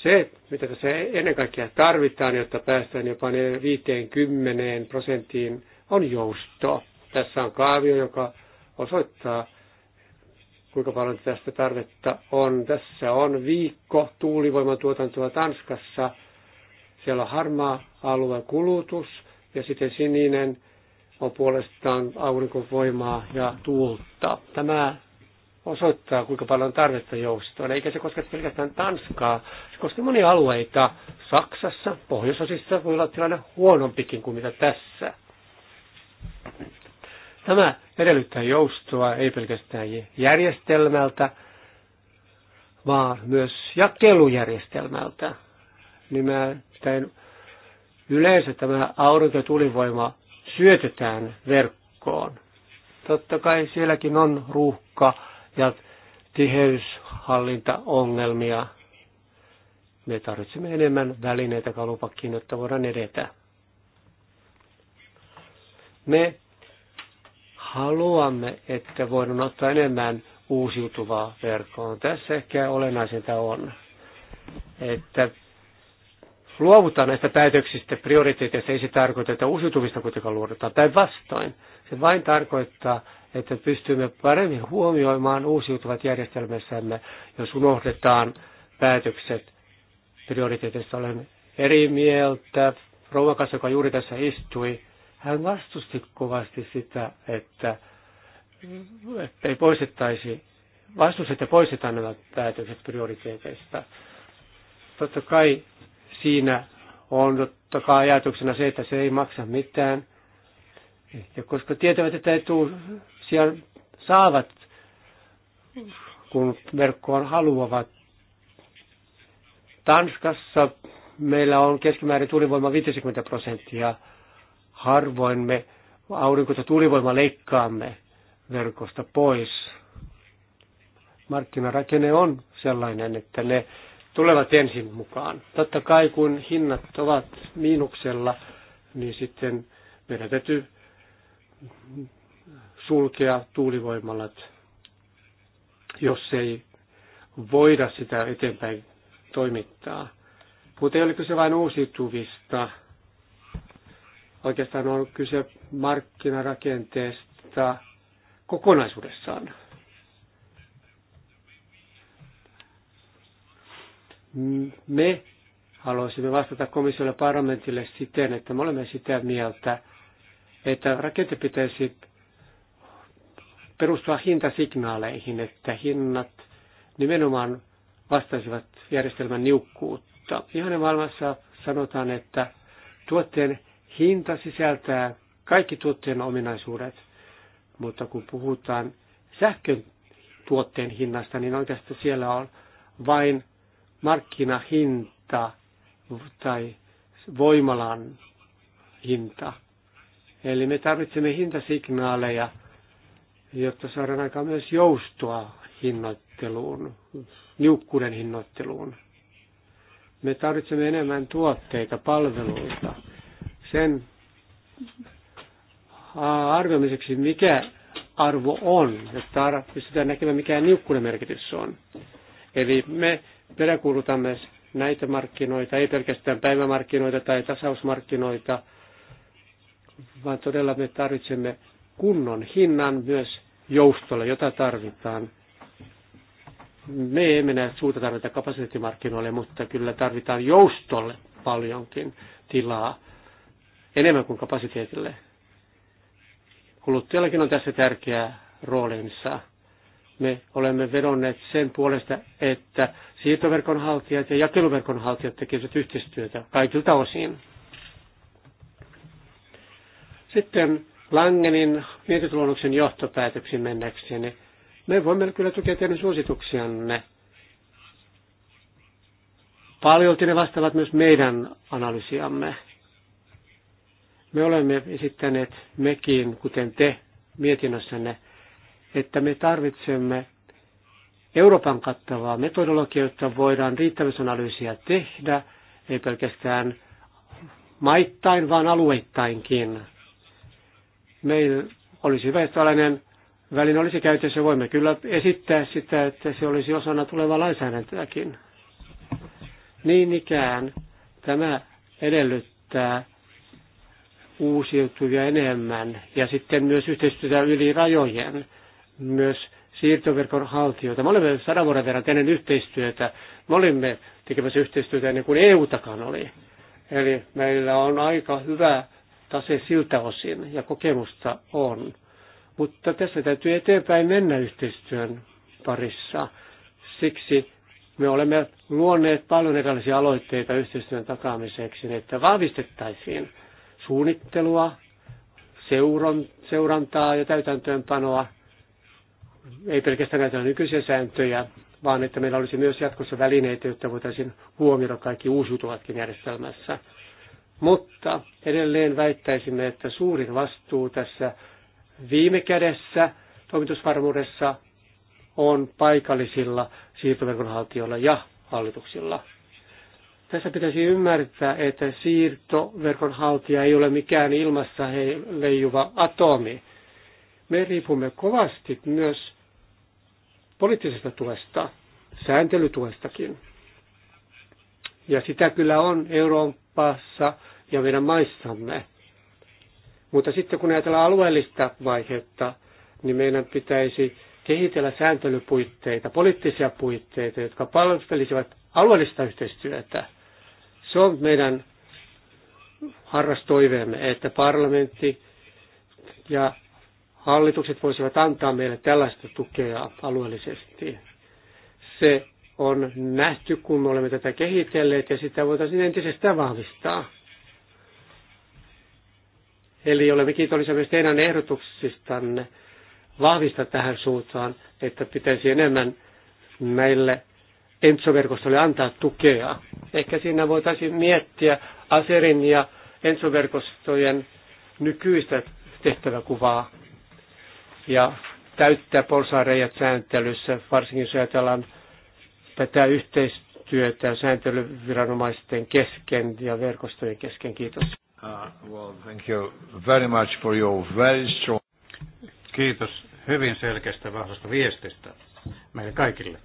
se, mitä tässä ennen kaikkea tarvitaan, jotta päästään jopa 50 prosenttiin, on jousto. Tässä on kaavio, joka osoittaa, kuinka paljon tästä tarvetta on. Tässä on viikko tuulivoimatuotantoa tuotantoa Tanskassa. Siellä on harmaa alueen kulutus ja sitten sininen on puolestaan aurinkovoimaa ja tuulta. Tämä osoittaa, kuinka paljon tarvetta joustoon. Eikä se koske pelkästään Tanskaa, se koskee monia alueita. Saksassa, pohjoisosissa voi olla tilanne huonompikin kuin mitä tässä. Tämä edellyttää joustoa ei pelkästään järjestelmältä, vaan myös jakelujärjestelmältä. Nimittäin yleensä tämä aurinko- ja tulivoima syötetään verkkoon. Totta kai sielläkin on ruuhka ja tiheyshallintaongelmia. Me tarvitsemme enemmän välineitä kalupakkiin, jotta voidaan edetä. Me haluamme, että voidaan ottaa enemmän uusiutuvaa verkkoon. Tässä ehkä olennaisinta on, että luovutaan näistä päätöksistä prioriteeteista, ei se tarkoita, että uusiutuvista kuitenkaan luodetaan. Tai vastoin. Se vain tarkoittaa, että pystymme paremmin huomioimaan uusiutuvat järjestelmässämme, jos unohdetaan päätökset prioriteeteista. Olen eri mieltä. Rouva kanssa, joka juuri tässä istui, hän vastusti kovasti sitä, että ei poistettaisi, vastusti, että poistetaan nämä päätökset prioriteeteista. Totta kai siinä on totta kai ajatuksena se, että se ei maksa mitään. Ja koska tietävät, että etusijan saavat, kun verkkoon haluavat. Tanskassa meillä on keskimäärin tuulivoima 50 prosenttia. Harvoin me aurinkoista tuulivoima leikkaamme verkosta pois. Markkinarakenne on sellainen, että ne tulevat ensin mukaan. Totta kai kun hinnat ovat miinuksella, niin sitten meidän täytyy sulkea tuulivoimalat, jos ei voida sitä eteenpäin toimittaa. Mutta ei ole kyse vain uusiutuvista. Oikeastaan on kyse markkinarakenteesta kokonaisuudessaan. Me haluaisimme vastata komissiolle parlamentille siten, että me olemme sitä mieltä, että rakente pitäisi perustua hintasignaaleihin, että hinnat nimenomaan vastaisivat järjestelmän niukkuutta. Ihan maailmassa sanotaan, että tuotteen hinta sisältää kaikki tuotteen ominaisuudet, mutta kun puhutaan sähkön tuotteen hinnasta, niin oikeastaan siellä on vain markkinahinta tai voimalan hinta. Eli me tarvitsemme hintasignaaleja, jotta saadaan aikaan myös joustoa hinnoitteluun, niukkuuden hinnoitteluun. Me tarvitsemme enemmän tuotteita, palveluita. Sen arvioimiseksi, mikä arvo on, että pystytään näkemään, mikä niukkuuden merkitys on. Eli me peräkuulutamme näitä markkinoita, ei pelkästään päivämarkkinoita tai tasausmarkkinoita, vaan todella me tarvitsemme kunnon hinnan myös joustolle, jota tarvitaan. Me emme näe suurta tarvita kapasiteettimarkkinoille, mutta kyllä tarvitaan joustolle paljonkin tilaa, enemmän kuin kapasiteetille. Kuluttajallakin on tässä tärkeä roolinsa me olemme vedonneet sen puolesta, että siirtoverkon haltijat ja jakeluverkon haltijat tekevät yhteistyötä kaikilta osin. Sitten Langenin mietintöluonnoksen johtopäätöksiin niin Me voimme kyllä tukea teidän suosituksianne. Paljolti ne vastaavat myös meidän analyysiamme. Me olemme esittäneet mekin, kuten te mietinnössänne, että me tarvitsemme Euroopan kattavaa metodologiaa, jotta voidaan riittävyysanalyysiä tehdä, ei pelkästään maittain, vaan alueittainkin. Meillä olisi hyvä, että tällainen väline olisi käytössä. Voimme kyllä esittää sitä, että se olisi osana tulevaa lainsäädäntöäkin. Niin ikään tämä edellyttää uusiutuvia enemmän ja sitten myös yhteistyötä yli rajojen myös siirtoverkon haltijoita. Me olemme sadan vuoden verran tehneet yhteistyötä. Me olimme tekemässä yhteistyötä ennen kuin EU-takaan oli. Eli meillä on aika hyvä tase siltä osin ja kokemusta on. Mutta tässä täytyy eteenpäin mennä yhteistyön parissa. Siksi me olemme luonneet paljon erilaisia aloitteita yhteistyön takaamiseksi, niin että vahvistettaisiin suunnittelua, seurantaa ja täytäntöönpanoa – ei pelkästään näitä nykyisiä sääntöjä, vaan että meillä olisi myös jatkossa välineitä, jotta voitaisiin huomioida kaikki uusiutuvatkin järjestelmässä. Mutta edelleen väittäisimme, että suurin vastuu tässä viime kädessä toimitusvarmuudessa on paikallisilla siirtoverkonhaltijoilla ja hallituksilla. Tässä pitäisi ymmärtää, että siirtoverkonhaltija ei ole mikään ilmassa leijuva atomi. Me riipumme kovasti myös poliittisesta tuesta, sääntelytuestakin. Ja sitä kyllä on Euroopassa ja meidän maissamme. Mutta sitten kun ajatellaan alueellista vaihetta, niin meidän pitäisi kehitellä sääntelypuitteita, poliittisia puitteita, jotka palvelisivat alueellista yhteistyötä. Se on meidän harrastoiveemme, että parlamentti ja hallitukset voisivat antaa meille tällaista tukea alueellisesti. Se on nähty, kun me olemme tätä kehitelleet ja sitä voitaisiin entisestään vahvistaa. Eli olemme kiitollisia myös teidän ehdotuksistanne vahvistaa tähän suuntaan, että pitäisi enemmän meille Enso-verkostolle antaa tukea. Ehkä siinä voitaisiin miettiä Aserin ja Enso-verkostojen nykyistä tehtäväkuvaa ja täyttää polsareijat sääntelyssä, varsinkin jos ajatellaan tätä yhteistyötä sääntelyviranomaisten kesken ja verkostojen kesken. Kiitos. Uh, well, thank you very much for your very strong... Kiitos hyvin selkeästä vahvasta viestistä meille kaikille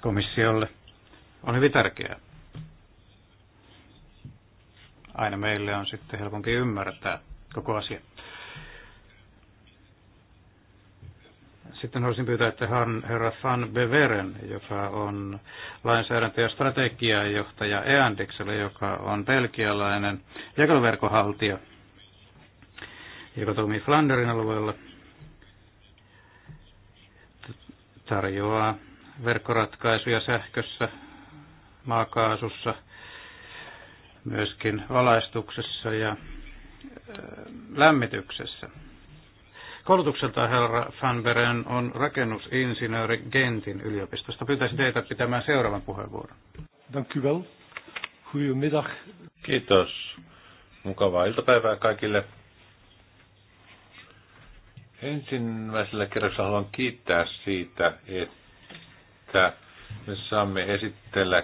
komissiolle. On hyvin tärkeää. Aina meille on sitten helpompi ymmärtää koko asia. Sitten haluaisin pyytää tähän herra Van Beveren, joka on lainsäädäntö- ja strategiajohtaja Eandikselle, joka on belgialainen jakeluverkohaltija, joka toimii Flanderin alueella, tarjoaa verkkoratkaisuja sähkössä, maakaasussa, myöskin valaistuksessa ja lämmityksessä. Koulutukselta herra Fanberen on rakennusinsinööri Gentin yliopistosta. Pyytäisin teitä pitämään seuraavan puheenvuoron. Dank u wel. Goedemiddag. Kiitos. Mukavaa iltapäivää kaikille. Ensimmäisellä kerralla haluan kiittää siitä, että me saamme esitellä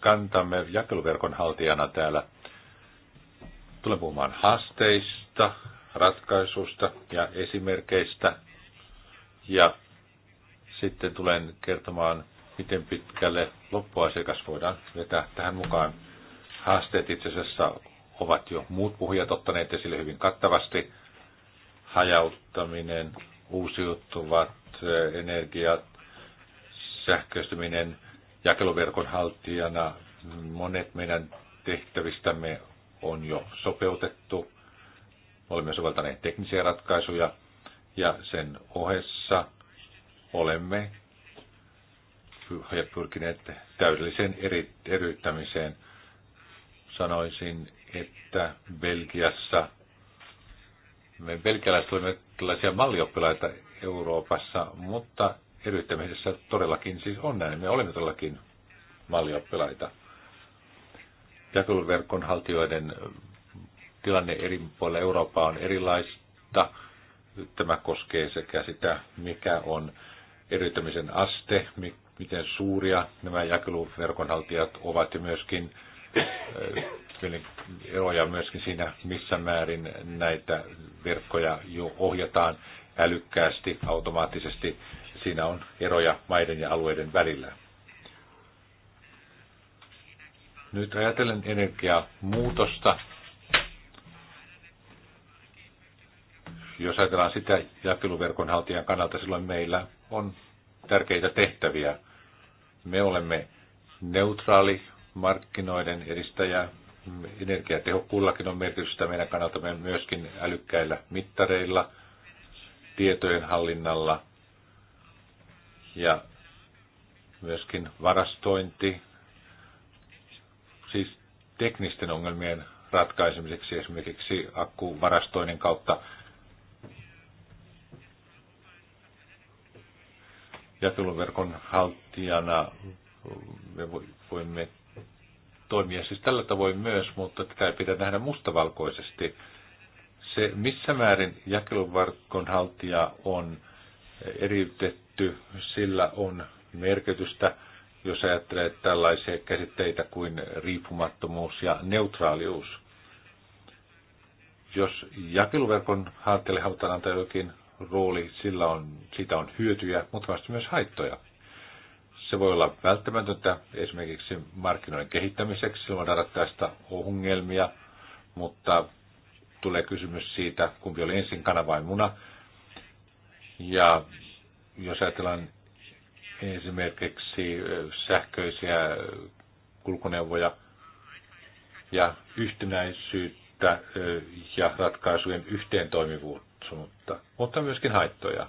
kantamme jakeluverkon haltijana täällä. Tulen puhumaan haasteista, ratkaisusta ja esimerkkeistä. Ja sitten tulen kertomaan, miten pitkälle loppuasiakas voidaan vetää tähän mukaan. Haasteet itse asiassa ovat jo muut puhujat ottaneet esille hyvin kattavasti. Hajauttaminen, uusiutuvat eh, energiat, sähköistyminen, jakeluverkon haltijana monet meidän tehtävistämme on jo sopeutettu olemme soveltaneet teknisiä ratkaisuja ja sen ohessa olemme pyrkineet täydelliseen eri, eriyttämiseen. Sanoisin, että Belgiassa me belgialaiset olemme tällaisia mallioppilaita Euroopassa, mutta eriyttämisessä todellakin siis on näin. Me olemme todellakin mallioppilaita. Jakeluverkon haltijoiden tilanne eri puolilla Eurooppaa on erilaista. Tämä koskee sekä sitä, mikä on eriytymisen aste, miten suuria nämä jakeluverkonhaltijat ovat ja myöskin eroja myöskin siinä, missä määrin näitä verkkoja jo ohjataan älykkäästi, automaattisesti. Siinä on eroja maiden ja alueiden välillä. Nyt ajatellen energiamuutosta, jos ajatellaan sitä jakeluverkon haltijan kannalta, silloin meillä on tärkeitä tehtäviä. Me olemme neutraali markkinoiden edistäjä. Energiatehokkuullakin on merkitystä meidän me myöskin älykkäillä mittareilla, tietojen hallinnalla ja myöskin varastointi, siis teknisten ongelmien ratkaisemiseksi esimerkiksi akkuvarastoinnin kautta jakeluverkon haltijana me voimme toimia siis tällä tavoin myös, mutta tätä ei pidä nähdä mustavalkoisesti. Se, missä määrin jakeluverkon haltija on eriytetty, sillä on merkitystä, jos ajattelee tällaisia käsitteitä kuin riippumattomuus ja neutraalius. Jos jakeluverkon haltijalle halutaan antaa jokin rooli, sillä on, siitä on hyötyjä, mutta vasta myös haittoja. Se voi olla välttämätöntä esimerkiksi markkinoiden kehittämiseksi, silloin ratkaista ongelmia, mutta tulee kysymys siitä, kumpi oli ensin kana vai muna. Ja jos ajatellaan esimerkiksi sähköisiä kulkuneuvoja ja yhtenäisyyttä ja ratkaisujen yhteentoimivuutta, kutsunutta, mutta myöskin haittoja.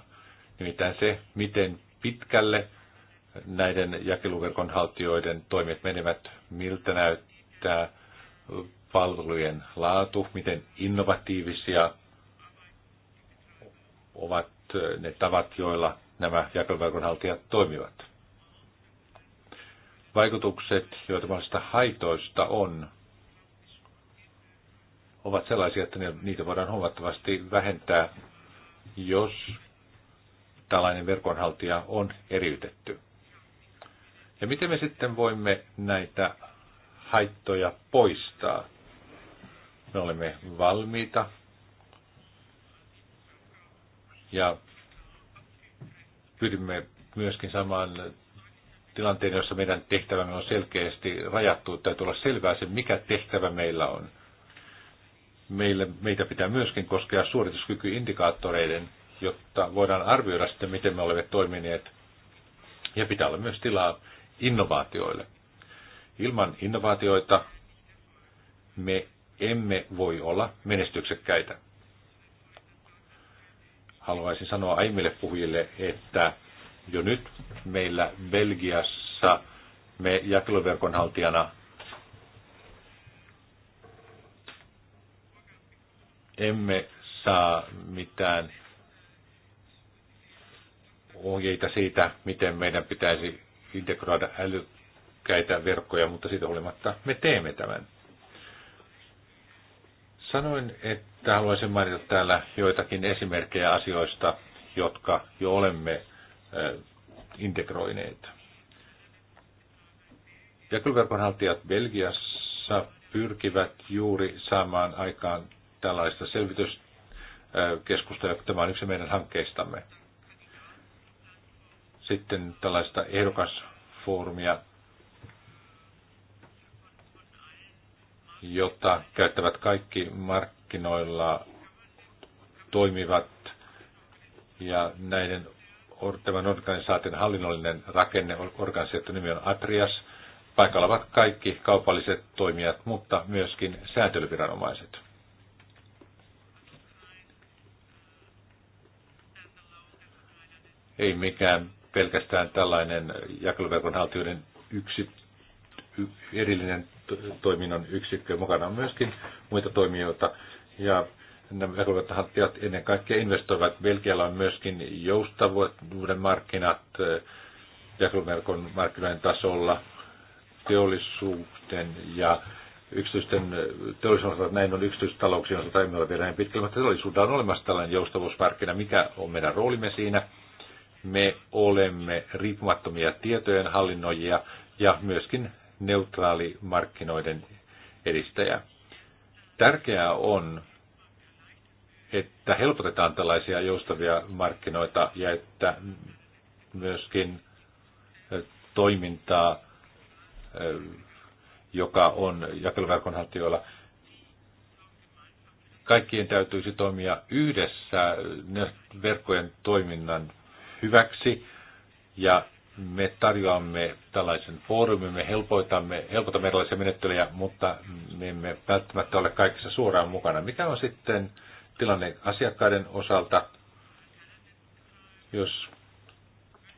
Nimittäin se, miten pitkälle näiden jakeluverkon haltijoiden toimet menevät, miltä näyttää palvelujen laatu, miten innovatiivisia ovat ne tavat, joilla nämä jakeluverkon haltijat toimivat. Vaikutukset, joita haitoista on, ovat sellaisia, että niitä voidaan huomattavasti vähentää, jos tällainen verkonhaltija on eriytetty. Ja miten me sitten voimme näitä haittoja poistaa? Me olemme valmiita ja pyrimme myöskin samaan tilanteen, jossa meidän tehtävämme on selkeästi rajattu. Täytyy olla selvää se, mikä tehtävä meillä on meille, meitä pitää myöskin koskea suorituskykyindikaattoreiden, jotta voidaan arvioida sitten, miten me olemme toimineet. Ja pitää olla myös tilaa innovaatioille. Ilman innovaatioita me emme voi olla menestyksekkäitä. Haluaisin sanoa aiemmille puhujille, että jo nyt meillä Belgiassa me jakeluverkon haltijana emme saa mitään ohjeita siitä, miten meidän pitäisi integroida älykkäitä verkkoja, mutta siitä huolimatta me teemme tämän. Sanoin, että haluaisin mainita täällä joitakin esimerkkejä asioista, jotka jo olemme integroineet. Ja kyllä Belgiassa pyrkivät juuri saamaan aikaan tällaista selvityskeskustelua, tämä on yksi meidän hankkeistamme. Sitten tällaista ehdokasfoorumia, jota käyttävät kaikki markkinoilla toimivat ja näiden tämän organisaation hallinnollinen rakenne, organisaation nimi on Atrias. Paikalla ovat kaikki kaupalliset toimijat, mutta myöskin sääntelyviranomaiset. ei mikään pelkästään tällainen jakeluverkon haltijoiden yksi erillinen toiminnon yksikkö. Mukana on myöskin muita toimijoita. Ja nämä jakeluverkonhaltijat ennen kaikkea investoivat. Belgialla on myöskin joustavuuden markkinat eh, jakeluverkon markkinoiden tasolla teollisuuden ja yksityisten eh, teollisuuden osalta, näin on yksityistalouksien osalta, ei ole vielä näin pitkällä, mutta teollisuudella on olemassa tällainen joustavuusmarkkina, mikä on meidän roolimme siinä – me olemme riippumattomia tietojen hallinnoijia ja myöskin neutraali markkinoiden edistäjä. Tärkeää on, että helpotetaan tällaisia joustavia markkinoita ja että myöskin toimintaa, joka on jakeluverkonhaltijoilla, kaikkien täytyisi toimia yhdessä verkkojen toiminnan hyväksi ja me tarjoamme tällaisen foorumin, me helpoitamme, helpotamme erilaisia menettelyjä, mutta me emme välttämättä ole kaikessa suoraan mukana. Mikä on sitten tilanne asiakkaiden osalta, jos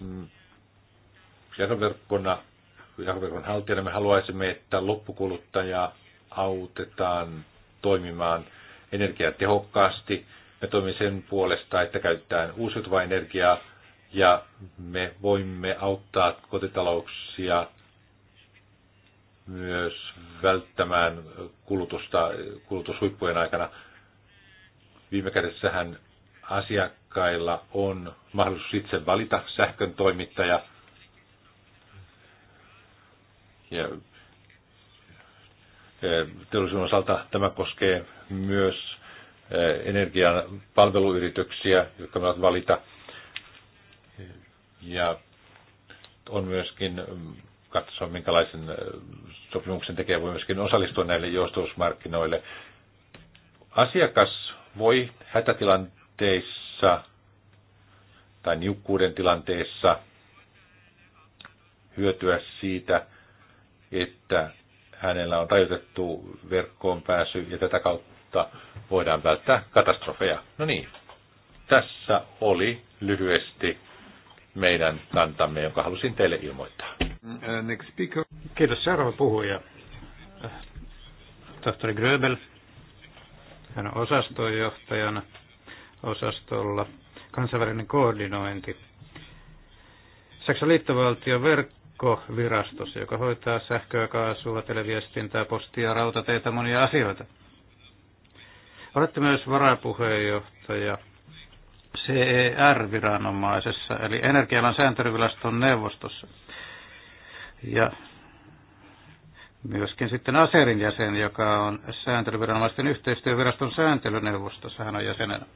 mm, jakoverkkona, jakoverkon haltijana me haluaisimme, että loppukuluttaja autetaan toimimaan energiatehokkaasti. Me toimimme sen puolesta, että käytetään uusiutuvaa energiaa, ja me voimme auttaa kotitalouksia myös välttämään kulutusta kulutushuippujen aikana. Viime kädessähän asiakkailla on mahdollisuus itse valita sähkön toimittaja. Ja e, teollisuuden osalta tämä koskee myös e, energian palveluyrityksiä, jotka voivat valita ja on myöskin mm, katsoa, minkälaisen mm, sopimuksen tekee, voi myöskin osallistua näille joustavuusmarkkinoille. Asiakas voi hätätilanteissa tai niukkuuden tilanteessa hyötyä siitä, että hänellä on rajoitettu verkkoon pääsy ja tätä kautta voidaan välttää katastrofeja. No niin, tässä oli lyhyesti meidän kantamme, jonka halusin teille ilmoittaa. Äh, next speaker. Kiitos. Seuraava puhuja. Tohtori Gröbel. Hän on osastonjohtajana osastolla kansainvälinen koordinointi. Saksan liittovaltion verkkovirastossa, joka hoitaa sähköä, kaasua, televiestintää, postia, rautateitä, monia asioita. Olette myös varapuheenjohtaja CER-viranomaisessa, eli Energialan sääntelyviraston neuvostossa. Ja myöskin sitten ASERin jäsen, joka on sääntelyviranomaisten yhteistyöviraston sääntelyneuvostossa, hän on jäsenenä.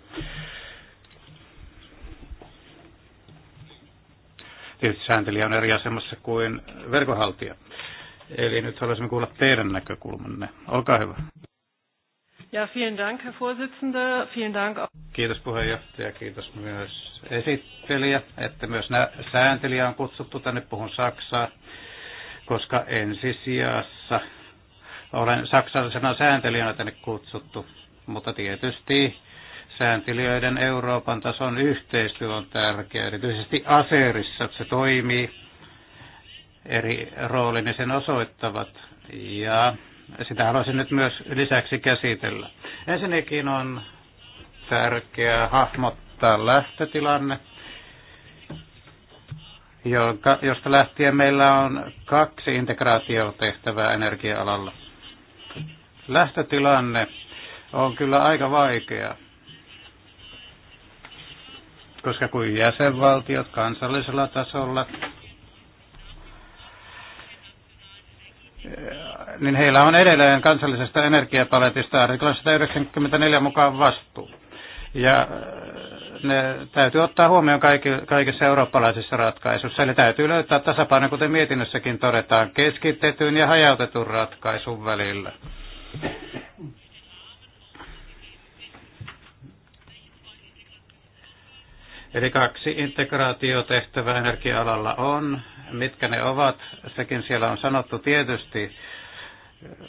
Tietysti sääntelijä on eri asemassa kuin verkohaltija. Eli nyt haluaisimme kuulla teidän näkökulmanne. Olkaa hyvä. Ja, vielen Dank, Herr Vorsitzender. Vielen Dank. Kiitos puheenjohtaja, kiitos myös esittelijä, että myös sääntelijä on kutsuttu tänne puhun Saksaa, koska ensisijassa olen saksalaisena sääntelijänä tänne kutsuttu, mutta tietysti sääntelijöiden Euroopan tason yhteistyö on tärkeä. erityisesti Aseerissa se toimii eri roolin ja sen osoittavat. Ja sitä haluaisin nyt myös lisäksi käsitellä. Ensinnäkin on tärkeää hahmottaa lähtötilanne, jonka, josta lähtien meillä on kaksi integraatiotehtävää energia-alalla. Lähtötilanne on kyllä aika vaikea, koska kuin jäsenvaltiot kansallisella tasolla niin heillä on edelleen kansallisesta energiapaletista artiklan 194 mukaan vastuu. Ja äh, ne täytyy ottaa huomioon kaikissa eurooppalaisissa ratkaisuissa. Eli täytyy löytää tasapaino, kuten mietinnössäkin todetaan, keskitetyn ja hajautetun ratkaisun välillä. Eli kaksi integraatiotehtävää energia-alalla on. Mitkä ne ovat, sekin siellä on sanottu tietysti.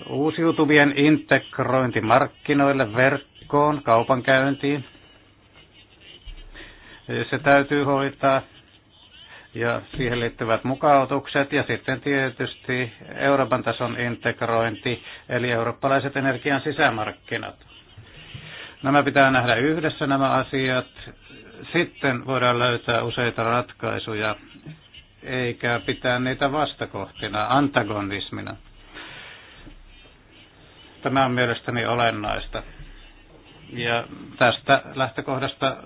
Uusiutuvien integrointi markkinoille, verkkoon, kaupankäyntiin. Se täytyy hoitaa ja siihen liittyvät mukautukset ja sitten tietysti Euroopan tason integrointi eli eurooppalaiset energian sisämarkkinat. Nämä pitää nähdä yhdessä nämä asiat. Sitten voidaan löytää useita ratkaisuja, eikä pitää niitä vastakohtina, antagonismina. Tämä on mielestäni olennaista. Ja tästä lähtökohdasta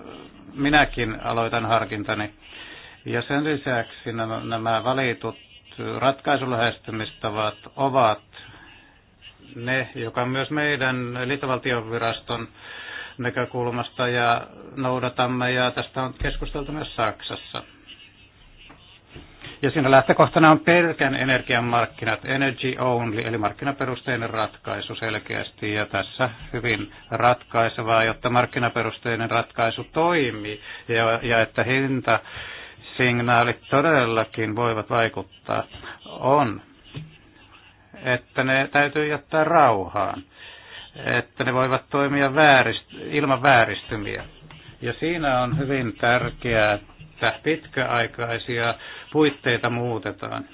minäkin aloitan harkintani. Ja sen lisäksi nämä, nämä valitut ratkaisulähestymistavat ovat ne, joka myös meidän liittovaltioviraston näkökulmasta ja noudatamme, ja tästä on keskusteltu myös Saksassa. Ja siinä lähtökohtana on pelkän energian markkinat, energy only, eli markkinaperusteinen ratkaisu selkeästi. Ja tässä hyvin ratkaisevaa, jotta markkinaperusteinen ratkaisu toimii ja, ja että hinta signaalit todellakin voivat vaikuttaa, on, että ne täytyy jättää rauhaan, että ne voivat toimia väärist- ilman vääristymiä. Ja siinä on hyvin tärkeää, että pitkäaikaisia puitteita muutetaan.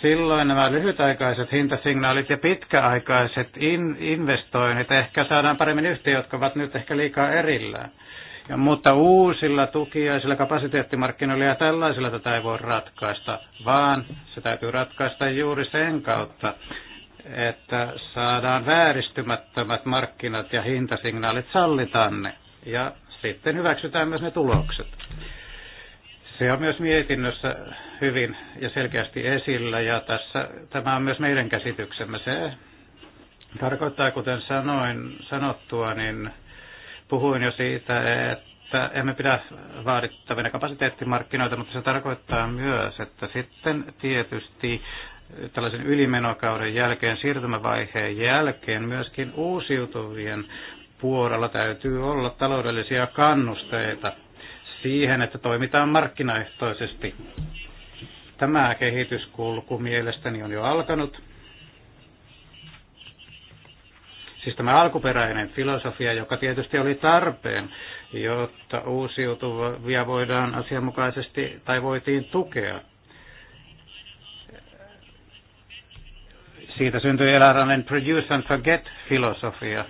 silloin nämä lyhytaikaiset hintasignaalit ja pitkäaikaiset in, investoinnit ehkä saadaan paremmin yhteen, jotka ovat nyt ehkä liikaa erillään. Ja, mutta uusilla tukiaisilla kapasiteettimarkkinoilla ja tällaisilla tätä ei voi ratkaista, vaan se täytyy ratkaista juuri sen kautta, että saadaan vääristymättömät markkinat ja hintasignaalit sallitaan ne. Ja sitten hyväksytään myös ne tulokset. Se on myös mietinnössä hyvin ja selkeästi esillä ja tässä tämä on myös meidän käsityksemme. Se tarkoittaa, kuten sanoin, sanottua, niin puhuin jo siitä, että emme pidä vaadittavina kapasiteettimarkkinoita, mutta se tarkoittaa myös, että sitten tietysti tällaisen ylimenokauden jälkeen, siirtymävaiheen jälkeen myöskin uusiutuvien puolella täytyy olla taloudellisia kannusteita siihen, että toimitaan markkinaehtoisesti. Tämä kehityskulku mielestäni on jo alkanut. Siis tämä alkuperäinen filosofia, joka tietysti oli tarpeen, jotta uusiutuvia voidaan asianmukaisesti tai voitiin tukea Siitä syntyi eläinrainen produce and forget-filosofia.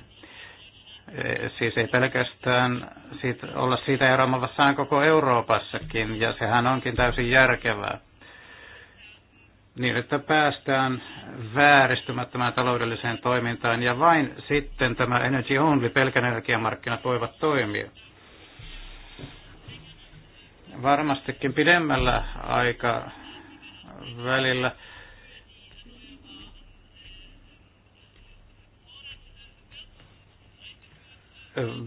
E, siis ei pelkästään siitä, olla siitä eroamavassaan vaan koko Euroopassakin, ja sehän onkin täysin järkevää. Niin, että päästään vääristymättömään taloudelliseen toimintaan, ja vain sitten tämä energy only, pelkän energiamarkkinat voivat toimia varmastikin pidemmällä aika välillä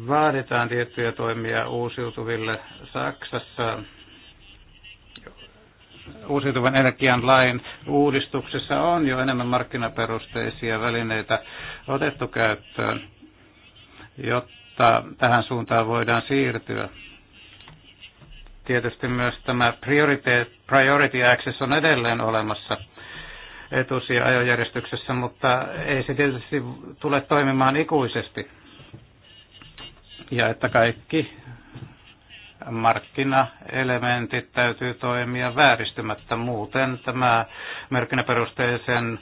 vaaditaan tiettyjä toimia uusiutuville Saksassa. Uusiutuvan energian lain uudistuksessa on jo enemmän markkinaperusteisia välineitä otettu käyttöön, jotta tähän suuntaan voidaan siirtyä. Tietysti myös tämä priority, priority access on edelleen olemassa etusia ajojärjestyksessä, mutta ei se tietysti tule toimimaan ikuisesti ja että kaikki markkinaelementit täytyy toimia vääristymättä. Muuten tämä merkinnäperusteisen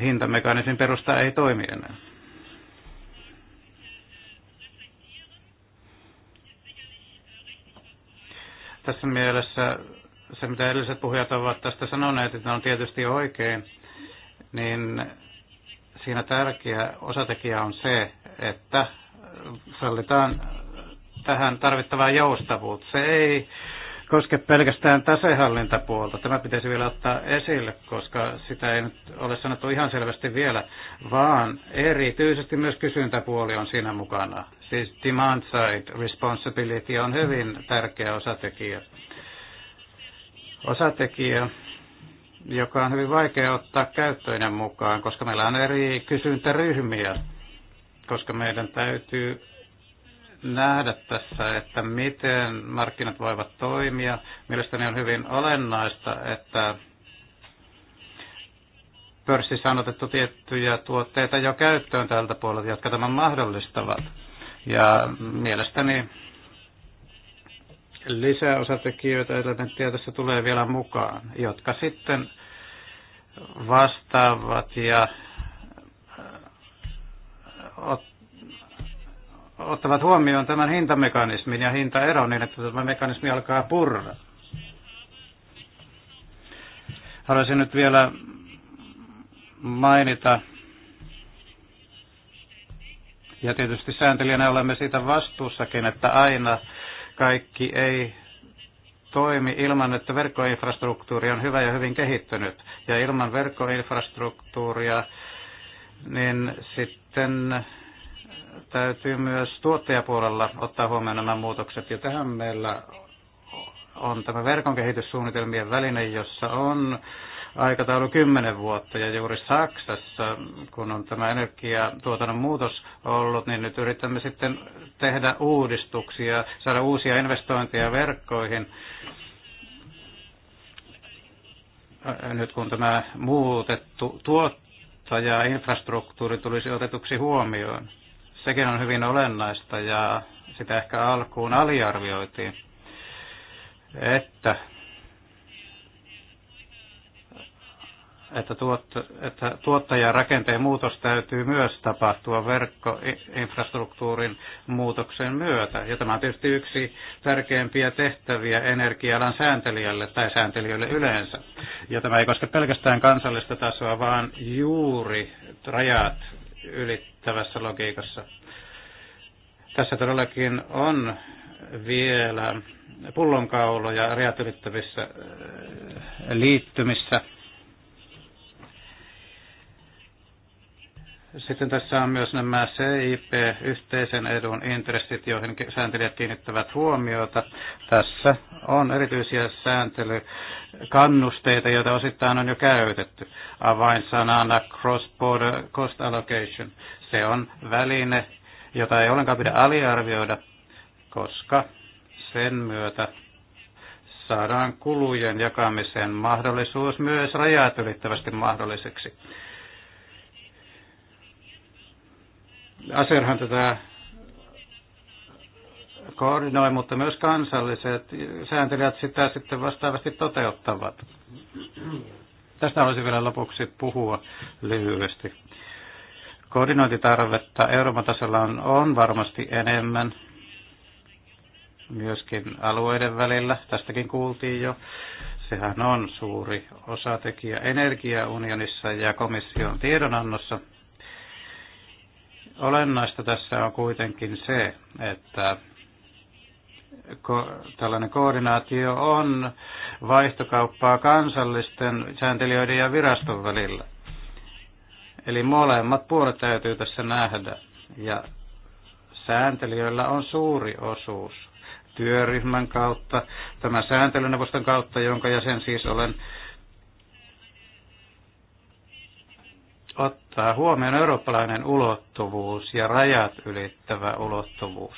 hintamekanismin perusta ei toimi enää. Tässä mielessä se, mitä edelliset puhujat ovat tästä sanoneet, että on tietysti oikein, niin siinä tärkeä osatekijä on se, että sallitaan tähän tarvittavaa joustavuutta. Se ei koske pelkästään tasehallintapuolta. Tämä pitäisi vielä ottaa esille, koska sitä ei nyt ole sanottu ihan selvästi vielä, vaan erityisesti myös kysyntäpuoli on siinä mukana. Siis demand side responsibility on hyvin tärkeä osatekijä. Osatekijä, joka on hyvin vaikea ottaa käyttöinen mukaan, koska meillä on eri kysyntäryhmiä koska meidän täytyy nähdä tässä, että miten markkinat voivat toimia. Mielestäni on hyvin olennaista, että pörssissä on otettu tiettyjä tuotteita jo käyttöön tältä puolelta, jotka tämän mahdollistavat. Ja mielestäni lisää osatekijöitä, elementtejä tässä tulee vielä mukaan, jotka sitten vastaavat ja ottavat huomioon tämän hintamekanismin ja hintaeron niin, että tämä mekanismi alkaa purra. Haluaisin nyt vielä mainita, ja tietysti sääntelijänä olemme siitä vastuussakin, että aina kaikki ei toimi ilman, että verkkoinfrastruktuuri on hyvä ja hyvin kehittynyt. Ja ilman verkkoinfrastruktuuria niin sitten täytyy myös tuottajapuolella ottaa huomioon nämä muutokset. Ja tähän meillä on tämä verkon kehityssuunnitelmien väline, jossa on aikataulu 10 vuotta. Ja juuri Saksassa, kun on tämä energiatuotannon muutos ollut, niin nyt yritämme sitten tehdä uudistuksia, saada uusia investointeja verkkoihin. Nyt kun tämä muutettu tuotto kautta ja infrastruktuuri tulisi otetuksi huomioon. Sekin on hyvin olennaista ja sitä ehkä alkuun aliarvioitiin, että että, tuot, että tuottajarakenteen muutos täytyy myös tapahtua verkkoinfrastruktuurin muutoksen myötä. Ja tämä on tietysti yksi tärkeimpiä tehtäviä energialan sääntelijälle tai sääntelijöille yleensä. Ja tämä ei koske pelkästään kansallista tasoa, vaan juuri rajat ylittävässä logiikassa. Tässä todellakin on vielä pullonkauloja rajat ylittävissä äh, liittymissä Sitten tässä on myös nämä CIP-yhteisen edun intressit, joihin sääntelijät kiinnittävät huomiota. Tässä on erityisiä sääntelykannusteita, joita osittain on jo käytetty. Avainsanana cross-border cost allocation. Se on väline, jota ei ollenkaan pidä aliarvioida, koska sen myötä saadaan kulujen jakamisen mahdollisuus myös rajat ylittävästi mahdolliseksi Aserhan tätä koordinoi, mutta myös kansalliset sääntelijät sitä sitten vastaavasti toteuttavat. Tästä haluaisin vielä lopuksi puhua lyhyesti. Koordinointitarvetta Euroopan tasolla on, on varmasti enemmän myöskin alueiden välillä. Tästäkin kuultiin jo. Sehän on suuri osatekijä energiaunionissa ja komission tiedonannossa Olennaista tässä on kuitenkin se, että ko- tällainen koordinaatio on vaihtokauppaa kansallisten sääntelijöiden ja viraston välillä. Eli molemmat puolet täytyy tässä nähdä. Ja sääntelijöillä on suuri osuus työryhmän kautta, tämän sääntelyneuvoston kautta, jonka jäsen siis olen, ottaa huomioon eurooppalainen ulottuvuus ja rajat ylittävä ulottuvuus.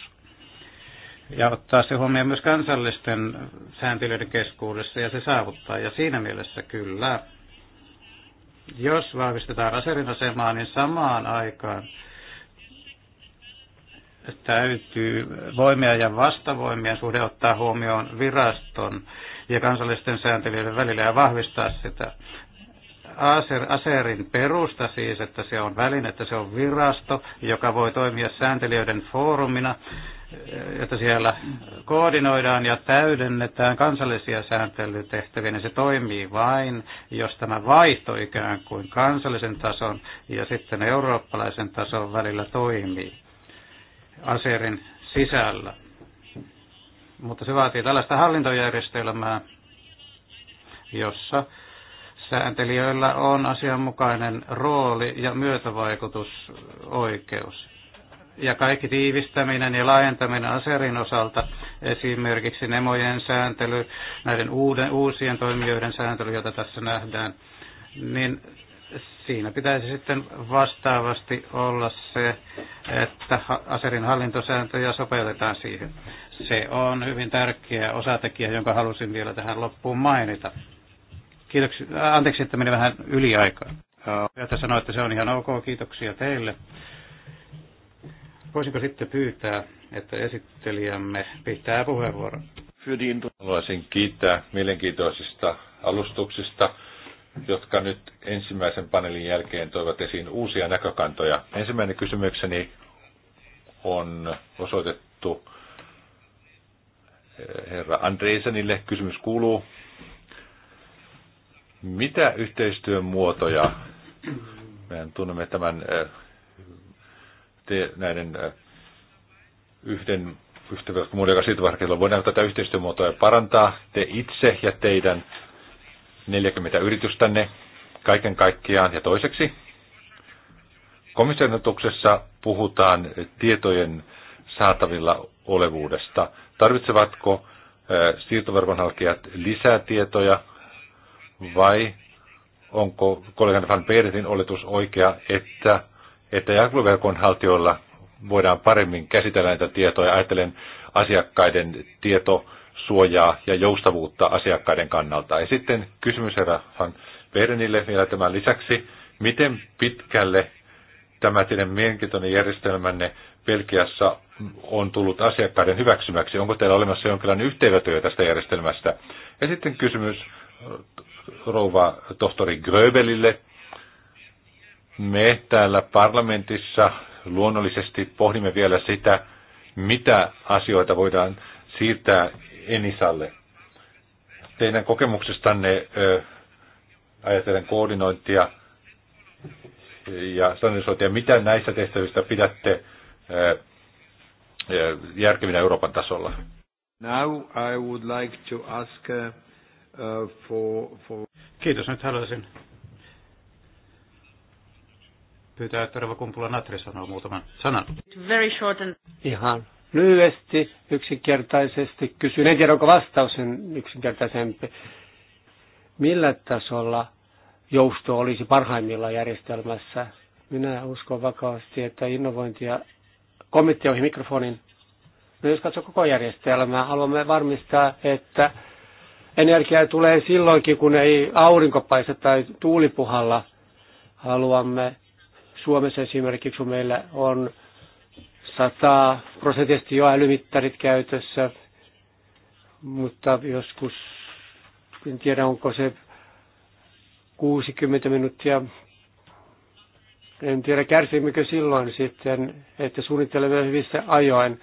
Ja ottaa se huomioon myös kansallisten sääntelyiden keskuudessa ja se saavuttaa. Ja siinä mielessä kyllä, jos vahvistetaan aserin asemaa, niin samaan aikaan täytyy voimia ja vastavoimien suhde ottaa huomioon viraston ja kansallisten sääntelyiden välillä ja vahvistaa sitä. Aser, Aserin perusta siis, että se on väline, että se on virasto, joka voi toimia sääntelijöiden foorumina, että siellä koordinoidaan ja täydennetään kansallisia sääntelytehtäviä, niin se toimii vain, jos tämä vaihto ikään kuin kansallisen tason ja sitten eurooppalaisen tason välillä toimii Aserin sisällä. Mutta se vaatii tällaista hallintojärjestelmää, jossa sääntelijöillä on asianmukainen rooli ja myötävaikutusoikeus. Ja kaikki tiivistäminen ja laajentaminen aserin osalta, esimerkiksi nemojen sääntely, näiden uuden, uusien toimijoiden sääntely, jota tässä nähdään, niin siinä pitäisi sitten vastaavasti olla se, että aserin hallintosääntöjä sopeutetaan siihen. Se on hyvin tärkeä osatekijä, jonka halusin vielä tähän loppuun mainita. Kiitoksia. Äh, anteeksi, että meni vähän yliaikaa. Jotta sanoa, että se on ihan ok, kiitoksia teille. Voisinko sitten pyytää, että esittelijämme pitää puheenvuoron? Haluaisin kiittää mielenkiintoisista alustuksista, jotka nyt ensimmäisen paneelin jälkeen toivat esiin uusia näkökantoja. Ensimmäinen kysymykseni on osoitettu eh, herra Andreisenille. Kysymys kuuluu, mitä yhteistyön muotoja, mehän tunnemme tämän te, näiden yhden yhteenverkkomuodon, joka siirtyväsrakennella voidaan tätä yhteistyömuotoa parantaa, te itse ja teidän 40 yritystänne kaiken kaikkiaan. Ja toiseksi, komission puhutaan tietojen saatavilla olevuudesta. Tarvitsevatko siirtoverkon lisää tietoja vai onko kollegan Van Peersin oletus oikea, että, että jakeluverkon haltijoilla voidaan paremmin käsitellä näitä tietoja. Ajattelen asiakkaiden tietosuojaa ja joustavuutta asiakkaiden kannalta. Ja sitten kysymys herra Van Perenille vielä tämän lisäksi. Miten pitkälle tämä teidän mielenkiintoinen järjestelmänne Belgiassa on tullut asiakkaiden hyväksymäksi? Onko teillä olemassa jonkinlainen yhteenveto tästä järjestelmästä? Ja sitten kysymys rouva tohtori Gröbelille. Me täällä parlamentissa luonnollisesti pohdimme vielä sitä, mitä asioita voidaan siirtää Enisalle. Teidän kokemuksestanne ajatellen koordinointia ja standardisointia, mitä näistä tehtävistä pidätte järkevinä Euroopan tasolla? Now I would like to ask uh, Uh, for, for... Kiitos. Nyt haluaisin pyytää, että Rova Kumpula Natri sanoo muutaman sanan. Very short and... Ihan lyhyesti, yksinkertaisesti kysyn. En tiedä, onko vastaus sen yksinkertaisempi. Millä tasolla jousto olisi parhaimmilla järjestelmässä? Minä uskon vakavasti, että innovointia... Kommentti ohi mikrofonin. No jos katsoo koko järjestelmää, haluamme varmistaa, että Energiaa tulee silloinkin, kun ei aurinko paista tai tuulipuhalla. Haluamme Suomessa esimerkiksi, kun meillä on 100 prosenttisesti jo älymittarit käytössä, mutta joskus, en tiedä onko se 60 minuuttia, en tiedä kärsimmekö silloin sitten, että suunnittelemme hyvissä ajoin,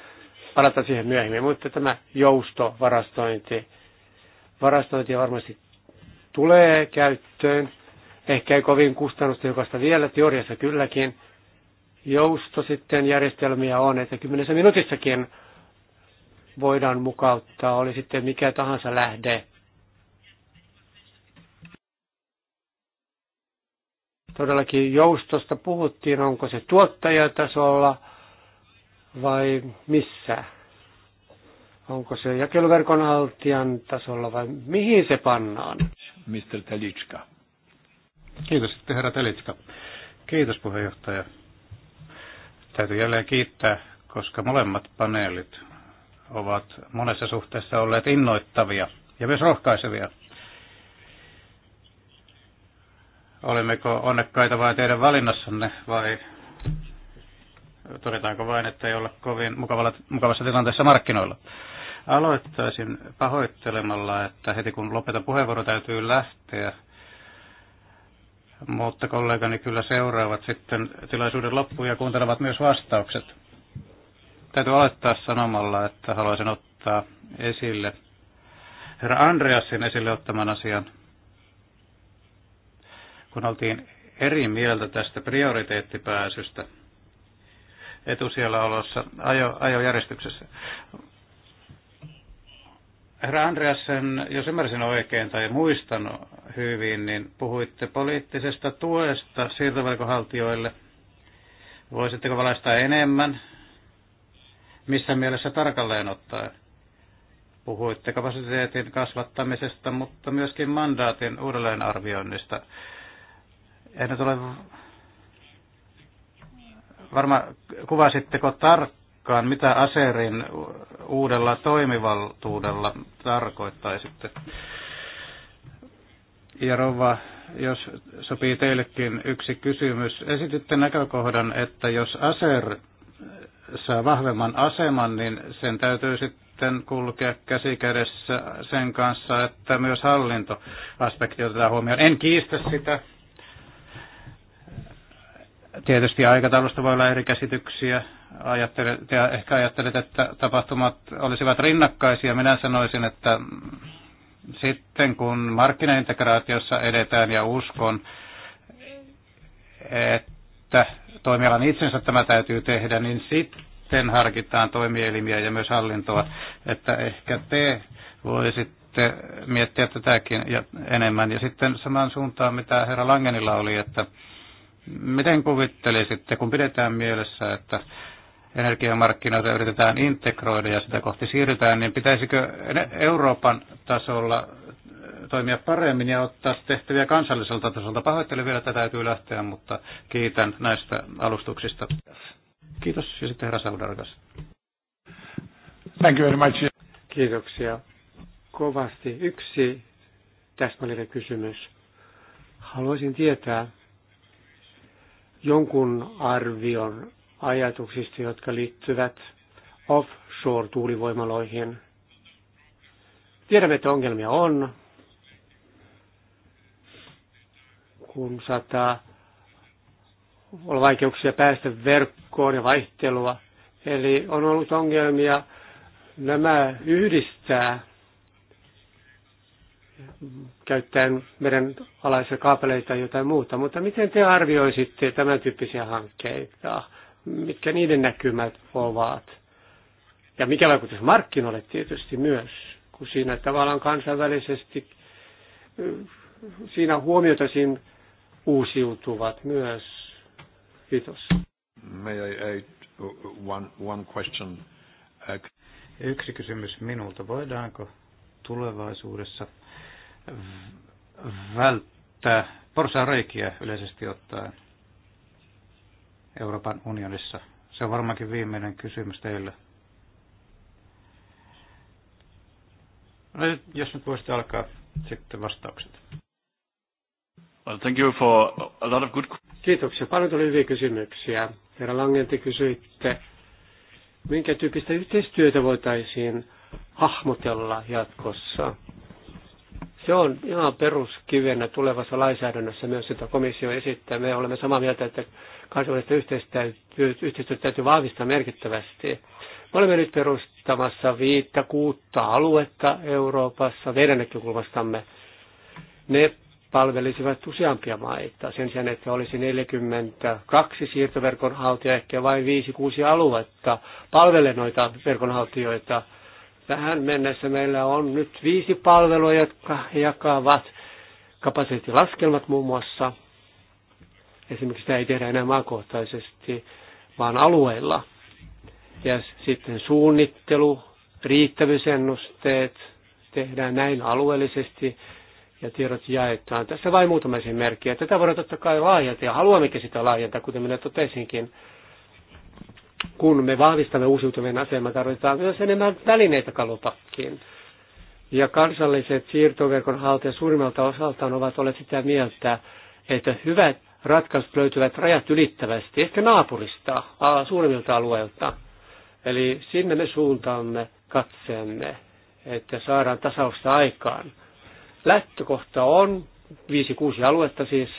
palata siihen myöhemmin, mutta tämä joustovarastointi Varastointia varmasti tulee käyttöön, ehkä ei kovin kustannustehokasta vielä, teoriassa kylläkin. Jousto sitten järjestelmiä on, että kymmenessä minuutissakin voidaan mukauttaa, oli sitten mikä tahansa lähde. Todellakin joustosta puhuttiin, onko se tuottajatasolla vai missä. Onko se jakeluverkon altian tasolla vai mihin se pannaan? Mr. Telitska. Kiitos sitten herra Telitska. Kiitos puheenjohtaja. Täytyy jälleen kiittää, koska molemmat paneelit ovat monessa suhteessa olleet innoittavia ja myös rohkaisevia. Olemmeko onnekkaita vai teidän valinnassanne vai todetaanko vain, että ei olla kovin mukavalla, mukavassa tilanteessa markkinoilla? Aloittaisin pahoittelemalla, että heti kun lopetan puheenvuoro täytyy lähteä, mutta kollegani kyllä seuraavat sitten tilaisuuden loppuun ja kuuntelevat myös vastaukset. Täytyy aloittaa sanomalla, että haluaisin ottaa esille herra Andreasin esille ottaman asian, kun oltiin eri mieltä tästä prioriteettipääsystä etusijalla olossa ajo, ajojärjestyksessä. Herra Andreasen, jos ymmärsin oikein tai muistan hyvin, niin puhuitte poliittisesta tuesta siirtoverkohaltijoille. Voisitteko valaista enemmän? Missä mielessä tarkalleen ottaen? Puhuitte kapasiteetin kasvattamisesta, mutta myöskin mandaatin uudelleenarvioinnista. En nyt ole varma, kuvasitteko tarkkaan tarkkaan, mitä Aserin uudella toimivaltuudella tarkoittaisitte. Ja Rova, jos sopii teillekin yksi kysymys. Esititte näkökohdan, että jos Aser saa vahvemman aseman, niin sen täytyy sitten kulkea käsikädessä sen kanssa, että myös hallintoaspekti otetaan huomioon. En kiistä sitä. Tietysti aikataulusta voi olla eri käsityksiä, ajattelet, ja ehkä ajattelet, että tapahtumat olisivat rinnakkaisia. Minä sanoisin, että sitten kun markkinaintegraatiossa edetään ja uskon, että toimialan itsensä tämä täytyy tehdä, niin sitten harkitaan toimielimiä ja myös hallintoa, että ehkä te voisitte miettiä tätäkin enemmän. Ja sitten samaan suuntaan, mitä herra Langenilla oli, että miten kuvittelisitte, kun pidetään mielessä, että energiamarkkinoita yritetään integroida ja sitä kohti siirrytään, niin pitäisikö Euroopan tasolla eh, toimia paremmin ja ottaa tehtäviä kansalliselta tasolta? Pahoittelen vielä, että täytyy lähteä, mutta kiitän näistä alustuksista. Kiitos ja sitten herra Saudargas. Thank you very much. Kiitoksia kovasti. Yksi täsmällinen kysymys. Haluaisin tietää jonkun arvion ajatuksista, jotka liittyvät offshore-tuulivoimaloihin. Tiedämme, että ongelmia on, kun saattaa olla vaikeuksia päästä verkkoon ja vaihtelua. Eli on ollut ongelmia nämä yhdistää käyttäen meidän alaisia kaapeleita tai jotain muuta. Mutta miten te arvioisitte tämän tyyppisiä hankkeita? mitkä niiden näkymät ovat. Ja mikä vaikutus markkinoille tietysti myös, kun siinä tavallaan kansainvälisesti siinä siinä uusiutuvat myös. Kiitos. May I add one, one question? Yksi kysymys minulta. Voidaanko tulevaisuudessa välttää porsaa reikiä yleisesti ottaen? Euroopan unionissa? Se on varmaankin viimeinen kysymys teille. No, jos nyt voisitte alkaa sitten vastaukset. Well, thank you for a lot of good... Kiitoksia. Paljon tuli hyviä kysymyksiä. Herra Langen, te kysyitte, minkä tyyppistä yhteistyötä voitaisiin hahmotella jatkossa se on ihan peruskivenä tulevassa lainsäädännössä myös, sitä komissio esittää. Me olemme samaa mieltä, että kansainvälistä yhteistyötä täytyy vahvistaa merkittävästi. Me olemme nyt perustamassa viittä kuutta aluetta Euroopassa meidän näkökulmastamme. Ne palvelisivat useampia maita. Sen sijaan, että olisi 42 siirtoverkonhaltijaa, ehkä vain 5-6 aluetta palvelee noita verkonhaltijoita – Tähän mennessä meillä on nyt viisi palvelua, jotka jakavat kapasiteettilaskelmat muun muassa. Esimerkiksi sitä ei tehdä enää maakohtaisesti, vaan alueilla. Ja sitten suunnittelu, riittävyysennusteet tehdään näin alueellisesti ja tiedot jaetaan. Tässä vain muutama esimerkki. Tätä voidaan totta kai laajentaa ja haluammekin sitä laajentaa, kuten minä totesinkin kun me vahvistamme uusiutuvien asemaa, tarvitaan myös enemmän välineitä kalupakkiin. Ja kansalliset siirtoverkon haltijat suurimmalta osaltaan ovat olleet sitä mieltä, että hyvät ratkaisut löytyvät rajat ylittävästi, ehkä naapurista, suurimmilta alueilta. Eli sinne me suuntaamme katseemme, että saadaan tasausta aikaan. Lähtökohta on 5-6 aluetta siis,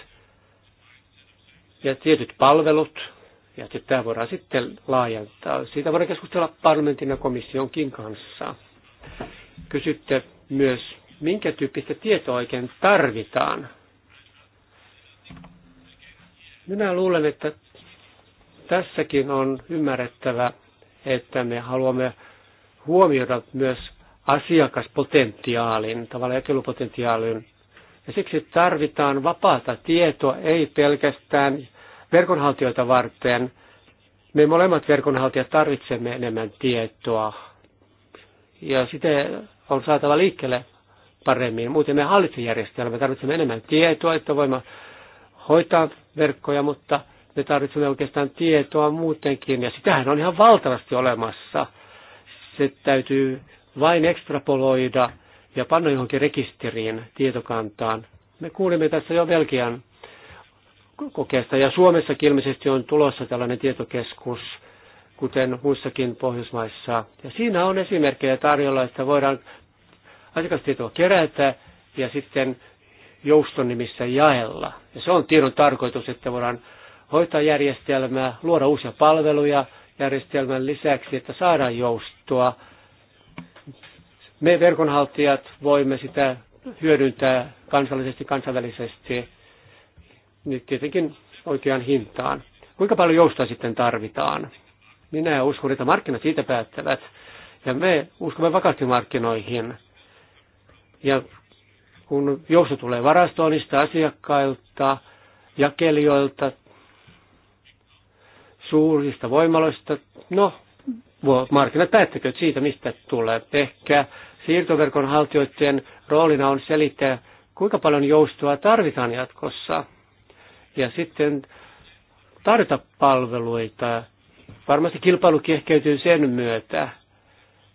ja tietyt palvelut, ja tämä voidaan sitten laajentaa. Siitä voidaan keskustella parlamentin ja komissionkin kanssa. Kysytte myös, minkä tyyppistä tietoa oikein tarvitaan. Minä luulen, että tässäkin on ymmärrettävä, että me haluamme huomioida myös asiakaspotentiaalin, tavallaan jakelupotentiaalin. Ja siksi tarvitaan vapaata tietoa, ei pelkästään verkonhaltijoita varten. Me molemmat verkonhaltijat tarvitsemme enemmän tietoa ja sitä on saatava liikkeelle paremmin. Muuten me hallitsejärjestelmä me tarvitsemme enemmän tietoa, että voimme hoitaa verkkoja, mutta me tarvitsemme oikeastaan tietoa muutenkin, ja sitähän on ihan valtavasti olemassa. Se täytyy vain ekstrapoloida ja panna johonkin rekisteriin, tietokantaan. Me kuulimme tässä jo Belgian kokeesta. Ja Suomessa ilmeisesti on tulossa tällainen tietokeskus, kuten muissakin Pohjoismaissa. Ja siinä on esimerkkejä tarjolla, että voidaan asiakastietoa kerätä ja sitten jouston nimissä jaella. Ja se on tiedon tarkoitus, että voidaan hoitaa järjestelmää, luoda uusia palveluja järjestelmän lisäksi, että saadaan joustoa. Me verkonhaltijat voimme sitä hyödyntää kansallisesti, kansainvälisesti niin tietenkin oikeaan hintaan. Kuinka paljon joustoa sitten tarvitaan? Minä uskon, että markkinat siitä päättävät. Ja me uskomme vakaasti markkinoihin. Ja kun jousto tulee varastoinnista, niin asiakkailta, jakelijoilta, suurista voimaloista, no, markkinat päättäkööt siitä, mistä tulee. Ehkä siirtoverkon haltijoiden roolina on selittää, kuinka paljon joustoa tarvitaan jatkossa ja sitten tarjota palveluita. Varmasti kilpailu kehkeytyy sen myötä.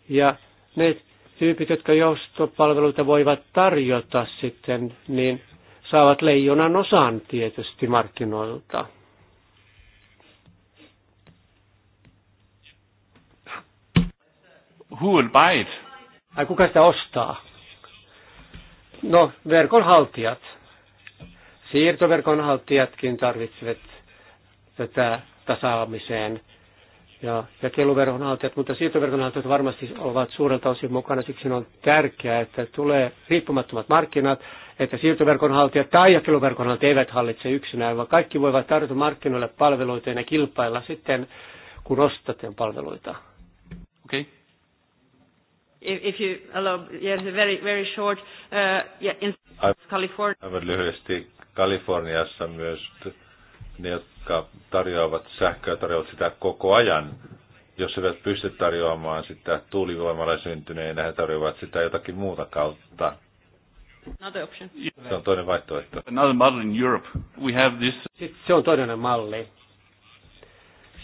Ja ne tyypit, jotka joustopalveluita voivat tarjota sitten, niin saavat leijonan osan tietysti markkinoilta. Who will buy it? Ai kuka sitä ostaa? No, verkon haltijat. Siirtoverkon haltijatkin tarvitsevat tätä tasaamiseen ja jakeluverkon haltijat, mutta siirtoverkon haltijat varmasti ovat suurelta osin mukana. Siksi on tärkeää, että tulee riippumattomat markkinat, että siirtoverkon haltijat tai jakeluverkon haltijat eivät hallitse yksinään, vaan kaikki voivat tarjota markkinoille palveluita ja kilpailla sitten, kun ostatte palveluita. Okei. Okay. If you allow, yes, very, very short, uh, yeah, in California. Aivan lyhyesti Kaliforniassa myös ne, jotka tarjoavat sähköä, tarjoavat sitä koko ajan. Jos he eivät pysty tarjoamaan sitä tuulivoimalla syntyneenä, he tarjoavat sitä jotakin muuta kautta. Se on toinen vaihtoehto. Another model in Europe. We have this. Sitten se on toinen malli.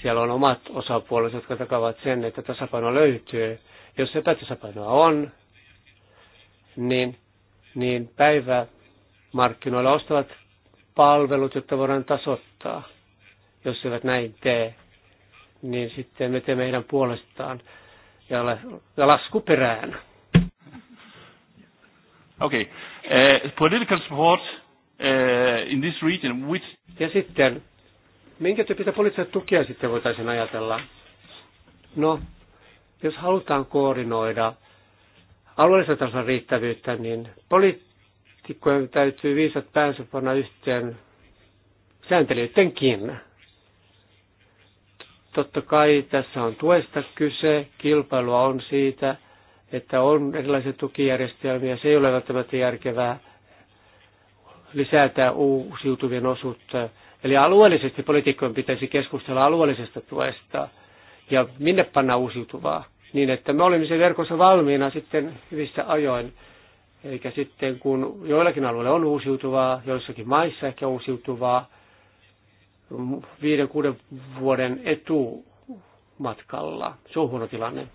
Siellä on omat osapuolet, jotka takavat sen, että tasapaino löytyy. Jos se tasapainoa on, niin, niin päivä markkinoilla ostavat palvelut, jotta voidaan tasoittaa. Jos eivät näin tee, niin sitten me teemme heidän puolestaan ja, la, ja lasku perään. Okay. Uh, eh, political support uh, in this region, which... Ja sitten, minkä tyyppistä poliittista tukea sitten voitaisiin ajatella? No, jos halutaan koordinoida alueellisen tason riittävyyttä, niin poli- kun täytyy viisat päänsä panna yhteen sääntelijöidenkin. Totta kai tässä on tuesta kyse, kilpailua on siitä, että on erilaisia tukijärjestelmiä, se ei ole välttämättä järkevää lisätä uusiutuvien osuutta. Eli alueellisesti poliitikkojen pitäisi keskustella alueellisesta tuesta ja minne panna uusiutuvaa, niin että me olimme sen verkossa valmiina sitten hyvissä ajoin. Eikä sitten kun joillakin alueilla on uusiutuvaa, joissakin maissa ehkä uusiutuvaa, viiden, kuuden vuoden etumatkalla. Se on huono tilanne.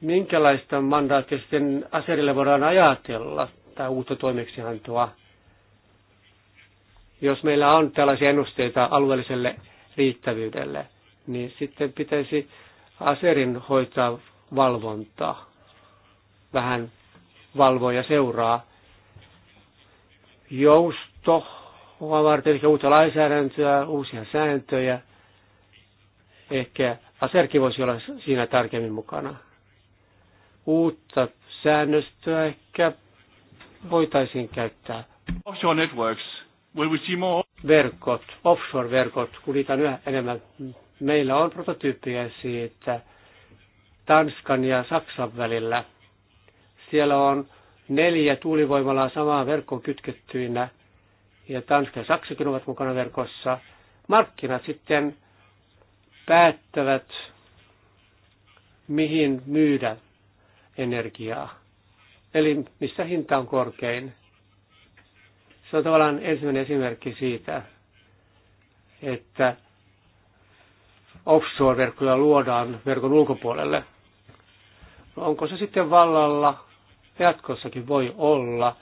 Minkälaista mandaattia sitten aserille voidaan ajatella tai uutta toimeksiantoa, jos meillä on tällaisia ennusteita alueelliselle riittävyydelle, niin sitten pitäisi aserin hoitaa Valvontaa Vähän valvoja ja seuraa. Jousto varten ehkä uutta lainsäädäntöä, uusia sääntöjä. Ehkä aserki voisi olla siinä tarkemmin mukana. Uutta säännöstöä ehkä voitaisiin käyttää. Offshore networks. Will we see more? Verkot, offshore-verkot, kun niitä on yhä enemmän. Meillä on prototyyppiä siitä, että Tanskan ja Saksan välillä. Siellä on neljä tuulivoimalaa samaan verkkoon kytkettyinä ja Tanska ja Saksakin ovat mukana verkossa. Markkinat sitten päättävät, mihin myydä energiaa. Eli missä hinta on korkein. Se on tavallaan ensimmäinen esimerkki siitä, että offshore-verkkoja luodaan verkon ulkopuolelle – onko se sitten vallalla, jatkossakin voi olla.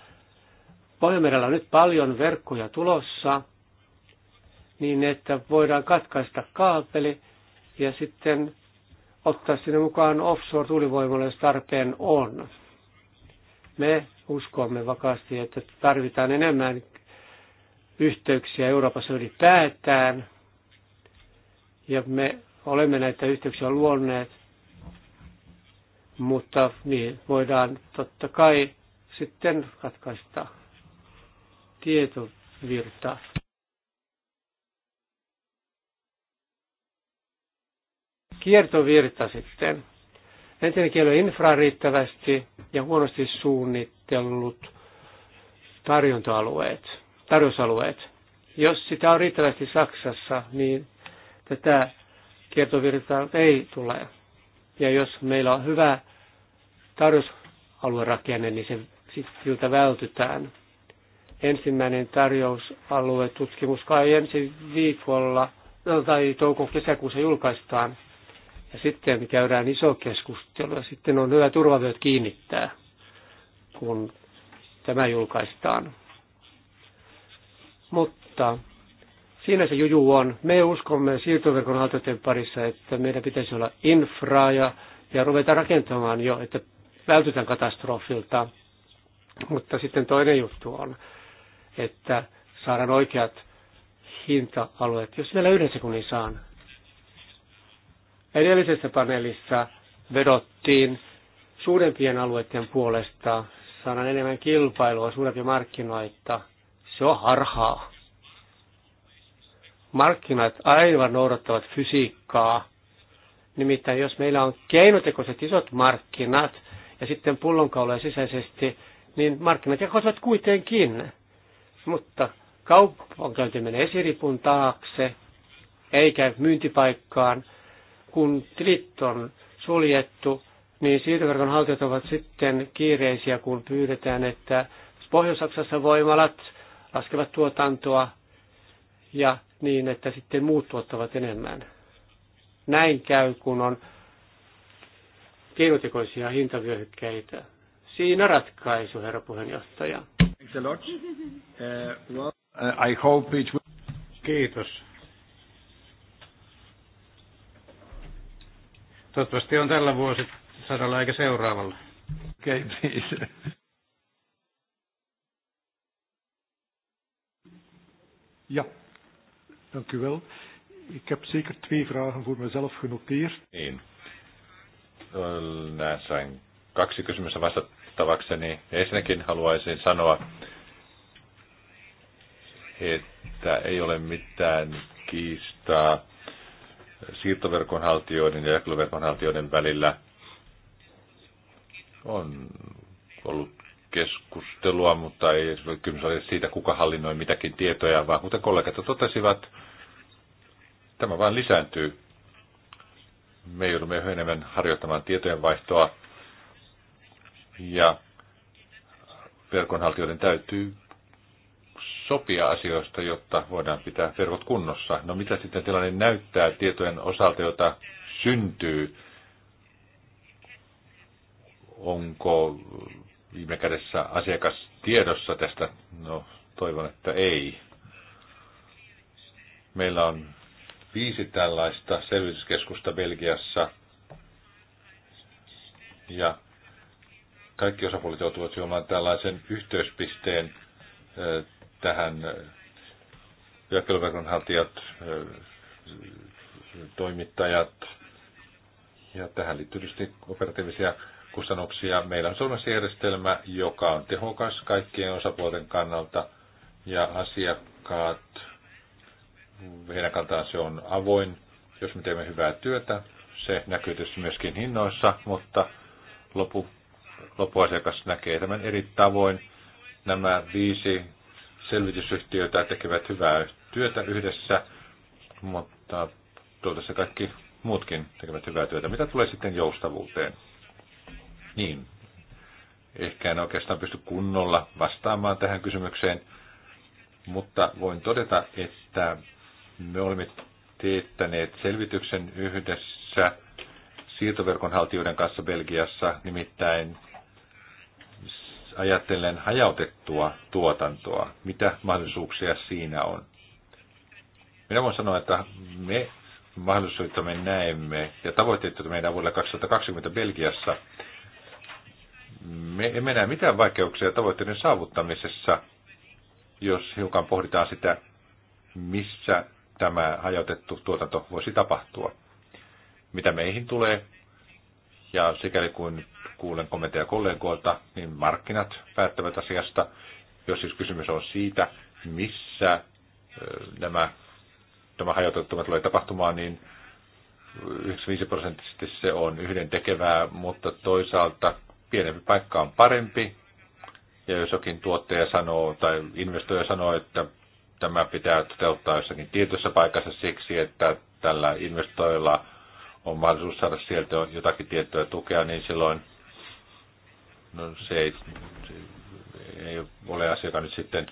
Pohjanmerellä on nyt paljon verkkoja tulossa, niin että voidaan katkaista kaapeli ja sitten ottaa sinne mukaan offshore-tuulivoimalla, jos tarpeen on. Me uskomme vakaasti, että tarvitaan enemmän yhteyksiä Euroopassa ylipäätään, ja me olemme näitä yhteyksiä luonneet mutta niin voidaan totta kai sitten katkaista tietovirta. Kiertovirta sitten. Ensinnäkin ei ole infraa riittävästi ja huonosti suunnitellut tarjontoalueet, tarjousalueet. Jos sitä on riittävästi Saksassa, niin tätä kiertovirtaa ei tule. Ja jos meillä on hyvä tarjousaluerakenne, niin se siltä vältytään. Ensimmäinen tarjousaluetutkimus kai ensi viikolla no, tai toukokuun kesäkuussa julkaistaan. Ja sitten käydään iso keskustelu ja sitten on hyvä turvavyöt kiinnittää, kun tämä julkaistaan. Mutta Siinä se juju on. Me uskomme siirtoverkon haltijoiden parissa, että meidän pitäisi olla infraa ja, ja ruveta rakentamaan jo, että vältytään katastrofilta. Mutta sitten toinen juttu on, että saadaan oikeat hinta-alueet, jos vielä yhden sekunnin saan. Edellisessä paneelissa vedottiin suurempien alueiden puolesta, saadaan enemmän kilpailua, suurempia markkinoita. Se on harhaa markkinat aivan noudattavat fysiikkaa. Nimittäin jos meillä on keinotekoiset isot markkinat ja sitten pullonkauloja sisäisesti, niin markkinat jakautuvat kuitenkin. Mutta kaupankäynti menee esiripun taakse, eikä myyntipaikkaan. Kun tilit on suljettu, niin siirtoverkon haltijat ovat sitten kiireisiä, kun pyydetään, että Pohjois-Saksassa voimalat laskevat tuotantoa, ja niin, että sitten muut tuottavat enemmän. Näin käy, kun on keinotekoisia hintavyöhykkeitä. Siinä ratkaisu, herra puheenjohtaja. Uh, uh, Kiitos. Toivottavasti on tällä vuosisadalla eikä seuraavalla. Okay, *laughs* Ja. Dank u wel. Ik heb zeker twee vragen voor mezelf genoteerd. Niin. Näin sain kaksi kysymystä vastattavakseni. Ensinnäkin haluaisin sanoa, että ei ole mitään kiistaa siirtoverkonhaltijoiden ja jakeluverkonhaltijoiden välillä. On ollut keskustelua, mutta ei kysymys ole siitä, kuka hallinnoi mitäkin tietoja, vaan kuten kollegat totesivat, Tämä vain lisääntyy. Me joudumme yhä enemmän harjoittamaan tietojenvaihtoa ja verkonhaltijoiden täytyy sopia asioista, jotta voidaan pitää verkot kunnossa. No mitä sitten tilanne näyttää tietojen osalta, jota syntyy? Onko viime kädessä asiakas tiedossa tästä? No toivon, että ei. Meillä on viisi tällaista selvityskeskusta Belgiassa. Ja kaikki osapuolet joutuvat juomaan tällaisen yhteyspisteen tähän jakeluverkonhaltijat, toimittajat, ja tähän liittyy tietysti operatiivisia kustannuksia. Meillä on Suomessa järjestelmä, joka on tehokas kaikkien osapuolten kannalta, ja asiakkaat heidän kantaan se on avoin. Jos me teemme hyvää työtä, se näkyy tietysti myöskin hinnoissa, mutta lopu, lopuasiakas näkee tämän eri tavoin. Nämä viisi selvitysyhtiötä tekevät hyvää työtä yhdessä, mutta se kaikki muutkin tekevät hyvää työtä. Mitä tulee sitten joustavuuteen? Niin, ehkä en oikeastaan pysty kunnolla vastaamaan tähän kysymykseen, mutta voin todeta, että me olemme teettäneet selvityksen yhdessä siirtoverkonhaltijoiden kanssa Belgiassa, nimittäin ajatellen hajautettua tuotantoa. Mitä mahdollisuuksia siinä on? Minä voin sanoa, että me mahdollisuutta me näemme, ja tavoitteet, joita meidän vuodelle 2020 Belgiassa, me emme näe mitään vaikeuksia tavoitteiden saavuttamisessa, jos hiukan pohditaan sitä, missä tämä hajotettu tuotanto voisi tapahtua. Mitä meihin tulee, ja sikäli kuin kuulen kommentteja kollegoilta, niin markkinat päättävät asiasta. Jos siis kysymys on siitä, missä nämä, tämä hajautettuma tulee tapahtumaan, niin 95 prosenttisesti se on yhden tekevää, mutta toisaalta pienempi paikka on parempi. Ja jos jokin tuottaja sanoo tai investoija sanoo, että tämä pitää toteuttaa jossakin tietyssä paikassa siksi, että tällä investoilla on mahdollisuus saada sieltä jotakin tiettyä tukea, niin silloin no, se, ei, se ei ole asia, joka nyt sitten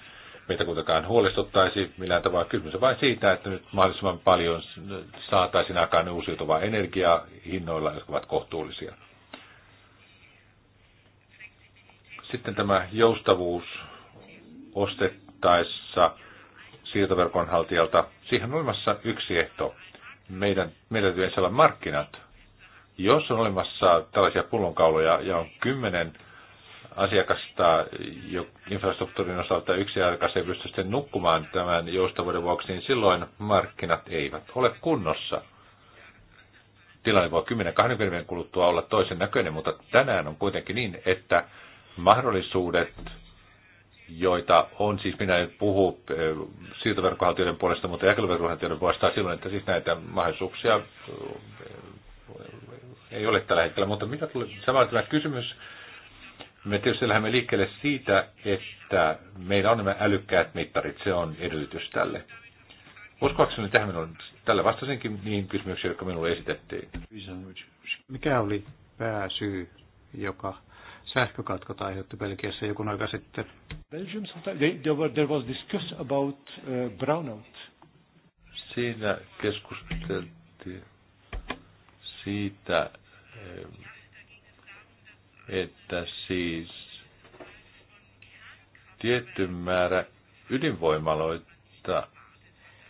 meitä kuitenkaan huolestuttaisi millään tavalla. Kysymys on vain siitä, että nyt mahdollisimman paljon saataisiin aikaan uusiutuvaa energiaa hinnoilla, jotka ovat kohtuullisia. Sitten tämä joustavuus ostettaessa siirtoverkon haltijalta. Siihen on olemassa yksi ehto. Meidän, meidän täytyy ensin olla markkinat. Jos on olemassa tällaisia pullonkauloja ja on kymmenen asiakasta jo infrastruktuurin osalta yksi asiakas ei pysty sitten nukkumaan tämän joustavuuden vuoksi, niin silloin markkinat eivät ole kunnossa. Tilanne voi 10-20 kuluttua olla toisen näköinen, mutta tänään on kuitenkin niin, että mahdollisuudet joita on, siis minä en puhu eh, siirtoverkkohaltijoiden puolesta, mutta jakeluverkkohaltijoiden puolesta silloin, että siis näitä mahdollisuuksia eh, ei ole tällä hetkellä. Mutta mitä tulee, samalla tämä kysymys, me tietysti lähdemme liikkeelle siitä, että meillä on nämä älykkäät mittarit, se on edellytys tälle. Uskoakseni tähän minun, tällä vastasinkin niihin kysymyksiin, jotka minulle esitettiin. Mikä oli pääsyy, joka sähkökatkot aiheutti Belgiassa joku aika sitten. there, was discuss about uh, brownout. Siinä keskusteltiin siitä, että siis tietty määrä ydinvoimaloita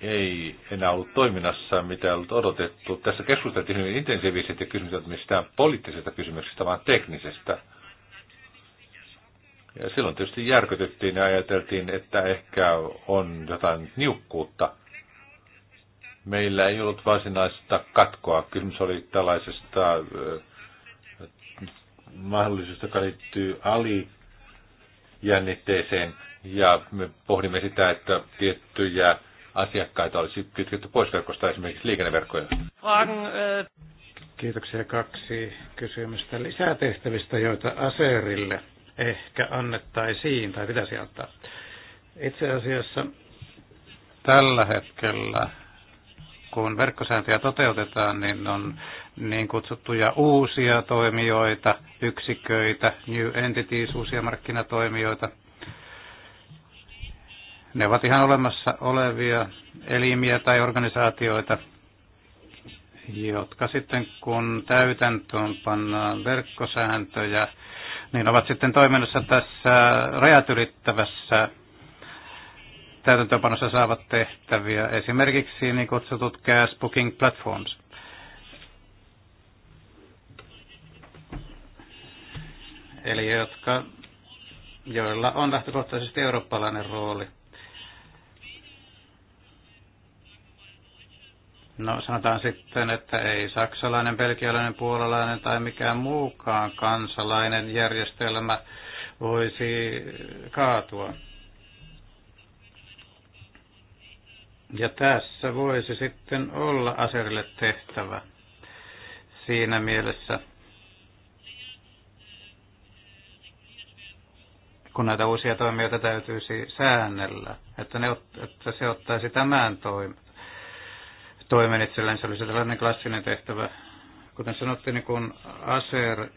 ei enää ollut toiminnassa, mitä ei ollut odotettu. Tässä keskusteltiin hyvin intensiivisesti kysymys, mistään poliittisesta kysymyksestä, vaan teknisestä ja silloin tietysti järkytettiin ja ajateltiin, että ehkä on jotain niukkuutta. Meillä ei ollut varsinaista katkoa. Kysymys oli tällaisesta mahdollisuudesta, joka liittyy alijännitteeseen. Ja me pohdimme sitä, että tiettyjä asiakkaita olisi kytketty pois verkosta esimerkiksi liikenneverkkoja. Kiitoksia kaksi kysymystä lisätehtävistä, joita Aseerille – ehkä annettaisiin tai pitäisi antaa. Itse asiassa tällä hetkellä, kun verkkosääntöjä toteutetaan, niin on niin kutsuttuja uusia toimijoita, yksiköitä, new entities, uusia markkinatoimijoita. Ne ovat ihan olemassa olevia elimiä tai organisaatioita, jotka sitten kun täytäntöön pannaan verkkosääntöjä, niin ovat sitten toiminnassa tässä rajat ylittävässä täytäntöönpanossa saavat tehtäviä, esimerkiksi niin kutsutut gas booking platforms. Eli jotka, joilla on lähtökohtaisesti eurooppalainen rooli. No sanotaan sitten, että ei saksalainen, belgialainen, puolalainen tai mikään muukaan kansalainen järjestelmä voisi kaatua. Ja tässä voisi sitten olla aserille tehtävä siinä mielessä, kun näitä uusia toimijoita täytyisi säännellä, että, ne, että se ottaisi tämän toimen toimen itselleen. Se oli sellainen klassinen tehtävä. Kuten sanottiin, niin kun ASER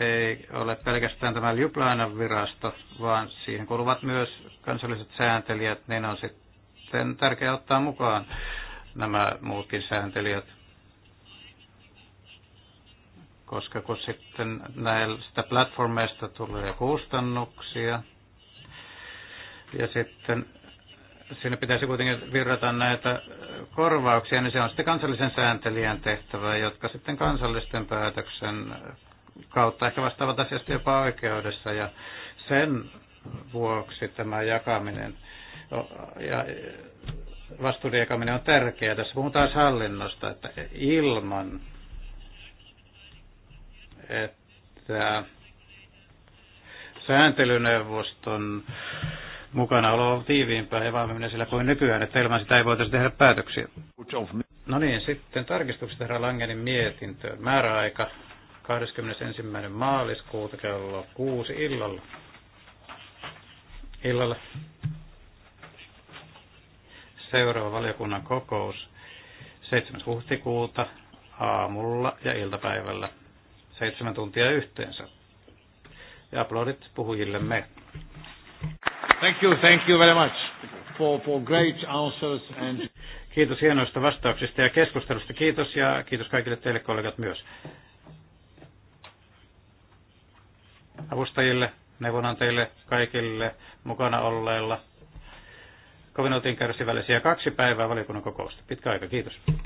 ei ole pelkästään tämä Ljubljanan virasto, vaan siihen kuuluvat myös kansalliset sääntelijät, niin on sitten tärkeää ottaa mukaan nämä muutkin sääntelijät. Koska kun sitten näistä platformeista tulee kustannuksia, ja sitten siinä pitäisi kuitenkin virrata näitä korvauksia, niin se on sitten kansallisen sääntelijän tehtävä, jotka sitten kansallisten päätöksen kautta ehkä vastaavat asiasta jopa oikeudessa. Ja sen vuoksi tämä jakaminen ja vastuuden jakaminen on tärkeää. Tässä puhutaan taas hallinnosta, että ilman, että sääntelyneuvoston Mukana on tiiviimpää ja vahvemmin sillä kuin nykyään, että ilman sitä ei voitaisi tehdä päätöksiä. No niin, sitten tarkistukset herra Langenin mietintöön. Määräaika 21. maaliskuuta kello 6 illalla. Illalla. Seuraava valiokunnan kokous 7. huhtikuuta aamulla ja iltapäivällä. Seitsemän tuntia yhteensä. Ja aplodit puhujillemme. Thank you, thank you very much for, for great answers and... Kiitos hienoista vastauksista ja keskustelusta. Kiitos ja kiitos kaikille teille kollegat myös. Avustajille, neuvonantajille, kaikille mukana olleilla. Kovin oltiin kärsivällisiä kaksi päivää valiokunnan kokousta. Pitkä aika, kiitos.